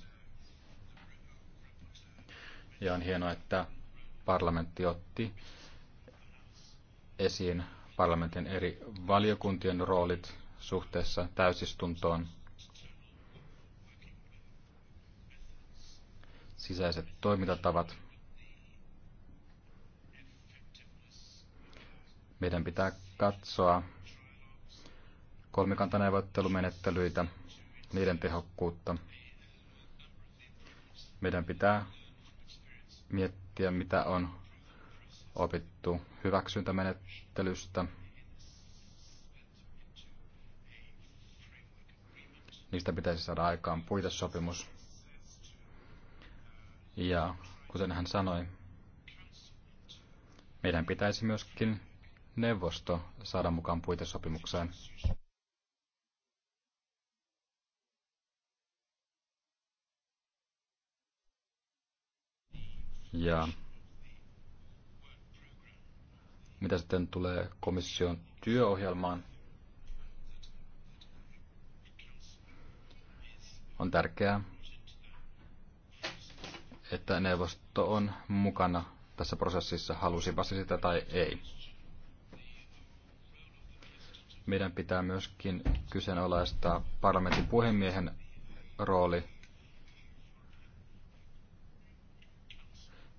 Ja on hienoa, että parlamentti otti esiin parlamentin eri valiokuntien roolit suhteessa täysistuntoon. Sisäiset toimintatavat. Meidän pitää katsoa kolmikantaneuvottelumenettelyitä, niiden tehokkuutta. Meidän pitää miettiä, mitä on opittu hyväksyntämenettelystä. Niistä pitäisi saada aikaan puitesopimus. Ja kuten hän sanoi, meidän pitäisi myöskin neuvosto saada mukaan puitesopimukseen. Ja mitä sitten tulee komission työohjelmaan, on tärkeää, että neuvosto on mukana tässä prosessissa, halusipa se sitä tai ei. Meidän pitää myöskin kyseenalaistaa parlamentin puhemiehen rooli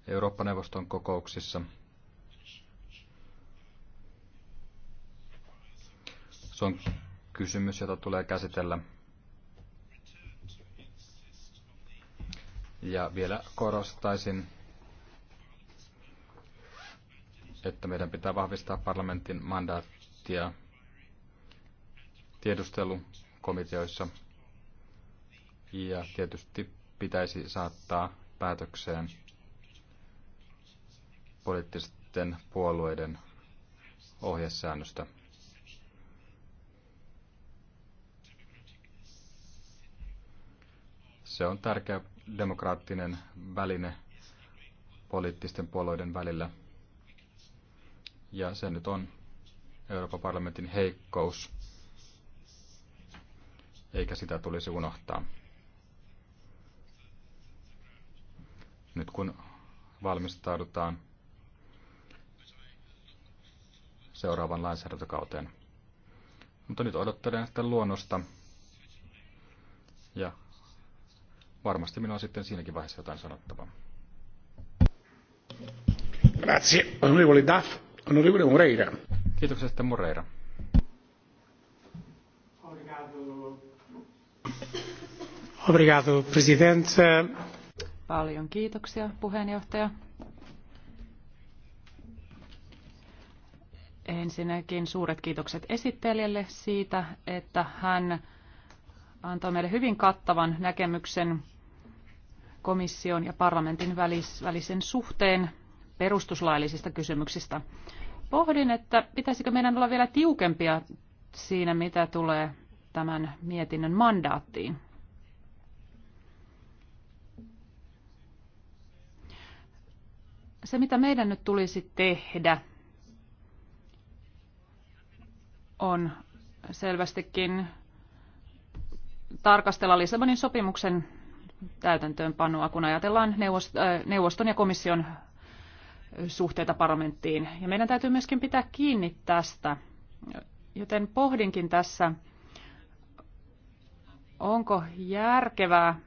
Eurooppa-neuvoston kokouksissa. Se on kysymys, jota tulee käsitellä. Ja vielä korostaisin, että meidän pitää vahvistaa parlamentin mandaattia tiedustelukomiteoissa ja tietysti pitäisi saattaa päätökseen poliittisten puolueiden ohjesäännöstä. Se on tärkeä demokraattinen väline poliittisten puolueiden välillä. Ja se nyt on Euroopan parlamentin heikkous, eikä sitä tulisi unohtaa. Nyt kun valmistaudutaan seuraavan lainsäädäntökauteen. Mutta nyt odottelen sitten luonnosta ja varmasti minulla on sitten siinäkin vaiheessa jotain sanottavaa. Grazie. Onorevole Duff, onorevole Moreira. Kiitoksia sitten Moreira. Obrigado, presidente. Paljon kiitoksia, puheenjohtaja. Ensinnäkin suuret kiitokset esittelijälle siitä, että hän antoi meille hyvin kattavan näkemyksen komission ja parlamentin välisen suhteen perustuslaillisista kysymyksistä. Pohdin, että pitäisikö meidän olla vielä tiukempia siinä, mitä tulee tämän mietinnön mandaattiin. Se, mitä meidän nyt tulisi tehdä, on selvästikin tarkastella Lissabonin sopimuksen täytäntöönpanoa, kun ajatellaan äh, neuvoston ja komission suhteita parlamenttiin. Ja meidän täytyy myöskin pitää kiinni tästä. Joten pohdinkin tässä, onko järkevää, äh,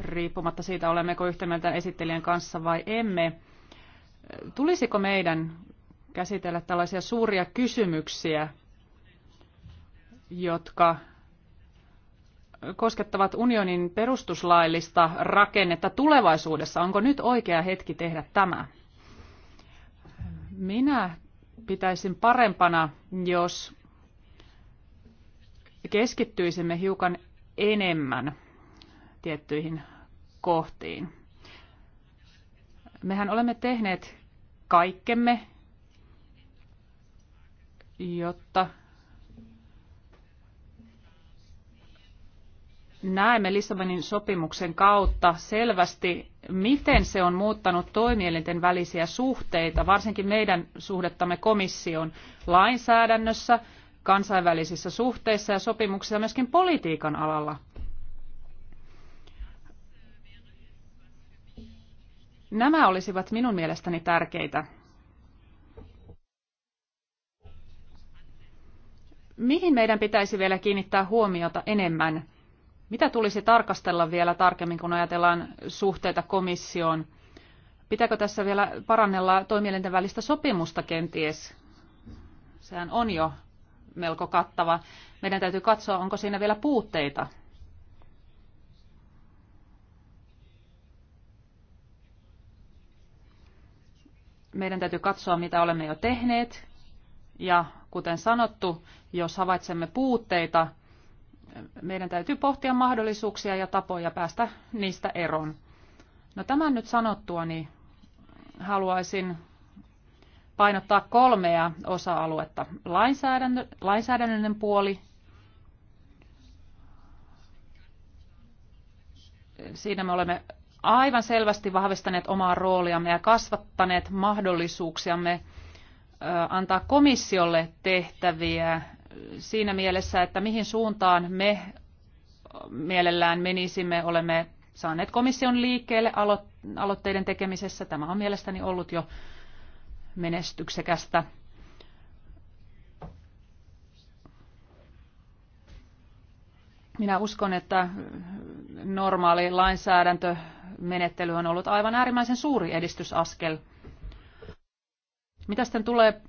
riippumatta siitä olemmeko yhtä mieltä esittelijän kanssa vai emme, äh, tulisiko meidän käsitellä tällaisia suuria kysymyksiä jotka koskettavat unionin perustuslaillista rakennetta tulevaisuudessa. Onko nyt oikea hetki tehdä tämä? Minä pitäisin parempana, jos keskittyisimme hiukan enemmän tiettyihin kohtiin. Mehän olemme tehneet kaikkemme, jotta näemme Lissabonin sopimuksen kautta selvästi, miten se on muuttanut toimielinten välisiä suhteita, varsinkin meidän suhdettamme komission lainsäädännössä, kansainvälisissä suhteissa ja sopimuksissa myöskin politiikan alalla. Nämä olisivat minun mielestäni tärkeitä. Mihin meidän pitäisi vielä kiinnittää huomiota enemmän? Mitä tulisi tarkastella vielä tarkemmin, kun ajatellaan suhteita komissioon? Pitääkö tässä vielä parannella toimielinten välistä sopimusta kenties? Sehän on jo melko kattava. Meidän täytyy katsoa, onko siinä vielä puutteita. Meidän täytyy katsoa, mitä olemme jo tehneet. Ja kuten sanottu, jos havaitsemme puutteita, meidän täytyy pohtia mahdollisuuksia ja tapoja päästä niistä eroon. No tämän nyt sanottua, niin haluaisin painottaa kolmea osa-aluetta. Lainsäädäntö, lainsäädännöllinen puoli, siinä me olemme aivan selvästi vahvistaneet omaa rooliamme ja kasvattaneet mahdollisuuksiamme antaa komissiolle tehtäviä siinä mielessä, että mihin suuntaan me mielellään menisimme, olemme saaneet komission liikkeelle alo- aloitteiden tekemisessä. Tämä on mielestäni ollut jo menestyksekästä. Minä uskon, että normaali lainsäädäntömenettely on ollut aivan äärimmäisen suuri edistysaskel. Mitä sitten tulee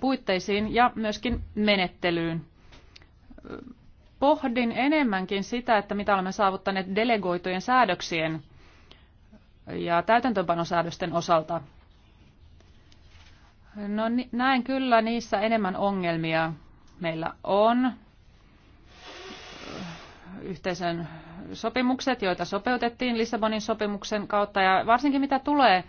puitteisiin ja myöskin menettelyyn. Pohdin enemmänkin sitä, että mitä olemme saavuttaneet delegoitujen säädöksien ja täytäntöönpanosäädösten osalta. No näen kyllä niissä enemmän ongelmia. Meillä on eh, yhteisön sopimukset, joita sopeutettiin Lissabonin sopimuksen kautta ja varsinkin mitä tulee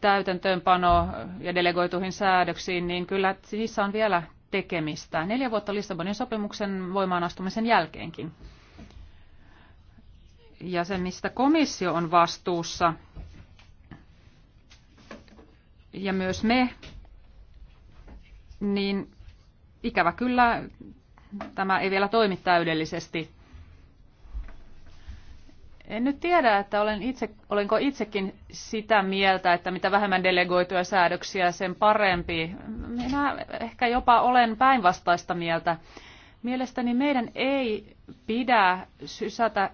täytäntöönpano ja delegoituihin säädöksiin, niin kyllä niissä on vielä tekemistä. Neljä vuotta Lissabonin sopimuksen voimaan astumisen jälkeenkin. Ja se, mistä komissio on vastuussa, ja myös me, niin ikävä kyllä tämä ei vielä toimi täydellisesti. En nyt tiedä, että olen itse, olenko itsekin sitä mieltä, että mitä vähemmän delegoituja säädöksiä, sen parempi. Minä ehkä jopa olen päinvastaista mieltä. Mielestäni meidän ei pidä sysätä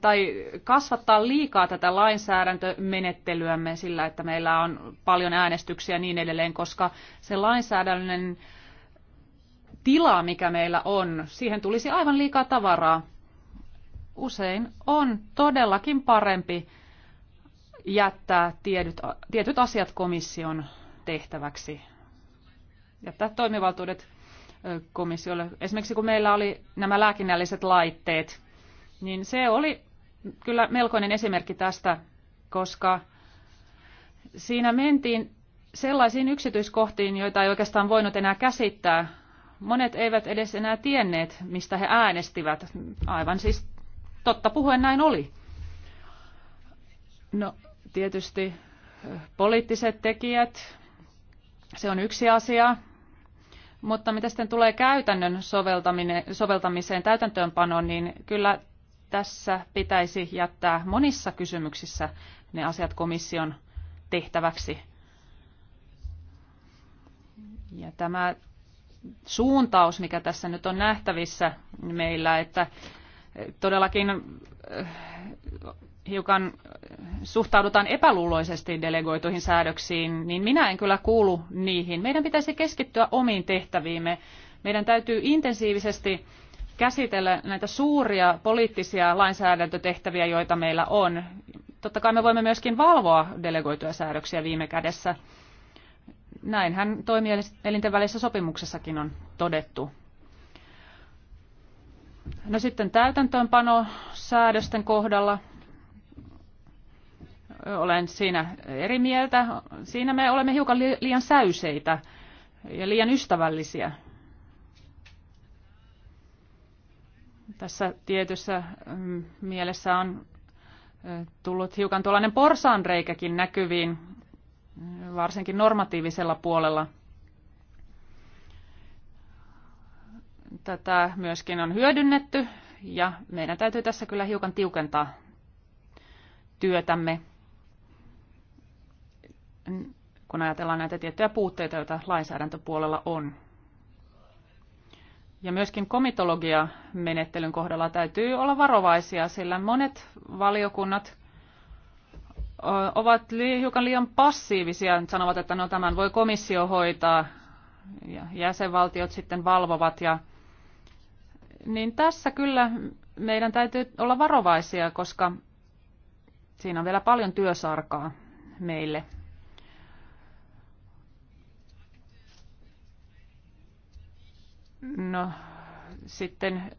tai kasvattaa liikaa tätä lainsäädäntömenettelyämme sillä, että meillä on paljon äänestyksiä ja niin edelleen, koska se lainsäädännön tila, mikä meillä on, siihen tulisi aivan liikaa tavaraa usein on todellakin parempi jättää tiedyt, tietyt asiat komission tehtäväksi, jättää toimivaltuudet komissiolle. Esimerkiksi kun meillä oli nämä lääkinnälliset laitteet, niin se oli kyllä melkoinen esimerkki tästä, koska siinä mentiin sellaisiin yksityiskohtiin, joita ei oikeastaan voinut enää käsittää. Monet eivät edes enää tienneet, mistä he äänestivät, aivan siis Totta puhuen näin oli. No tietysti eh, poliittiset tekijät, se on yksi asia, mutta mitä sitten tulee käytännön soveltamiseen, täytäntöönpanoon, niin kyllä tässä pitäisi jättää monissa kysymyksissä ne asiat komission tehtäväksi. Ja tämä suuntaus, mikä tässä nyt on nähtävissä meillä, että todellakin äh, hiukan suhtaudutaan epäluuloisesti delegoituihin säädöksiin, niin minä en kyllä kuulu niihin. Meidän pitäisi keskittyä omiin tehtäviimme. Meidän täytyy intensiivisesti käsitellä näitä suuria poliittisia lainsäädäntötehtäviä, joita meillä on. Totta kai me voimme myöskin valvoa delegoituja säädöksiä viime kädessä. Näinhän toimielinten välisessä sopimuksessakin on todettu. No sitten täytäntöönpano säädösten kohdalla olen siinä eri mieltä. Siinä me olemme hiukan liian säyseitä ja liian ystävällisiä. Tässä tietyssä mm, mielessä on tullut hiukan tuollainen porsaanreikäkin näkyviin, varsinkin normatiivisella puolella – tätä myöskin on hyödynnetty ja meidän täytyy tässä kyllä hiukan tiukentaa työtämme, kun ajatellaan näitä tiettyjä puutteita, joita lainsäädäntöpuolella on. Ja myöskin komitologia-menettelyn kohdalla täytyy olla varovaisia, sillä monet valiokunnat ovat hiukan liian passiivisia, sanovat, että no tämän voi komissio hoitaa, ja jäsenvaltiot sitten valvovat ja niin tässä kyllä meidän täytyy olla varovaisia, koska siinä on vielä paljon työsarkaa meille. No sitten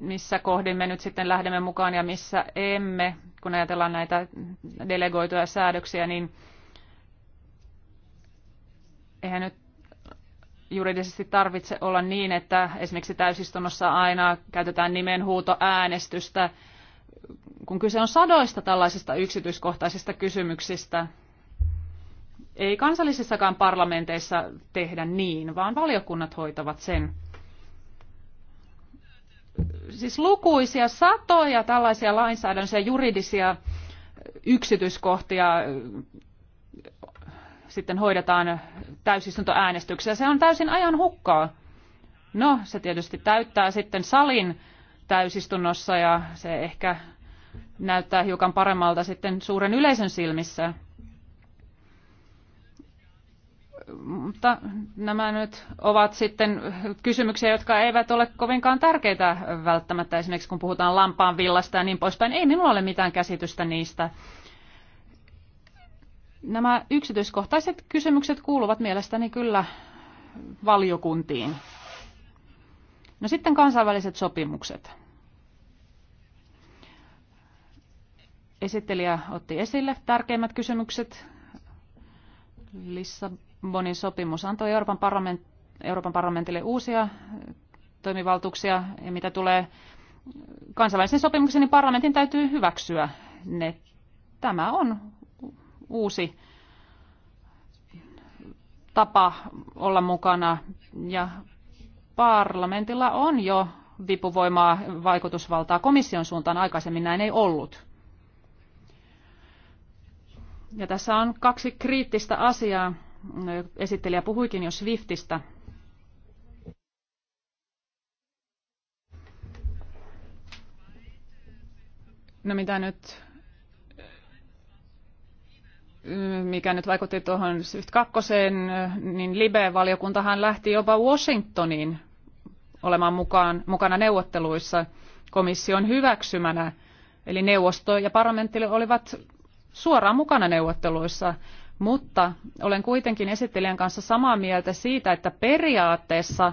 missä kohdin me nyt sitten lähdemme mukaan ja missä emme, kun ajatellaan näitä delegoituja säädöksiä, niin eihän nyt juridisesti tarvitse olla niin, että esimerkiksi täysistunnossa aina käytetään nimenhuutoäänestystä, kun kyse on sadoista tällaisista yksityiskohtaisista kysymyksistä. Ei kansallisissakaan parlamenteissa tehdä niin, vaan valiokunnat hoitavat sen. Siis lukuisia satoja tällaisia lainsäädännöllisiä juridisia yksityiskohtia sitten hoidetaan täysistuntoäänestyksiä. Se on täysin ajan hukkaa. No, se tietysti täyttää sitten salin täysistunnossa ja se ehkä näyttää hiukan paremmalta sitten suuren yleisön silmissä. Mutta nämä nyt ovat sitten kysymyksiä, jotka eivät ole kovinkaan tärkeitä välttämättä, esimerkiksi kun puhutaan lampaan villasta ja niin poispäin. Ei minulla ole mitään käsitystä niistä. Nämä yksityiskohtaiset kysymykset kuuluvat mielestäni kyllä valiokuntiin. No sitten kansainväliset sopimukset. Esittelijä otti esille tärkeimmät kysymykset. Lissabonin sopimus antoi Euroopan, parlament, Euroopan parlamentille uusia toimivaltuuksia. Ja mitä tulee kansainvälisen sopimuksen, niin parlamentin täytyy hyväksyä ne. Tämä on uusi tapa olla mukana ja parlamentilla on jo vipuvoimaa vaikutusvaltaa komission suuntaan aikaisemmin näin ei ollut. Ja tässä on kaksi kriittistä asiaa. Esittelijä puhuikin jo Swiftistä. No mitä nyt mikä nyt vaikutti tuohon Swift 2, niin Libe-valiokuntahan lähti jopa Washingtoniin olemaan mukaan, mukana neuvotteluissa komission hyväksymänä. Eli neuvosto ja parlamentti olivat suoraan mukana neuvotteluissa, mutta olen kuitenkin esittelijän kanssa samaa mieltä siitä, että periaatteessa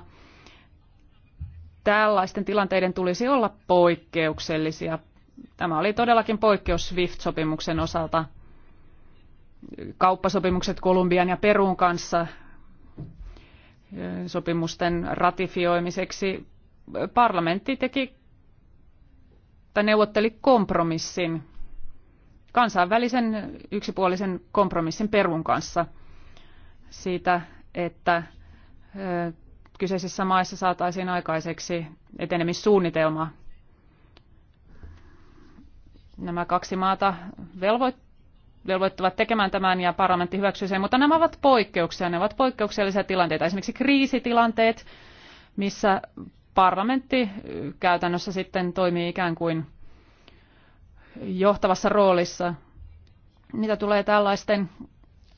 tällaisten tilanteiden tulisi olla poikkeuksellisia. Tämä oli todellakin poikkeus SWIFT-sopimuksen osalta – kauppasopimukset Kolumbian ja Perun kanssa sopimusten ratifioimiseksi parlamentti teki tai neuvotteli kompromissin, kansainvälisen yksipuolisen kompromissin Perun kanssa siitä, että kyseisissä maissa saataisiin aikaiseksi etenemissuunnitelma. Nämä kaksi maata velvoittavat velvoittavat tekemään tämän ja parlamentti hyväksyy sen, mutta nämä ovat poikkeuksia, ne ovat poikkeuksellisia tilanteita, esimerkiksi kriisitilanteet, missä parlamentti käytännössä sitten toimii ikään kuin johtavassa roolissa. Mitä tulee tällaisten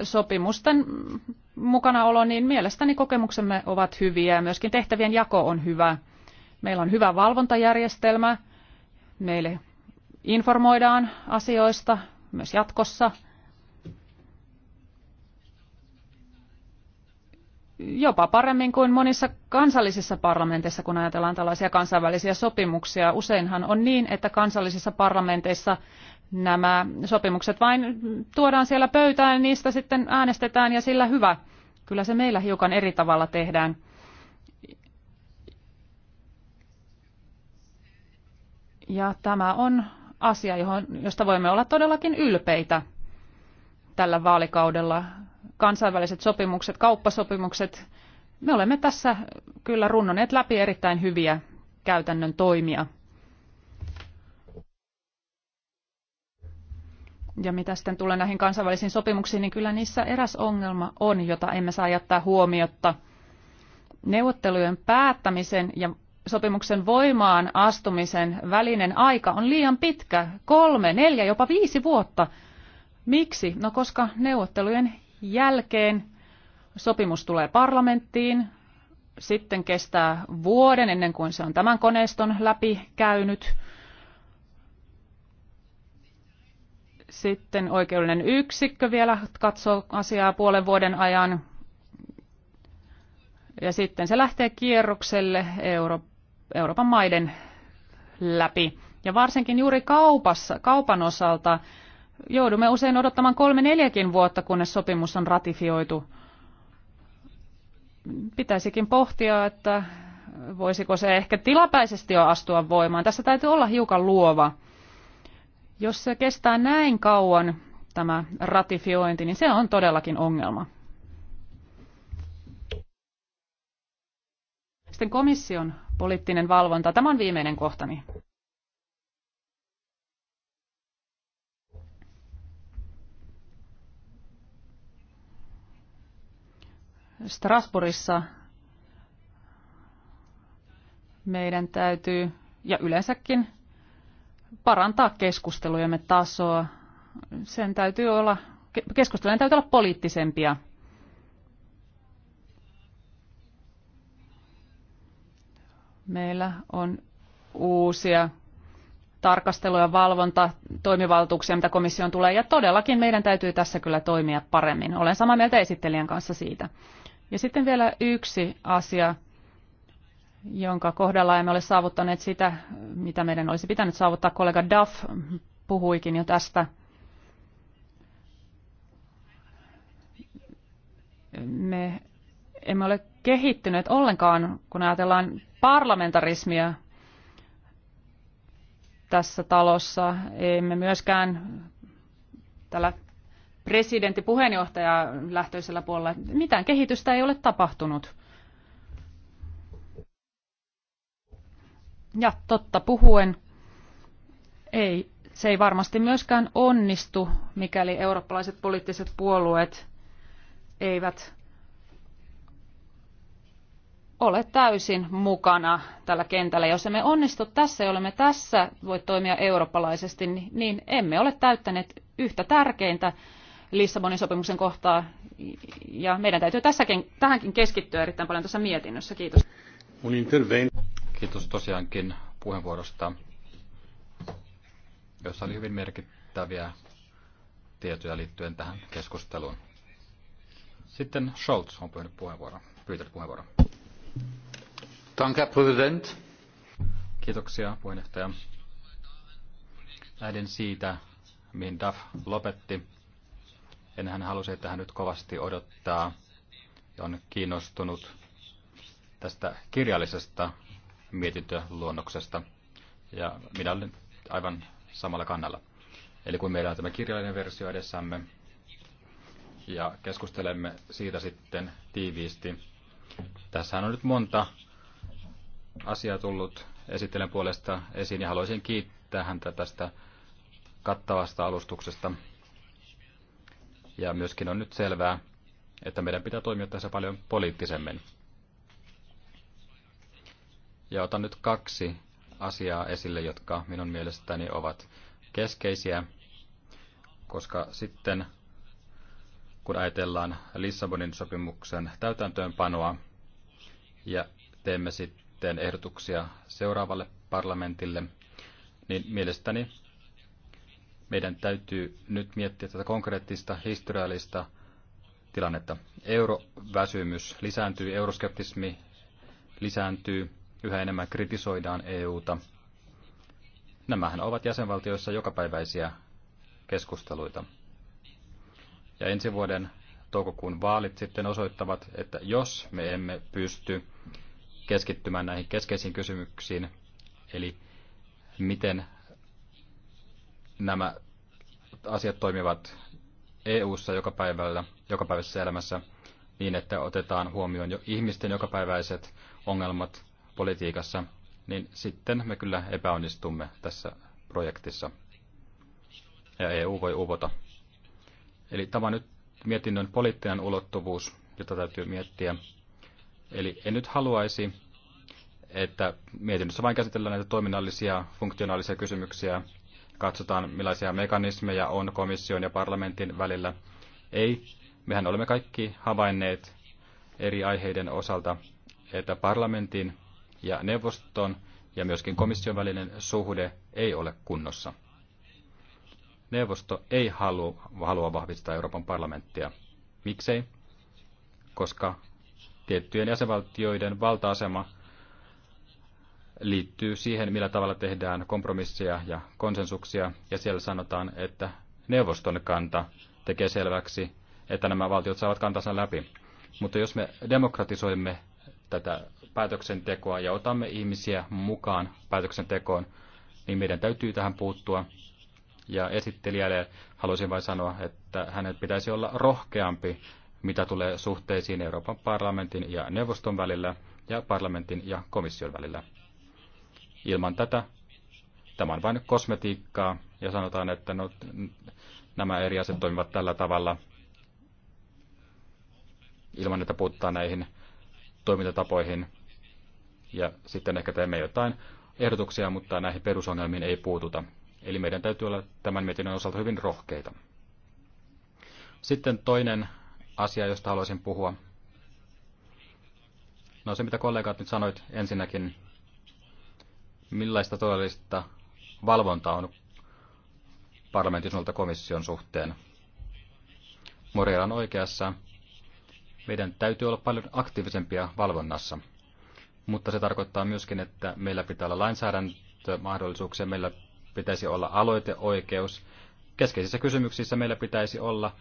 sopimusten mukanaolo, niin mielestäni kokemuksemme ovat hyviä ja myöskin tehtävien jako on hyvä. Meillä on hyvä valvontajärjestelmä, meille informoidaan asioista, myös jatkossa. Jopa paremmin kuin monissa kansallisissa parlamenteissa, kun ajatellaan tällaisia kansainvälisiä sopimuksia. Useinhan on niin, että kansallisissa parlamenteissa nämä sopimukset vain tuodaan siellä pöytään niistä sitten äänestetään ja sillä hyvä. Kyllä se meillä hiukan eri tavalla tehdään. Ja tämä on asia, johon, josta voimme olla todellakin ylpeitä tällä vaalikaudella. Kansainväliset sopimukset, kauppasopimukset, me olemme tässä kyllä runnoneet läpi erittäin hyviä käytännön toimia. Ja mitä sitten tulee näihin kansainvälisiin sopimuksiin, niin kyllä niissä eräs ongelma on, jota emme saa jättää huomiotta. Neuvottelujen päättämisen ja sopimuksen voimaan astumisen välinen aika on liian pitkä, kolme, neljä, jopa viisi vuotta. Miksi? No koska neuvottelujen jälkeen sopimus tulee parlamenttiin, sitten kestää vuoden ennen kuin se on tämän koneiston läpi käynyt. Sitten oikeudellinen yksikkö vielä katsoo asiaa puolen vuoden ajan. Ja sitten se lähtee kierrokselle Euro- Euroopan maiden läpi. Ja varsinkin juuri kaupassa, kaupan osalta joudumme usein odottamaan kolme neljäkin vuotta, kunnes sopimus on ratifioitu. Pitäisikin pohtia, että voisiko se ehkä tilapäisesti jo astua voimaan. Tässä täytyy olla hiukan luova. Jos se kestää näin kauan, tämä ratifiointi, niin se on todellakin ongelma. Sitten komission poliittinen valvonta. Tämä on viimeinen kohtani. Strasbourgissa meidän täytyy, ja yleensäkin, parantaa keskustelujemme tasoa. Sen täytyy olla, keskustelujen täytyy olla poliittisempia – meillä on uusia tarkastelu- ja valvontatoimivaltuuksia, mitä komission tulee, ja todellakin meidän täytyy tässä kyllä toimia paremmin. Olen samaa mieltä esittelijän kanssa siitä. Ja sitten vielä yksi asia, jonka kohdalla emme ole saavuttaneet sitä, mitä meidän olisi pitänyt saavuttaa. Kollega Duff puhuikin jo tästä. Me emme ole kehittyneet ollenkaan, kun ajatellaan parlamentarismia tässä talossa. Emme myöskään tällä presidentti puheenjohtaja lähtöisellä puolella. Mitään kehitystä ei ole tapahtunut. Ja totta puhuen, ei, se ei varmasti myöskään onnistu, mikäli eurooppalaiset poliittiset puolueet eivät ole täysin mukana tällä kentällä. Jos emme onnistu tässä ja olemme tässä voi toimia eurooppalaisesti, niin, niin emme ole täyttäneet yhtä tärkeintä Lissabonin sopimuksen kohtaa. Ja meidän täytyy tässäkin, tähänkin keskittyä erittäin paljon tässä mietinnössä. Kiitos. Kiitos tosiaankin puheenvuorosta, jossa oli hyvin merkittäviä tietoja liittyen tähän keskusteluun. Sitten Scholz on pyytänyt puheenvuoron. Herr Präsident. Kiitoksia puheenjohtaja. Lähden siitä, mihin DAF lopetti. En hän halusi, että hän nyt kovasti odottaa ja on kiinnostunut tästä kirjallisesta mietintöluonnoksesta. Ja minä olen aivan samalla kannalla. Eli kun meillä on tämä kirjallinen versio edessämme ja keskustelemme siitä sitten tiiviisti tässä on nyt monta asiaa tullut esittelen puolesta esiin ja haluaisin kiittää häntä tästä kattavasta alustuksesta. Ja myöskin on nyt selvää, että meidän pitää toimia tässä paljon poliittisemmin. Ja otan nyt kaksi asiaa esille, jotka minun mielestäni ovat keskeisiä, koska sitten kun ajatellaan Lissabonin sopimuksen täytäntöönpanoa, ja teemme sitten ehdotuksia seuraavalle parlamentille, niin mielestäni meidän täytyy nyt miettiä tätä konkreettista historiallista tilannetta. Euroväsymys lisääntyy, euroskeptismi lisääntyy, yhä enemmän kritisoidaan EUta. Nämähän ovat jäsenvaltioissa jokapäiväisiä keskusteluita. Ja ensi vuoden toukokuun vaalit sitten osoittavat, että jos me emme pysty keskittymään näihin keskeisiin kysymyksiin, eli miten nämä asiat toimivat EU-ssa joka päivällä, jokapäiväisessä elämässä niin, että otetaan huomioon jo ihmisten jokapäiväiset ongelmat politiikassa, niin sitten me kyllä epäonnistumme tässä projektissa. Ja EU voi uvota. Eli tämä on nyt mietinnön poliittinen ulottuvuus, jota täytyy miettiä. Eli en nyt haluaisi, että mietinnössä vain käsitellään näitä toiminnallisia, funktionaalisia kysymyksiä, katsotaan millaisia mekanismeja on komission ja parlamentin välillä. Ei, mehän olemme kaikki havainneet eri aiheiden osalta, että parlamentin ja neuvoston ja myöskin komission välinen suhde ei ole kunnossa neuvosto ei halua, halua vahvistaa Euroopan parlamenttia. Miksei? Koska tiettyjen jäsenvaltioiden valta-asema liittyy siihen, millä tavalla tehdään kompromisseja ja konsensuksia, ja siellä sanotaan, että neuvoston kanta tekee selväksi, että nämä valtiot saavat kantansa läpi. Mutta jos me demokratisoimme tätä päätöksentekoa ja otamme ihmisiä mukaan päätöksentekoon, niin meidän täytyy tähän puuttua ja esittelijälle haluaisin vain sanoa, että hänen pitäisi olla rohkeampi, mitä tulee suhteisiin Euroopan parlamentin ja neuvoston välillä ja parlamentin ja komission välillä. Ilman tätä tämä on vain kosmetiikkaa ja sanotaan, että no, nämä eri asiat toimivat tällä tavalla ilman, että puuttaa näihin toimintatapoihin. Ja sitten ehkä teemme jotain ehdotuksia, mutta näihin perusongelmiin ei puututa. Eli meidän täytyy olla tämän mietinnön osalta hyvin rohkeita. Sitten toinen asia, josta haluaisin puhua. No se, mitä kollegat nyt sanoit ensinnäkin, millaista todellista valvontaa on parlamentin suunnalta komission suhteen. Moreira on oikeassa. Meidän täytyy olla paljon aktiivisempia valvonnassa. Mutta se tarkoittaa myöskin, että meillä pitää olla lainsäädäntömahdollisuuksia, meillä pitäisi olla aloiteoikeus. Keskeisissä kysymyksissä meillä pitäisi olla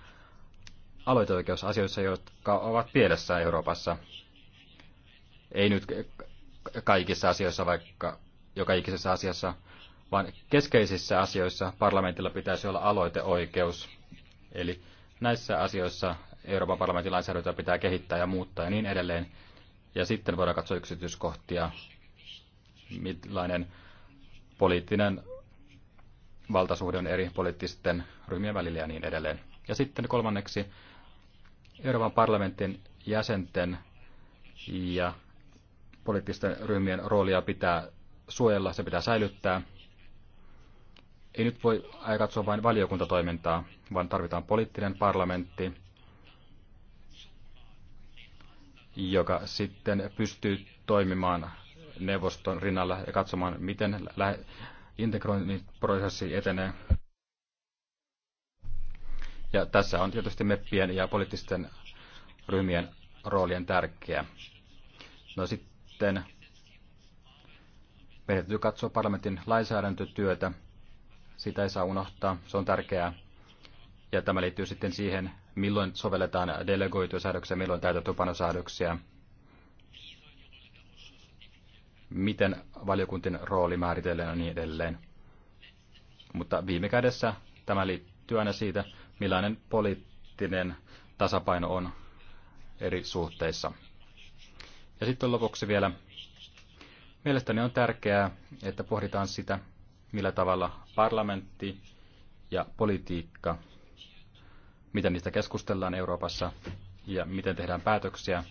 aloiteoikeus asioissa, jotka ovat pielessä Euroopassa. Ei nyt kaikissa asioissa, vaikka joka ikisessä asiassa, vaan keskeisissä asioissa parlamentilla pitäisi olla aloiteoikeus. Eli näissä asioissa Euroopan parlamentin lainsäädäntöä pitää kehittää ja muuttaa ja niin edelleen. Ja sitten voidaan katsoa yksityiskohtia, millainen poliittinen valtasuhde on eri poliittisten ryhmien välillä ja niin edelleen. Ja sitten kolmanneksi Euroopan parlamentin jäsenten ja poliittisten ryhmien roolia pitää suojella, se pitää säilyttää. Ei nyt voi katsoa vain valiokuntatoimintaa, vaan tarvitaan poliittinen parlamentti, joka sitten pystyy toimimaan neuvoston rinnalla ja katsomaan, miten integrointiprosessi etenee. Ja tässä on tietysti meppien ja poliittisten ryhmien roolien tärkeä. No sitten meidän täytyy katsoa parlamentin lainsäädäntötyötä. Sitä ei saa unohtaa, se on tärkeää. Ja tämä liittyy sitten siihen, milloin sovelletaan delegoituja säädöksiä, milloin täytäntöpanosäädöksiä miten valiokuntien rooli määritellään ja niin edelleen. Mutta viime kädessä tämä liittyy aina siitä, millainen poliittinen tasapaino on eri suhteissa. Ja sitten lopuksi vielä. Mielestäni on tärkeää, että pohditaan sitä, millä tavalla parlamentti ja politiikka, miten niistä keskustellaan Euroopassa ja miten tehdään päätöksiä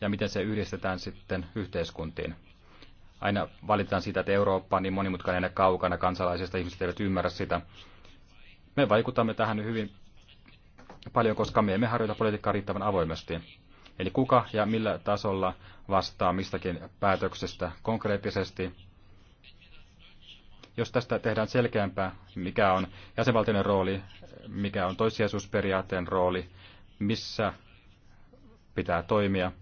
ja miten se yhdistetään sitten yhteiskuntiin. Aina valitaan sitä, että Eurooppa on niin monimutkainen ja kaukana kansalaisista, ihmiset eivät ymmärrä sitä. Me vaikutamme tähän hyvin paljon, koska me emme harjoita politiikkaa riittävän avoimesti. Eli kuka ja millä tasolla vastaa mistäkin päätöksestä konkreettisesti. Jos tästä tehdään selkeämpää, mikä on jäsenvaltioiden rooli, mikä on toissijaisuusperiaatteen rooli, missä pitää toimia,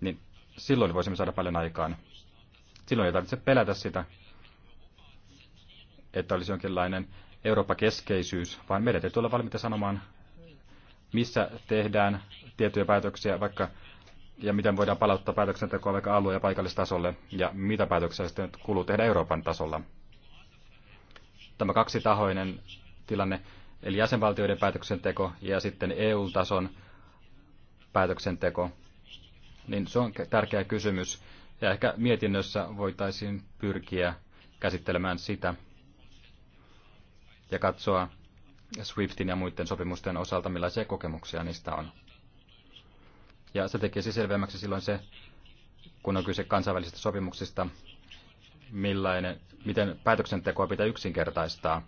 niin silloin voisimme saada paljon aikaan. Silloin ei tarvitse pelätä sitä, että olisi jonkinlainen Eurooppa-keskeisyys, vaan meidän täytyy olla valmiita sanomaan, missä tehdään tiettyjä päätöksiä vaikka ja miten voidaan palauttaa päätöksentekoa vaikka alue- ja paikallistasolle, ja mitä päätöksiä sitten kuuluu tehdä Euroopan tasolla. Tämä kaksitahoinen tilanne, eli jäsenvaltioiden päätöksenteko ja sitten EU-tason päätöksenteko, niin se on tärkeä kysymys. Ja ehkä mietinnössä voitaisiin pyrkiä käsittelemään sitä ja katsoa SWIFTin ja muiden sopimusten osalta, millaisia kokemuksia niistä on. Ja se tekisi selvemmäksi silloin se, kun on kyse kansainvälisistä sopimuksista, millainen, miten päätöksentekoa pitää yksinkertaistaa.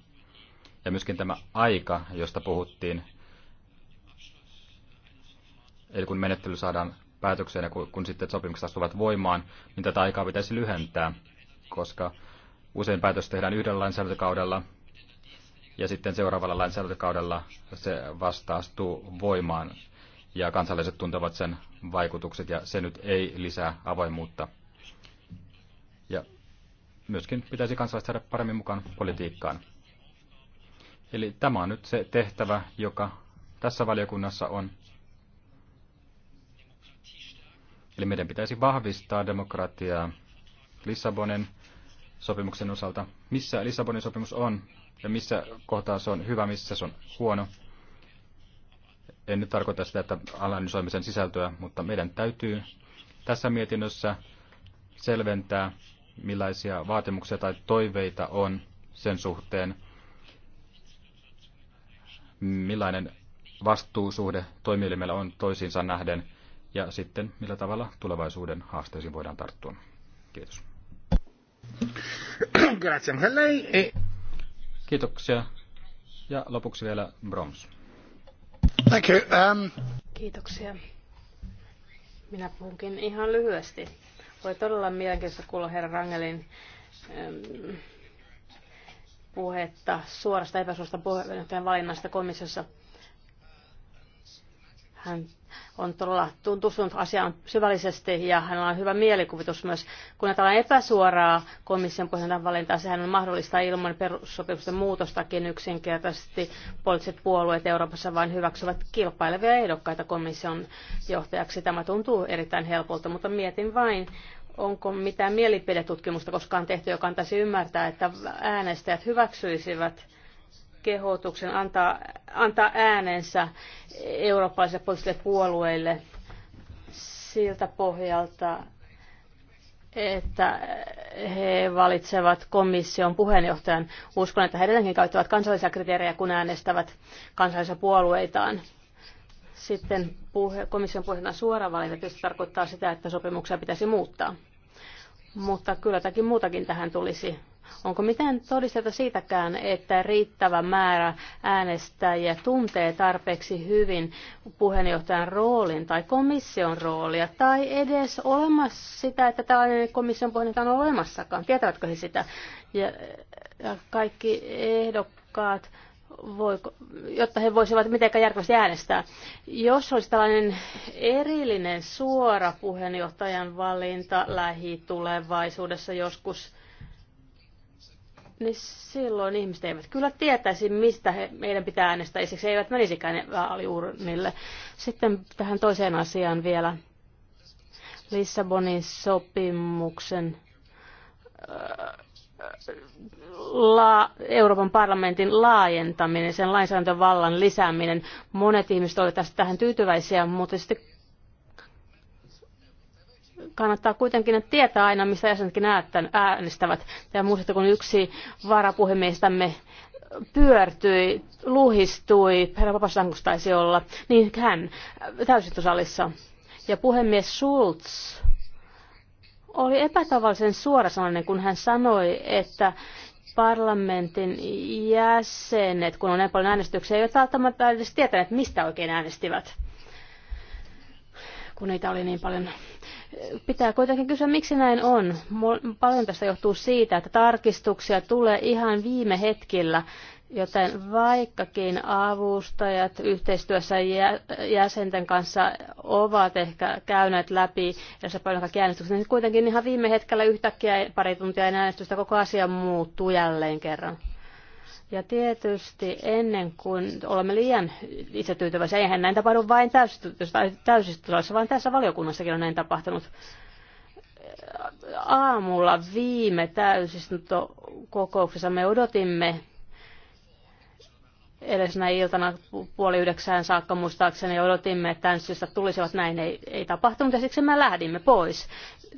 Ja myöskin tämä aika, josta puhuttiin, eli kun menettely saadaan päätökseen ja kun, kun sitten sopimukset astuvat voimaan, niin tätä aikaa pitäisi lyhentää, koska usein päätös tehdään yhdellä lainsäädäntökaudella ja sitten seuraavalla lainsäädäntökaudella se vasta astuu voimaan ja kansalaiset tuntevat sen vaikutukset ja se nyt ei lisää avoimuutta. Ja myöskin pitäisi kansalaiset saada paremmin mukaan politiikkaan. Eli tämä on nyt se tehtävä, joka tässä valiokunnassa on. Eli meidän pitäisi vahvistaa demokratiaa Lissabonin sopimuksen osalta. Missä Lissabonin sopimus on ja missä kohtaa se on hyvä, missä se on huono. En nyt tarkoita sitä, että analysoimisen sisältöä, mutta meidän täytyy tässä mietinnössä selventää, millaisia vaatimuksia tai toiveita on sen suhteen, millainen vastuusuhde toimielimellä on toisiinsa nähden – ja sitten millä tavalla tulevaisuuden haasteisiin voidaan tarttua. Kiitos. E- Kiitoksia. Ja lopuksi vielä Broms. Thank you. Um... Kiitoksia. Minä puhunkin ihan lyhyesti. Voi todella mielenkiintoista kuulla herra Rangelin ähm, puhetta suorasta epäsuorasta puheenjohtajan valinnasta komissiossa. Hän on todella tutustunut asiaan syvällisesti ja hänellä on hyvä mielikuvitus myös. Kun ajatellaan epäsuoraa komission puheenjohtajan valintaa, sehän on mahdollista ilman perussopimusten muutostakin yksinkertaisesti. Poliittiset puolueet Euroopassa vain hyväksyvät kilpailevia ehdokkaita komission johtajaksi. Tämä tuntuu erittäin helpolta, mutta mietin vain, onko mitään mielipidetutkimusta koskaan tehty, joka antaisi ymmärtää, että äänestäjät hyväksyisivät kehotuksen antaa, antaa äänensä eurooppalaisille poliittisille puolueille siltä pohjalta, että he valitsevat komission puheenjohtajan. Uskon, että heidänkin käyttävät kansallisia kriteerejä, kun äänestävät kansallisia puolueitaan. Sitten puhe, komission puheena suora valinta tietysti tarkoittaa sitä, että sopimuksia pitäisi muuttaa. Mutta kyllä jotakin muutakin tähän tulisi Onko mitään todisteta siitäkään, että riittävä määrä äänestäjiä tuntee tarpeeksi hyvin puheenjohtajan roolin tai komission roolia, tai edes olemassa sitä, että tällainen komission puheenjohtaja on olemassakaan? Tietävätkö he sitä? Ja, ja kaikki ehdokkaat voiko, jotta he voisivat mitenkään järkevästi äänestää. Jos olisi tällainen erillinen suora puheenjohtajan valinta lähitulevaisuudessa joskus niin silloin ihmiset eivät kyllä tietäisi, mistä he, meidän pitää äänestää, siksi eivät menisikään vaaliurnille. Sitten tähän toiseen asiaan vielä. Lissabonin sopimuksen öö, la, Euroopan parlamentin laajentaminen, sen lainsäädäntövallan lisääminen. Monet ihmiset olivat tästä tähän tyytyväisiä, mutta sitten kannattaa kuitenkin tietää aina, mistä jäsenetkin äänestävät. Ja muistatte, kun yksi varapuhemiestämme pyörtyi, luhistui, herra Papasankus taisi olla, niin hän täysistuntosalissa. Ja puhemies Schulz oli epätavallisen suorasanainen, kun hän sanoi, että parlamentin jäsenet, kun on näin paljon äänestyksiä, eivät välttämättä edes tietäneet, mistä oikein äänestivät kun niitä oli niin paljon. Pitää kuitenkin kysyä, miksi näin on. Paljon tästä johtuu siitä, että tarkistuksia tulee ihan viime hetkillä, joten vaikkakin avustajat yhteistyössä jäsenten kanssa ovat ehkä käyneet läpi se paljon kaikki äänestykset, niin kuitenkin ihan viime hetkellä yhtäkkiä pari tuntia äänestystä koko asia muuttuu jälleen kerran. Ja tietysti ennen kuin olemme liian itsetyytyväisiä, eihän näin tapahdu vain täysistunnossa, vaan tässä valiokunnassakin on näin tapahtunut. Aamulla viime täysistuntokokouksessa me odotimme edellisenä iltana puoli yhdeksään saakka muistaakseni odotimme, että äänestystä tulisivat näin, ei, ei tapahtunut ja siksi me lähdimme pois.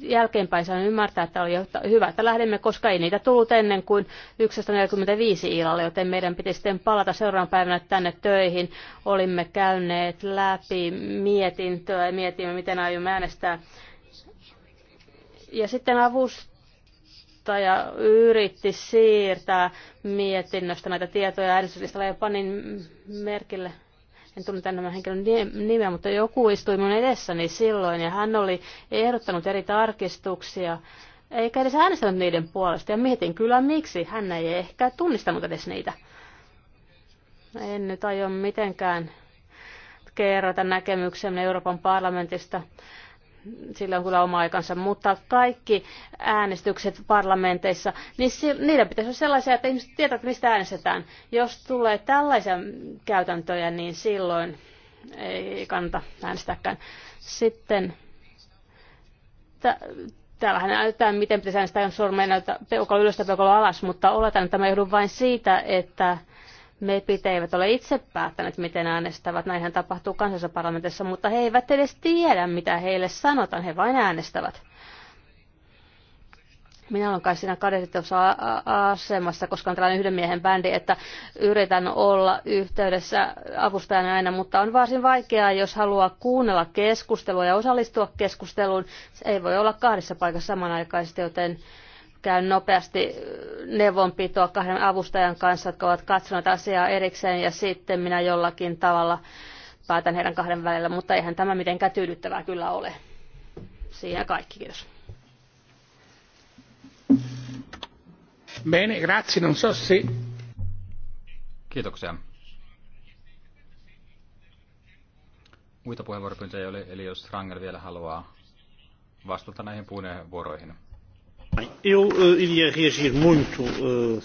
Jälkeenpäin sain ymmärtää, että oli hyvä, että lähdimme, koska ei niitä tullut ennen kuin 145 illalla, joten meidän piti sitten palata seuraavan päivänä tänne töihin. Olimme käyneet läpi mietintöä ja mietimme, miten aiomme äänestää. Ja sitten avust ja yritti siirtää mietinnöstä näitä tietoja äänestyslistalla ja panin merkille en tunne tämän henkilön nimeä, mutta joku istui minun edessäni silloin ja hän oli ehdottanut eri tarkistuksia, eikä edes äänestänyt niiden puolesta. Ja mietin kyllä miksi, hän ei ehkä tunnistanut edes niitä. En nyt aio mitenkään kerrota näkemyksemme Euroopan parlamentista sillä on kyllä oma aikansa, mutta kaikki äänestykset parlamenteissa, niin niiden pitäisi olla sellaisia, että ihmiset tietävät, mistä äänestetään. Jos tulee tällaisia käytäntöjä, niin silloin ei kannata äänestääkään. Sitten täällähän näyttää, miten pitäisi äänestää, jos sormeen näyttää peukalo ylös tai peukalo alas, mutta oletan, että tämä johdu vain siitä, että MEPit eivät ole itse päättäneet, miten äänestävät. Näinhän tapahtuu kansallisessa parlamentissa, mutta he eivät edes tiedä, mitä heille sanotaan. He vain äänestävät. Minä olen kai siinä kadehdittavassa asemassa, koska on tällainen yhden miehen bändi, että yritän olla yhteydessä avustajana aina, mutta on varsin vaikeaa, jos haluaa kuunnella keskustelua ja osallistua keskusteluun. Se ei voi olla kahdessa paikassa samanaikaisesti, joten käyn nopeasti neuvonpitoa kahden avustajan kanssa, jotka ovat katsoneet asiaa erikseen ja sitten minä jollakin tavalla päätän heidän kahden välillä, mutta eihän tämä mitenkään tyydyttävää kyllä ole. Siinä kaikki, kiitos. Bene, grazie, non so se... Kiitoksia. Muita puheenvuoropyyntöjä ei ole, eli jos Ranger vielä haluaa vastata näihin puheenvuoroihin. Eu eh, iria reagir muito. Eh,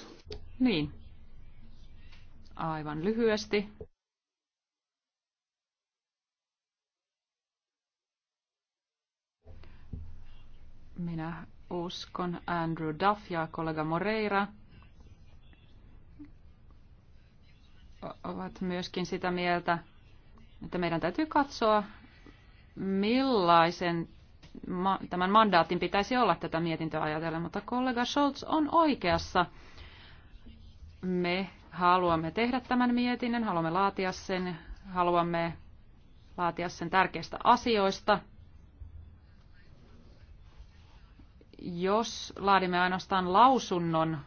niin. Aivan lyhyesti. Minä uskon Andrew Duff ja kollega Moreira ovat myöskin sitä mieltä, että meidän täytyy katsoa, millaisen tämän mandaatin pitäisi olla tätä mietintöä ajatellen, mutta kollega Scholz on oikeassa. Me haluamme tehdä tämän mietinnön, haluamme laatia sen, haluamme laatia sen tärkeistä asioista. Jos laadimme ainoastaan lausunnon,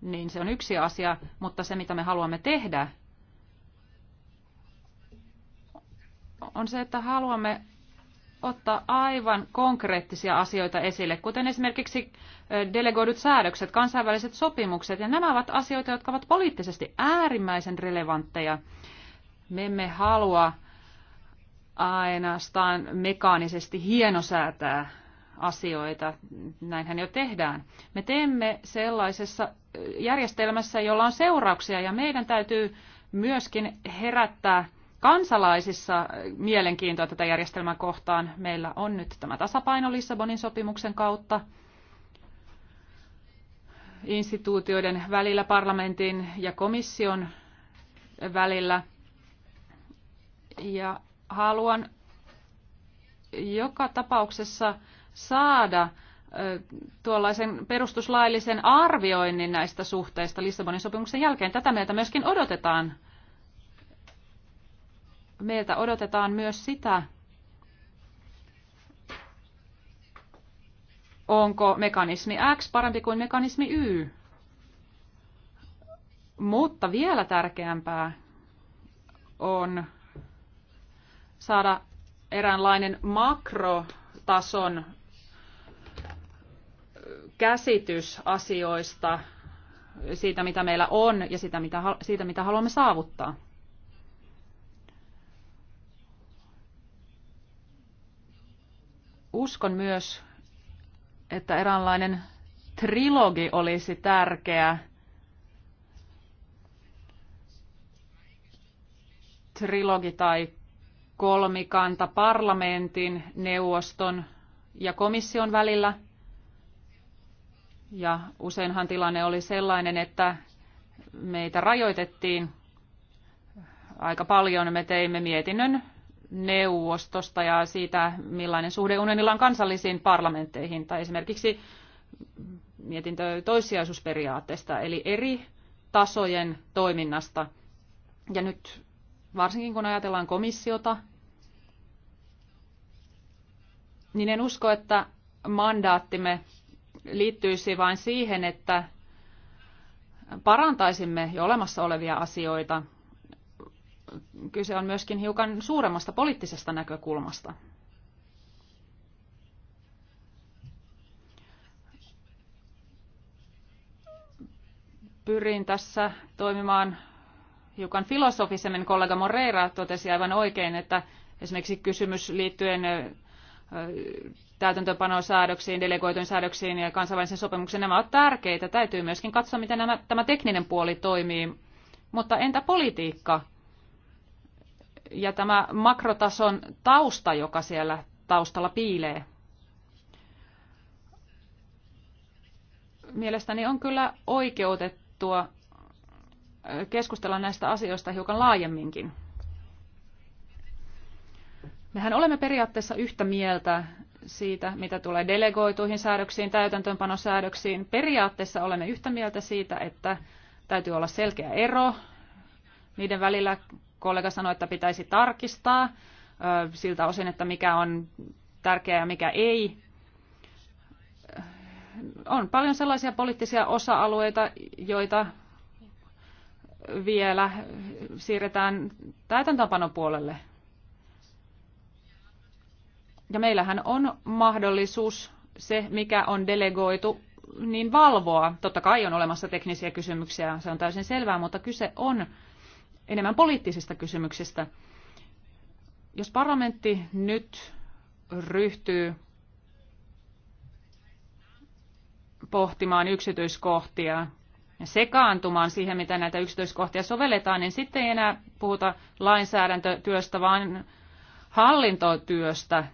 niin se on yksi asia, mutta se mitä me haluamme tehdä, on se, että haluamme ottaa aivan konkreettisia asioita esille, kuten esimerkiksi delegoidut säädökset, kansainväliset sopimukset, ja nämä ovat asioita, jotka ovat poliittisesti äärimmäisen relevantteja. Me emme halua ainoastaan mekaanisesti hienosäätää asioita, näinhän jo tehdään. Me teemme sellaisessa järjestelmässä, jolla on seurauksia, ja meidän täytyy myöskin herättää – kansalaisissa mielenkiintoa tätä järjestelmää kohtaan. Meillä on nyt tämä tasapaino Lissabonin sopimuksen kautta instituutioiden välillä, parlamentin ja komission välillä. Ja haluan joka tapauksessa saada tuollaisen perustuslaillisen arvioinnin näistä suhteista Lissabonin sopimuksen jälkeen. Tätä meiltä myöskin odotetaan meiltä odotetaan myös sitä, onko mekanismi X parempi kuin mekanismi Y. Mutta vielä tärkeämpää on saada eräänlainen makrotason käsitys asioista, siitä mitä meillä on ja siitä mitä, mitä haluamme saavuttaa. uskon myös, että eräänlainen trilogi olisi tärkeä. Trilogi tai kolmikanta parlamentin, neuvoston ja komission välillä. Ja useinhan tilanne oli sellainen, että meitä rajoitettiin aika paljon. Me teimme mietinnön neuvostosta ja siitä, millainen suhde unionilla on kansallisiin parlamentteihin, tai esimerkiksi mietintö toissijaisuusperiaatteesta, eli eri tasojen toiminnasta. Ja nyt varsinkin kun ajatellaan komissiota, niin en usko, että mandaattimme liittyisi vain siihen, että parantaisimme jo olemassa olevia asioita, kyse on myöskin hiukan suuremmasta poliittisesta näkökulmasta. Pyrin tässä toimimaan hiukan filosofisemmin. Kollega Moreira totesi aivan oikein, että esimerkiksi kysymys liittyen täytäntöpanosäädöksiin, delegoituin säädöksiin ja kansainvälisen sopimuksen, nämä ovat tärkeitä. Täytyy myöskin katsoa, miten nämä, tämä tekninen puoli toimii. Mutta entä politiikka? ja tämä makrotason tausta, joka siellä taustalla piilee. Mielestäni on kyllä oikeutettua keskustella näistä asioista hiukan laajemminkin. Mehän olemme periaatteessa yhtä mieltä siitä, mitä tulee delegoituihin säädöksiin, täytäntöönpanosäädöksiin. Periaatteessa olemme yhtä mieltä siitä, että täytyy olla selkeä ero niiden välillä kollega sanoi, että pitäisi tarkistaa siltä osin, että mikä on tärkeää ja mikä ei. On paljon sellaisia poliittisia osa-alueita, joita vielä siirretään täytäntöpanon puolelle. Ja meillähän on mahdollisuus se, mikä on delegoitu, niin valvoa. Totta kai on olemassa teknisiä kysymyksiä, se on täysin selvää, mutta kyse on enemmän poliittisista kysymyksistä. Jos parlamentti nyt ryhtyy pohtimaan yksityiskohtia ja sekaantumaan siihen, mitä näitä yksityiskohtia sovelletaan, niin sitten ei enää puhuta lainsäädäntötyöstä, vaan hallintotyöstä.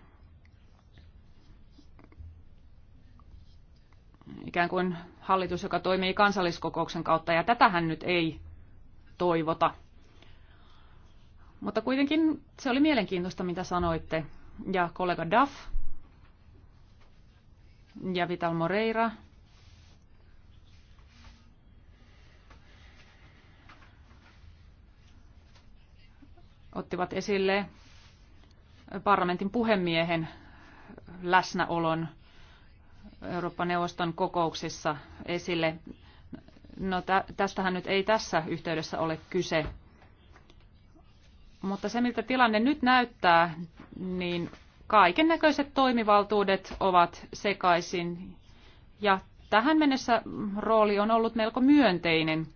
Ikään kuin hallitus, joka toimii kansalliskokouksen kautta, ja tätähän nyt ei toivota. Mutta kuitenkin se oli mielenkiintoista, mitä sanoitte. Ja kollega Duff ja Vital Moreira. ottivat esille parlamentin puhemiehen läsnäolon Eurooppa-neuvoston kokouksissa esille. No tästähän nyt ei tässä yhteydessä ole kyse, mutta se, miltä tilanne nyt näyttää, niin kaiken näköiset toimivaltuudet ovat sekaisin. Ja tähän mennessä rooli on ollut melko myönteinen.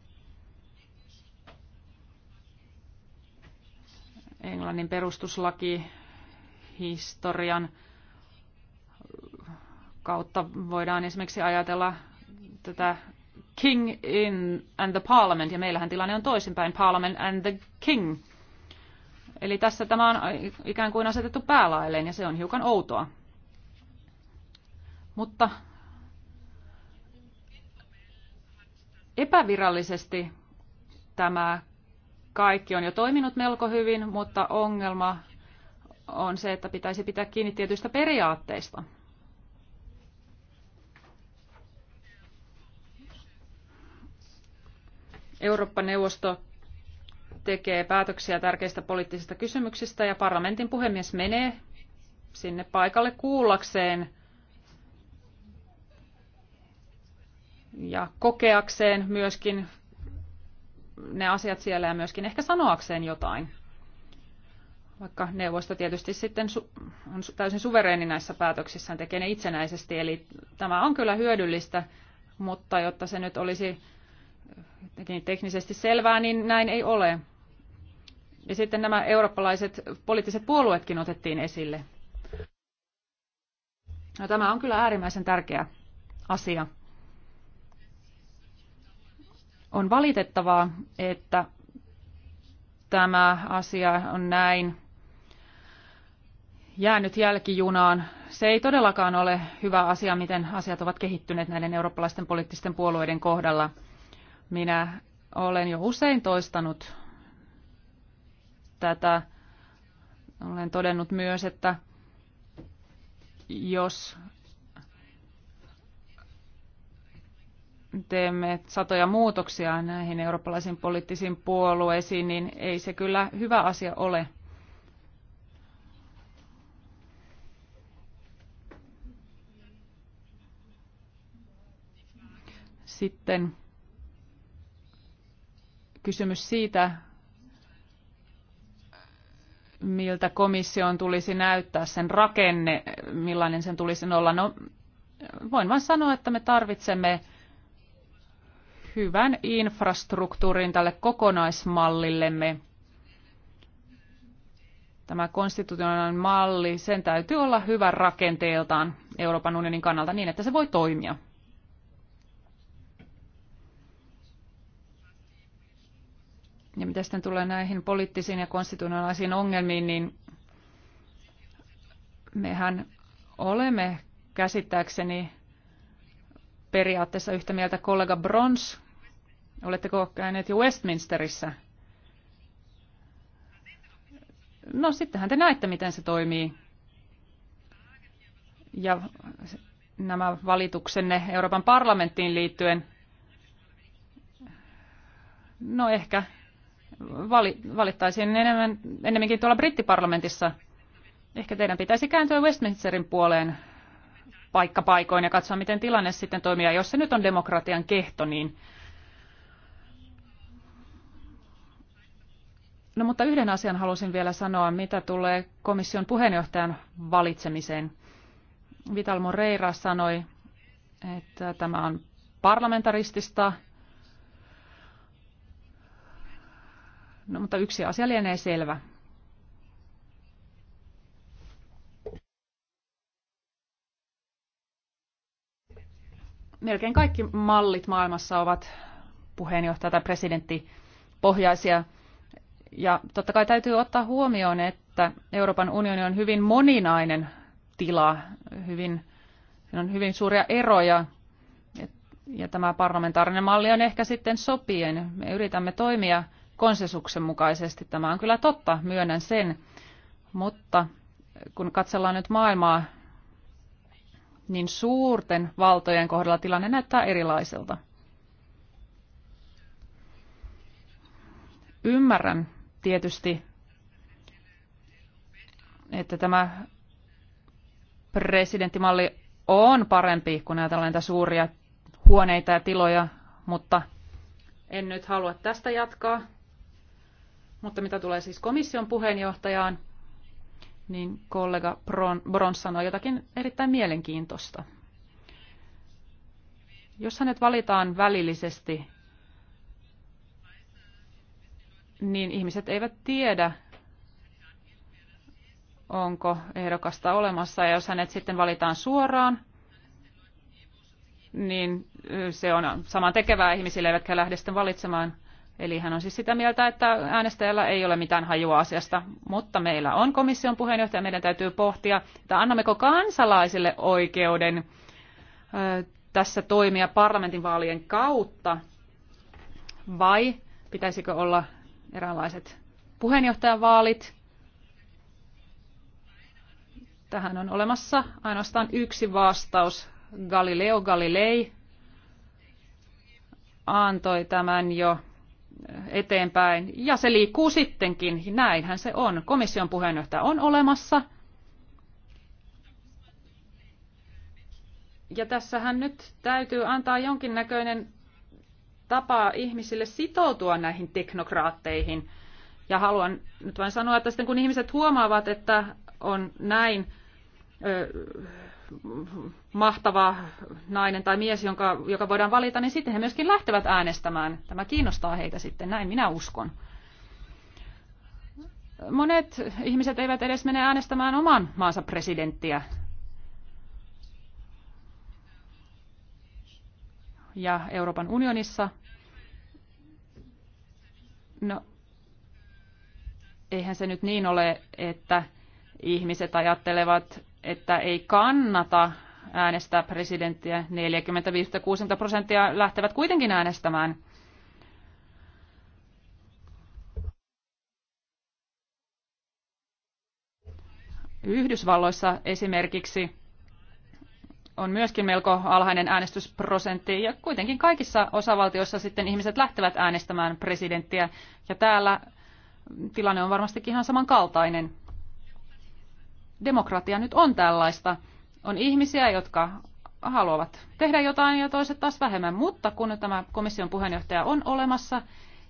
Englannin perustuslaki historian kautta voidaan esimerkiksi ajatella tätä King in and the Parliament, ja meillähän tilanne on toisinpäin, Parliament and the King. Eli tässä tämä on ikään kuin asetettu päälailleen ja se on hiukan outoa. Mutta epävirallisesti tämä kaikki on jo toiminut melko hyvin, mutta ongelma on se, että pitäisi pitää kiinni tietyistä periaatteista. Eurooppa-neuvosto tekee päätöksiä tärkeistä poliittisista kysymyksistä ja parlamentin puhemies menee sinne paikalle kuullakseen ja kokeakseen myöskin ne asiat siellä ja myöskin ehkä sanoakseen jotain. Vaikka neuvosto tietysti sitten on täysin suvereeni näissä päätöksissään, tekee ne itsenäisesti. Eli tämä on kyllä hyödyllistä, mutta jotta se nyt olisi teknisesti selvää, niin näin ei ole. Ja sitten nämä eurooppalaiset poliittiset puolueetkin otettiin esille. No, tämä on kyllä äärimmäisen tärkeä asia. On valitettavaa, että tämä asia on näin jäänyt jälkijunaan. Se ei todellakaan ole hyvä asia, miten asiat ovat kehittyneet näiden eurooppalaisten poliittisten puolueiden kohdalla. Minä olen jo usein toistanut tätä. Olen todennut myös, että jos teemme satoja muutoksia näihin eurooppalaisiin poliittisiin puolueisiin, niin ei se kyllä hyvä asia ole. Sitten kysymys siitä, miltä komission tulisi näyttää sen rakenne, millainen sen tulisi olla. No, voin vain sanoa, että me tarvitsemme hyvän infrastruktuurin tälle kokonaismallillemme. Tämä konstitutionaalinen malli, sen täytyy olla hyvä rakenteeltaan Euroopan unionin kannalta niin, että se voi toimia. Mitä sitten tulee näihin poliittisiin ja konstitutionaalisiin ongelmiin, niin mehän olemme käsittääkseni periaatteessa yhtä mieltä kollega Brons. Oletteko käyneet jo Westminsterissä? No sittenhän te näette, miten se toimii. Ja nämä valituksenne Euroopan parlamenttiin liittyen. No ehkä valittaisiin enemmän, enemmänkin tuolla brittiparlamentissa. Ehkä teidän pitäisi kääntyä Westminsterin puoleen paikkapaikoin ja katsoa, miten tilanne sitten toimii. Ja jos se nyt on demokratian kehto, niin... No mutta yhden asian halusin vielä sanoa, mitä tulee komission puheenjohtajan valitsemiseen. Vital Moreira sanoi, että tämä on parlamentaristista No, mutta yksi asia lienee selvä. Melkein kaikki mallit maailmassa ovat puheenjohtaja- tai presidenttipohjaisia. Ja totta kai täytyy ottaa huomioon, että Euroopan unioni on hyvin moninainen tila, hyvin, on hyvin suuria eroja. Ja tämä parlamentaarinen malli on ehkä sitten sopien. Me yritämme toimia konsensuksen mukaisesti. Tämä on kyllä totta, myönnän sen. Mutta kun katsellaan nyt maailmaa, niin suurten valtojen kohdalla tilanne näyttää erilaiselta. Ymmärrän tietysti, että tämä presidenttimalli on parempi, kuin ajatellaan näitä suuria huoneita ja tiloja, mutta en nyt halua tästä jatkaa. Mutta mitä tulee siis komission puheenjohtajaan, niin kollega Brons sanoi jotakin erittäin mielenkiintoista. Jos hänet valitaan välillisesti, niin ihmiset eivät tiedä, onko ehdokasta olemassa. Ja jos hänet sitten valitaan suoraan, niin se on saman tekevää ihmisille, eivätkä lähde sitten valitsemaan Eli hän on siis sitä mieltä, että äänestäjällä ei ole mitään hajua asiasta, mutta meillä on komission puheenjohtaja, meidän täytyy pohtia, että annammeko kansalaisille oikeuden tässä toimia parlamentin vaalien kautta, vai pitäisikö olla eräänlaiset vaalit? Tähän on olemassa ainoastaan yksi vastaus. Galileo Galilei antoi tämän jo eteenpäin. Ja se liikkuu sittenkin. Näinhän se on. Komission puheenjohtaja on olemassa. Ja tässähän nyt täytyy antaa jonkinnäköinen tapa ihmisille sitoutua näihin teknokraatteihin. Ja haluan nyt vain sanoa, että sitten kun ihmiset huomaavat, että on näin mahtava nainen tai mies, jonka, joka voidaan valita, niin sitten he myöskin lähtevät äänestämään. Tämä kiinnostaa heitä sitten, näin minä uskon. Monet ihmiset eivät edes mene äänestämään oman maansa presidenttiä. Ja Euroopan unionissa, no eihän se nyt niin ole, että ihmiset ajattelevat että ei kannata äänestää presidenttiä, 45-60 prosenttia lähtevät kuitenkin äänestämään. Yhdysvalloissa esimerkiksi on myöskin melko alhainen äänestysprosentti ja kuitenkin kaikissa osavaltioissa sitten ihmiset lähtevät äänestämään presidenttiä ja täällä tilanne on varmastikin ihan samankaltainen demokratia nyt on tällaista. On ihmisiä, jotka haluavat tehdä jotain ja toiset taas vähemmän, mutta kun tämä komission puheenjohtaja on olemassa,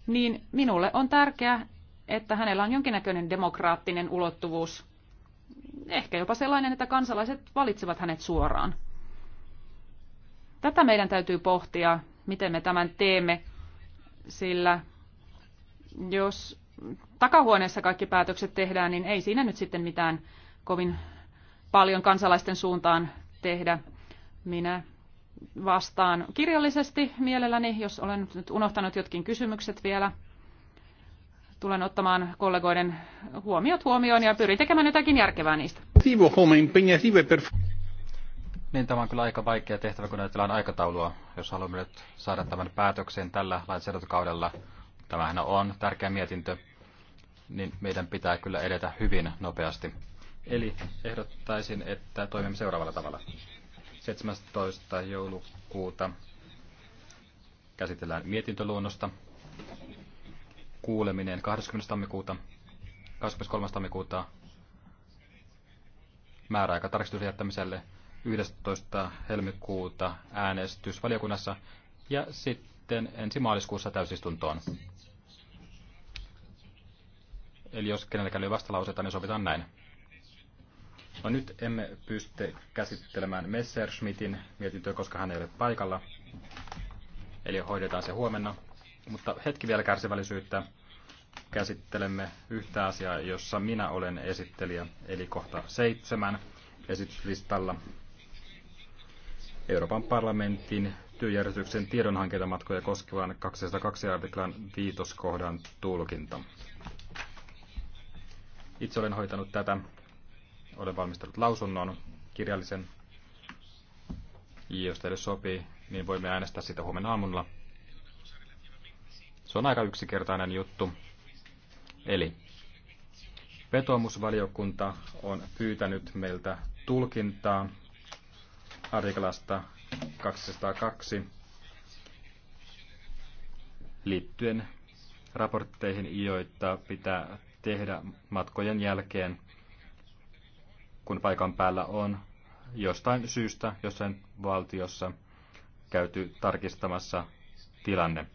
niin minulle on tärkeää, että hänellä on jonkinnäköinen demokraattinen ulottuvuus. Ehkä jopa sellainen, että kansalaiset valitsevat hänet suoraan. Tätä meidän täytyy pohtia, miten me tämän teemme, sillä jos takahuoneessa kaikki päätökset tehdään, niin ei siinä nyt sitten mitään kovin paljon kansalaisten suuntaan tehdä. Minä vastaan kirjallisesti mielelläni, jos olen nyt unohtanut jotkin kysymykset vielä. Tulen ottamaan kollegoiden huomiot huomioon ja pyrin tekemään jotakin järkevää niistä. E niin tämä on kyllä aika vaikea tehtävä, kun ajatellaan aikataulua, jos haluamme nyt saada tämän päätökseen tällä lainsäädäntökaudella. Tämähän on tärkeä mietintö, niin meidän pitää kyllä edetä hyvin nopeasti. Eli ehdottaisin, että toimimme seuraavalla tavalla. 17. joulukuuta käsitellään mietintöluonnosta. Kuuleminen 20. tammikuuta, 23. tammikuuta määräaika jättämiselle. 11. helmikuuta äänestys valiokunnassa ja sitten ensi maaliskuussa täysistuntoon. Eli jos kenelläkään ei vastalauseita, niin sovitaan näin. No nyt emme pysty käsittelemään Messerschmittin mietintöä, koska hän ei ole paikalla. Eli hoidetaan se huomenna. Mutta hetki vielä kärsivällisyyttä. Käsittelemme yhtä asiaa, jossa minä olen esittelijä, eli kohta seitsemän esityslistalla. Euroopan parlamentin työjärjestyksen tiedonhankintamatkoja koskevan 202 artiklan viitoskohdan tulkinta. Itse olen hoitanut tätä olen valmistellut lausunnon kirjallisen. Jos teille sopii, niin voimme äänestää sitä huomenna aamulla. Se on aika yksinkertainen juttu. Eli vetomusvaliokunta on pyytänyt meiltä tulkintaa artiklasta 202 liittyen raportteihin, joita pitää tehdä matkojen jälkeen – kun paikan päällä on jostain syystä jossain valtiossa käyty tarkistamassa tilanne.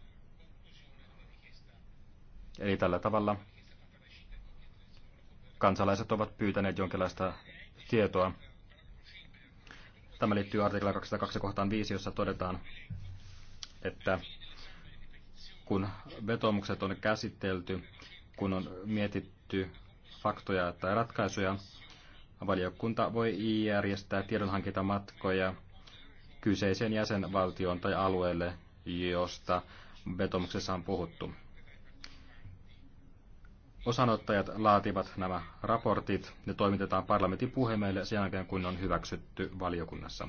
Eli tällä tavalla kansalaiset ovat pyytäneet jonkinlaista tietoa. Tämä liittyy artikla 202 kohtaan 5, jossa todetaan, että kun vetomukset on käsitelty, kun on mietitty faktoja tai ratkaisuja, Valiokunta voi järjestää tiedonhankintamatkoja kyseiseen jäsenvaltioon tai alueelle, josta vetomuksessa on puhuttu. Osanottajat laativat nämä raportit. Ne toimitetaan parlamentin puhemeille sen jälkeen, kun ne on hyväksytty valiokunnassa.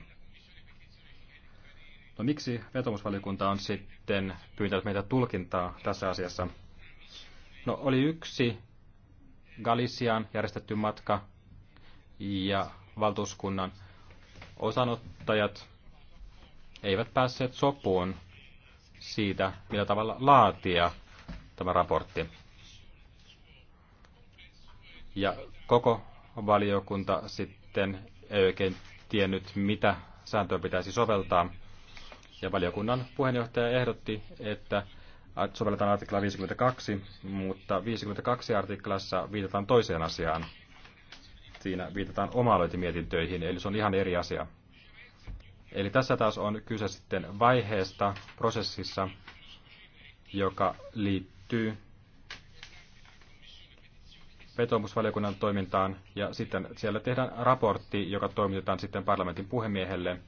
No miksi vetomusvaliokunta on sitten pyytänyt meitä tulkintaa tässä asiassa? No oli yksi Galisian järjestetty matka, ja valtuuskunnan osanottajat eivät päässeet sopuun siitä, millä tavalla laatia tämä raportti. Ja koko valiokunta sitten ei oikein tiennyt, mitä sääntöä pitäisi soveltaa. Ja valiokunnan puheenjohtaja ehdotti, että sovelletaan artiklaa 52, mutta 52 artiklassa viitataan toiseen asiaan – siinä viitataan oma mietintöihin, eli se on ihan eri asia. Eli tässä taas on kyse sitten vaiheesta prosessissa, joka liittyy vetomusvaliokunnan toimintaan, ja sitten siellä tehdään raportti, joka toimitetaan sitten parlamentin puhemiehelle,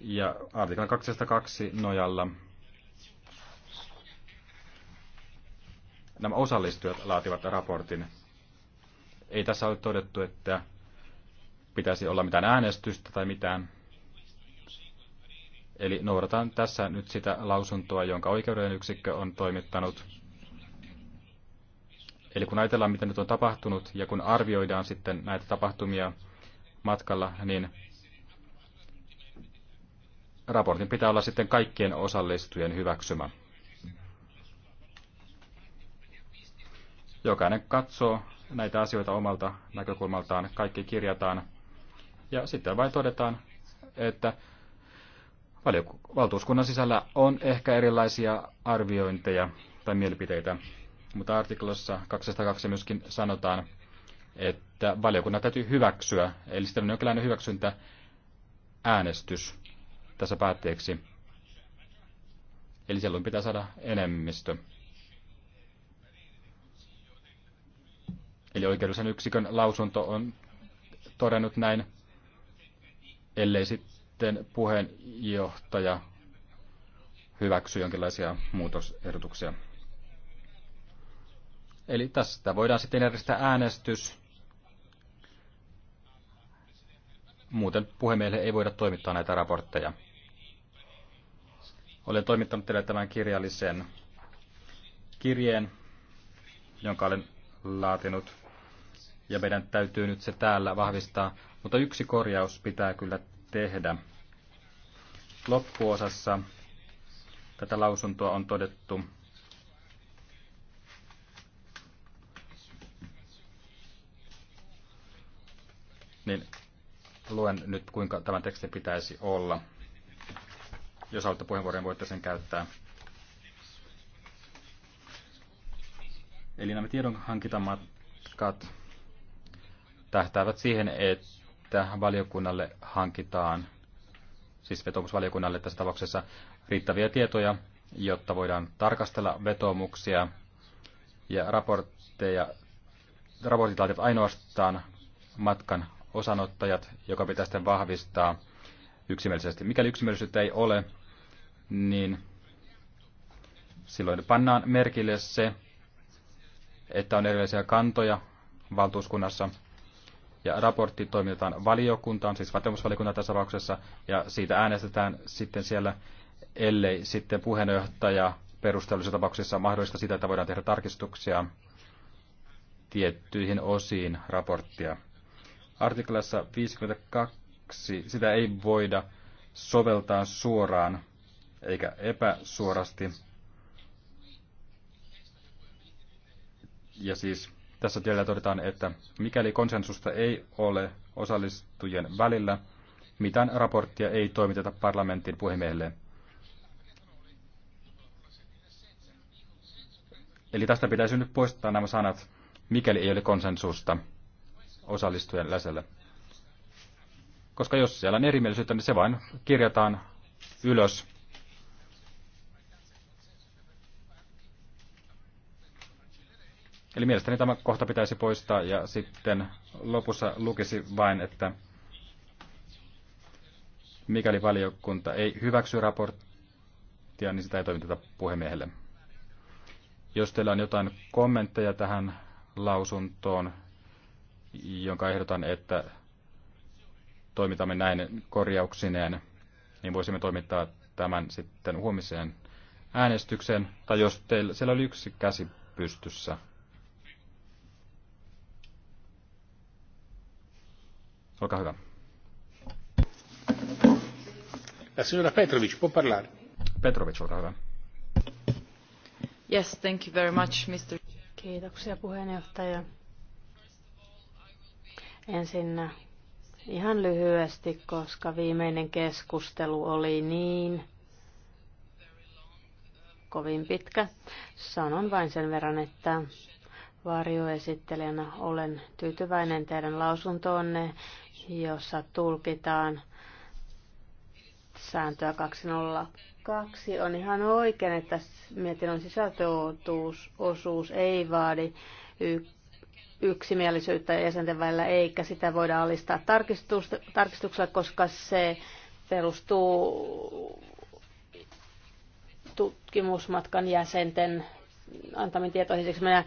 ja artiklan 202 nojalla nämä osallistujat laativat raportin ei tässä ole todettu, että pitäisi olla mitään äänestystä tai mitään. Eli noudatan tässä nyt sitä lausuntoa, jonka oikeuden yksikkö on toimittanut. Eli kun ajatellaan, mitä nyt on tapahtunut, ja kun arvioidaan sitten näitä tapahtumia matkalla, niin raportin pitää olla sitten kaikkien osallistujien hyväksymä. Jokainen katsoo näitä asioita omalta näkökulmaltaan, kaikki kirjataan. Ja sitten vain todetaan, että valtuuskunnan sisällä on ehkä erilaisia arviointeja tai mielipiteitä, mutta artiklossa 202 myöskin sanotaan, että valiokunnan täytyy hyväksyä, eli sitten on jonkinlainen hyväksyntä äänestys tässä päätteeksi. Eli silloin pitää saada enemmistö. Eli oikeudellisen yksikön lausunto on todennut näin, ellei sitten puheenjohtaja hyväksy jonkinlaisia muutosehdotuksia. Eli tästä voidaan sitten järjestää äänestys. Muuten puhemiehelle ei voida toimittaa näitä raportteja. Olen toimittanut teille tämän kirjallisen kirjeen, jonka olen laatinut ja meidän täytyy nyt se täällä vahvistaa, mutta yksi korjaus pitää kyllä tehdä. Loppuosassa tätä lausuntoa on todettu niin luen nyt, kuinka tämä teksti pitäisi olla. Jos haluatte puheenvuoron, voitte sen käyttää. Eli nämä tiedonhankintamatkat tähtäävät siihen, että valiokunnalle hankitaan, siis vetomusvaliokunnalle tässä tapauksessa, riittäviä tietoja, jotta voidaan tarkastella vetomuksia ja raportteja. Raportit laativat ainoastaan matkan osanottajat, joka pitää sitten vahvistaa yksimielisesti. Mikäli yksimielisyyttä ei ole, niin silloin pannaan merkille se, että on erilaisia kantoja valtuuskunnassa – ja raportti toimitetaan valiokuntaan, siis vaatimusvaliokunnan tässä tapauksessa, ja siitä äänestetään sitten siellä, ellei sitten puheenjohtaja perustelluissa tapauksessa mahdollista sitä, että voidaan tehdä tarkistuksia tiettyihin osiin raporttia. Artiklassa 52 sitä ei voida soveltaa suoraan eikä epäsuorasti. Ja siis tässä tiellä todetaan, että mikäli konsensusta ei ole osallistujien välillä, mitään raporttia ei toimiteta parlamentin puhemiehelle. Eli tästä pitäisi nyt poistaa nämä sanat, mikäli ei ole konsensusta osallistujien läsellä. Koska jos siellä on erimielisyyttä, niin se vain kirjataan ylös Eli mielestäni tämä kohta pitäisi poistaa ja sitten lopussa lukisi vain, että mikäli valiokunta ei hyväksy raporttia, niin sitä ei toimiteta puhemiehelle. Jos teillä on jotain kommentteja tähän lausuntoon, jonka ehdotan, että toimitamme näin korjauksineen, niin voisimme toimittaa tämän sitten huomiseen äänestykseen, tai jos teillä, siellä oli yksi käsi pystyssä. Olkaa hyvä. signora Petrovic, può parlare. Petrovic, olkaa hyvä. Yes, thank you very much, Mr. Kiitoksia puheenjohtaja. Ensin ihan lyhyesti, koska viimeinen keskustelu oli niin kovin pitkä. Sanon vain sen verran, että varjoesittelijänä olen tyytyväinen teidän lausuntoonne jossa tulkitaan sääntöä 202. On ihan oikein, että mietinnön sisältöosuus ei vaadi yksimielisyyttä jäsenten välillä, eikä sitä voida alistaa tarkistuksella, koska se perustuu tutkimusmatkan jäsenten antamin tietoihin. Siksi minä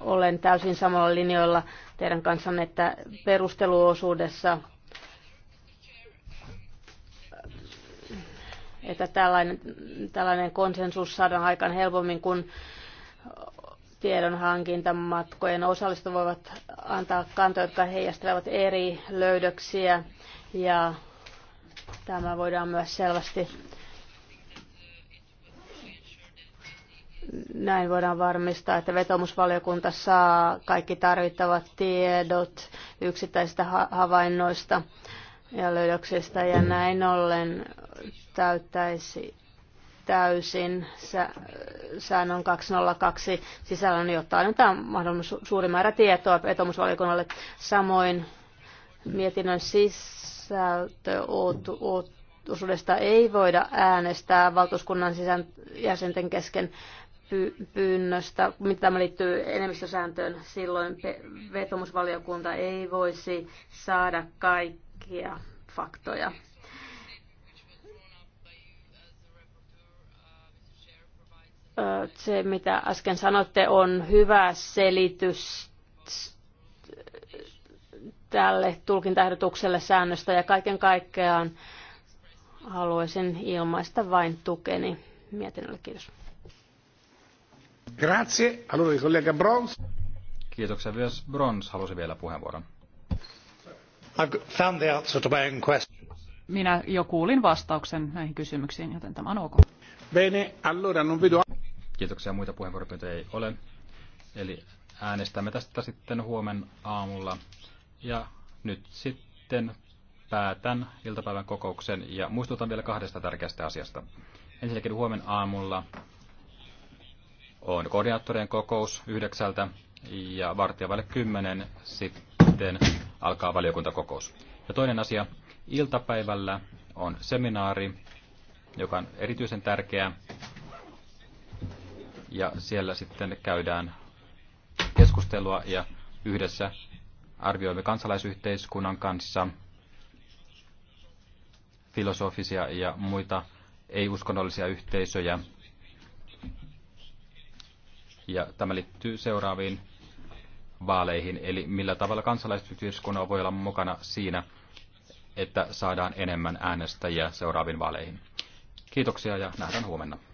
olen täysin samalla linjoilla teidän kanssanne, että perusteluosuudessa että tällainen, tällainen konsensus saadaan aikaan helpommin, kun tiedon osallistuvat voivat antaa kantoja, jotka heijastelevat eri löydöksiä ja tämä voidaan myös selvästi Näin voidaan varmistaa, että vetomusvaliokunta saa kaikki tarvittavat tiedot yksittäisistä havainnoista ja löydöksistä ja näin ollen täyttäisi täysin säännön 202 sisällön, jotta annetaan mahdollisimman suuri määrä tietoa vetomusvaliokunnalle. Samoin mietinnön sisältö osuudesta ei voida äänestää valtuuskunnan sisän jäsenten kesken pyynnöstä, mitä tämä liittyy enemmistösääntöön, silloin vetomusvaliokunta ei voisi saada kaikkia faktoja. Se, mitä äsken sanotte, on hyvä selitys tälle tulkintaehdotukselle säännöstä ja kaiken kaikkiaan haluaisin ilmaista vain tukeni mietinnölle. Kiitos. Grazie. Allora, Brons. Kiitoksia. Myös Brons halusi vielä puheenvuoron. found the answer to my own question. Minä jo kuulin vastauksen näihin kysymyksiin, joten tämä on ok. Bene, allora non vedo... Kiitoksia. Muita puheenvuoropyyntöjä ei ole. Eli äänestämme tästä sitten huomen aamulla. Ja nyt sitten päätän iltapäivän kokouksen ja muistutan vielä kahdesta tärkeästä asiasta. Ensinnäkin huomen aamulla on koordinaattorien kokous yhdeksältä ja vartijavalle kymmenen sitten alkaa valiokuntakokous. Ja toinen asia, iltapäivällä on seminaari, joka on erityisen tärkeä. Ja siellä sitten käydään keskustelua ja yhdessä arvioimme kansalaisyhteiskunnan kanssa filosofisia ja muita ei-uskonnollisia yhteisöjä ja tämä liittyy seuraaviin vaaleihin, eli millä tavalla kansalaisyhteiskunnan voi olla mukana siinä, että saadaan enemmän äänestäjiä seuraaviin vaaleihin. Kiitoksia ja nähdään huomenna.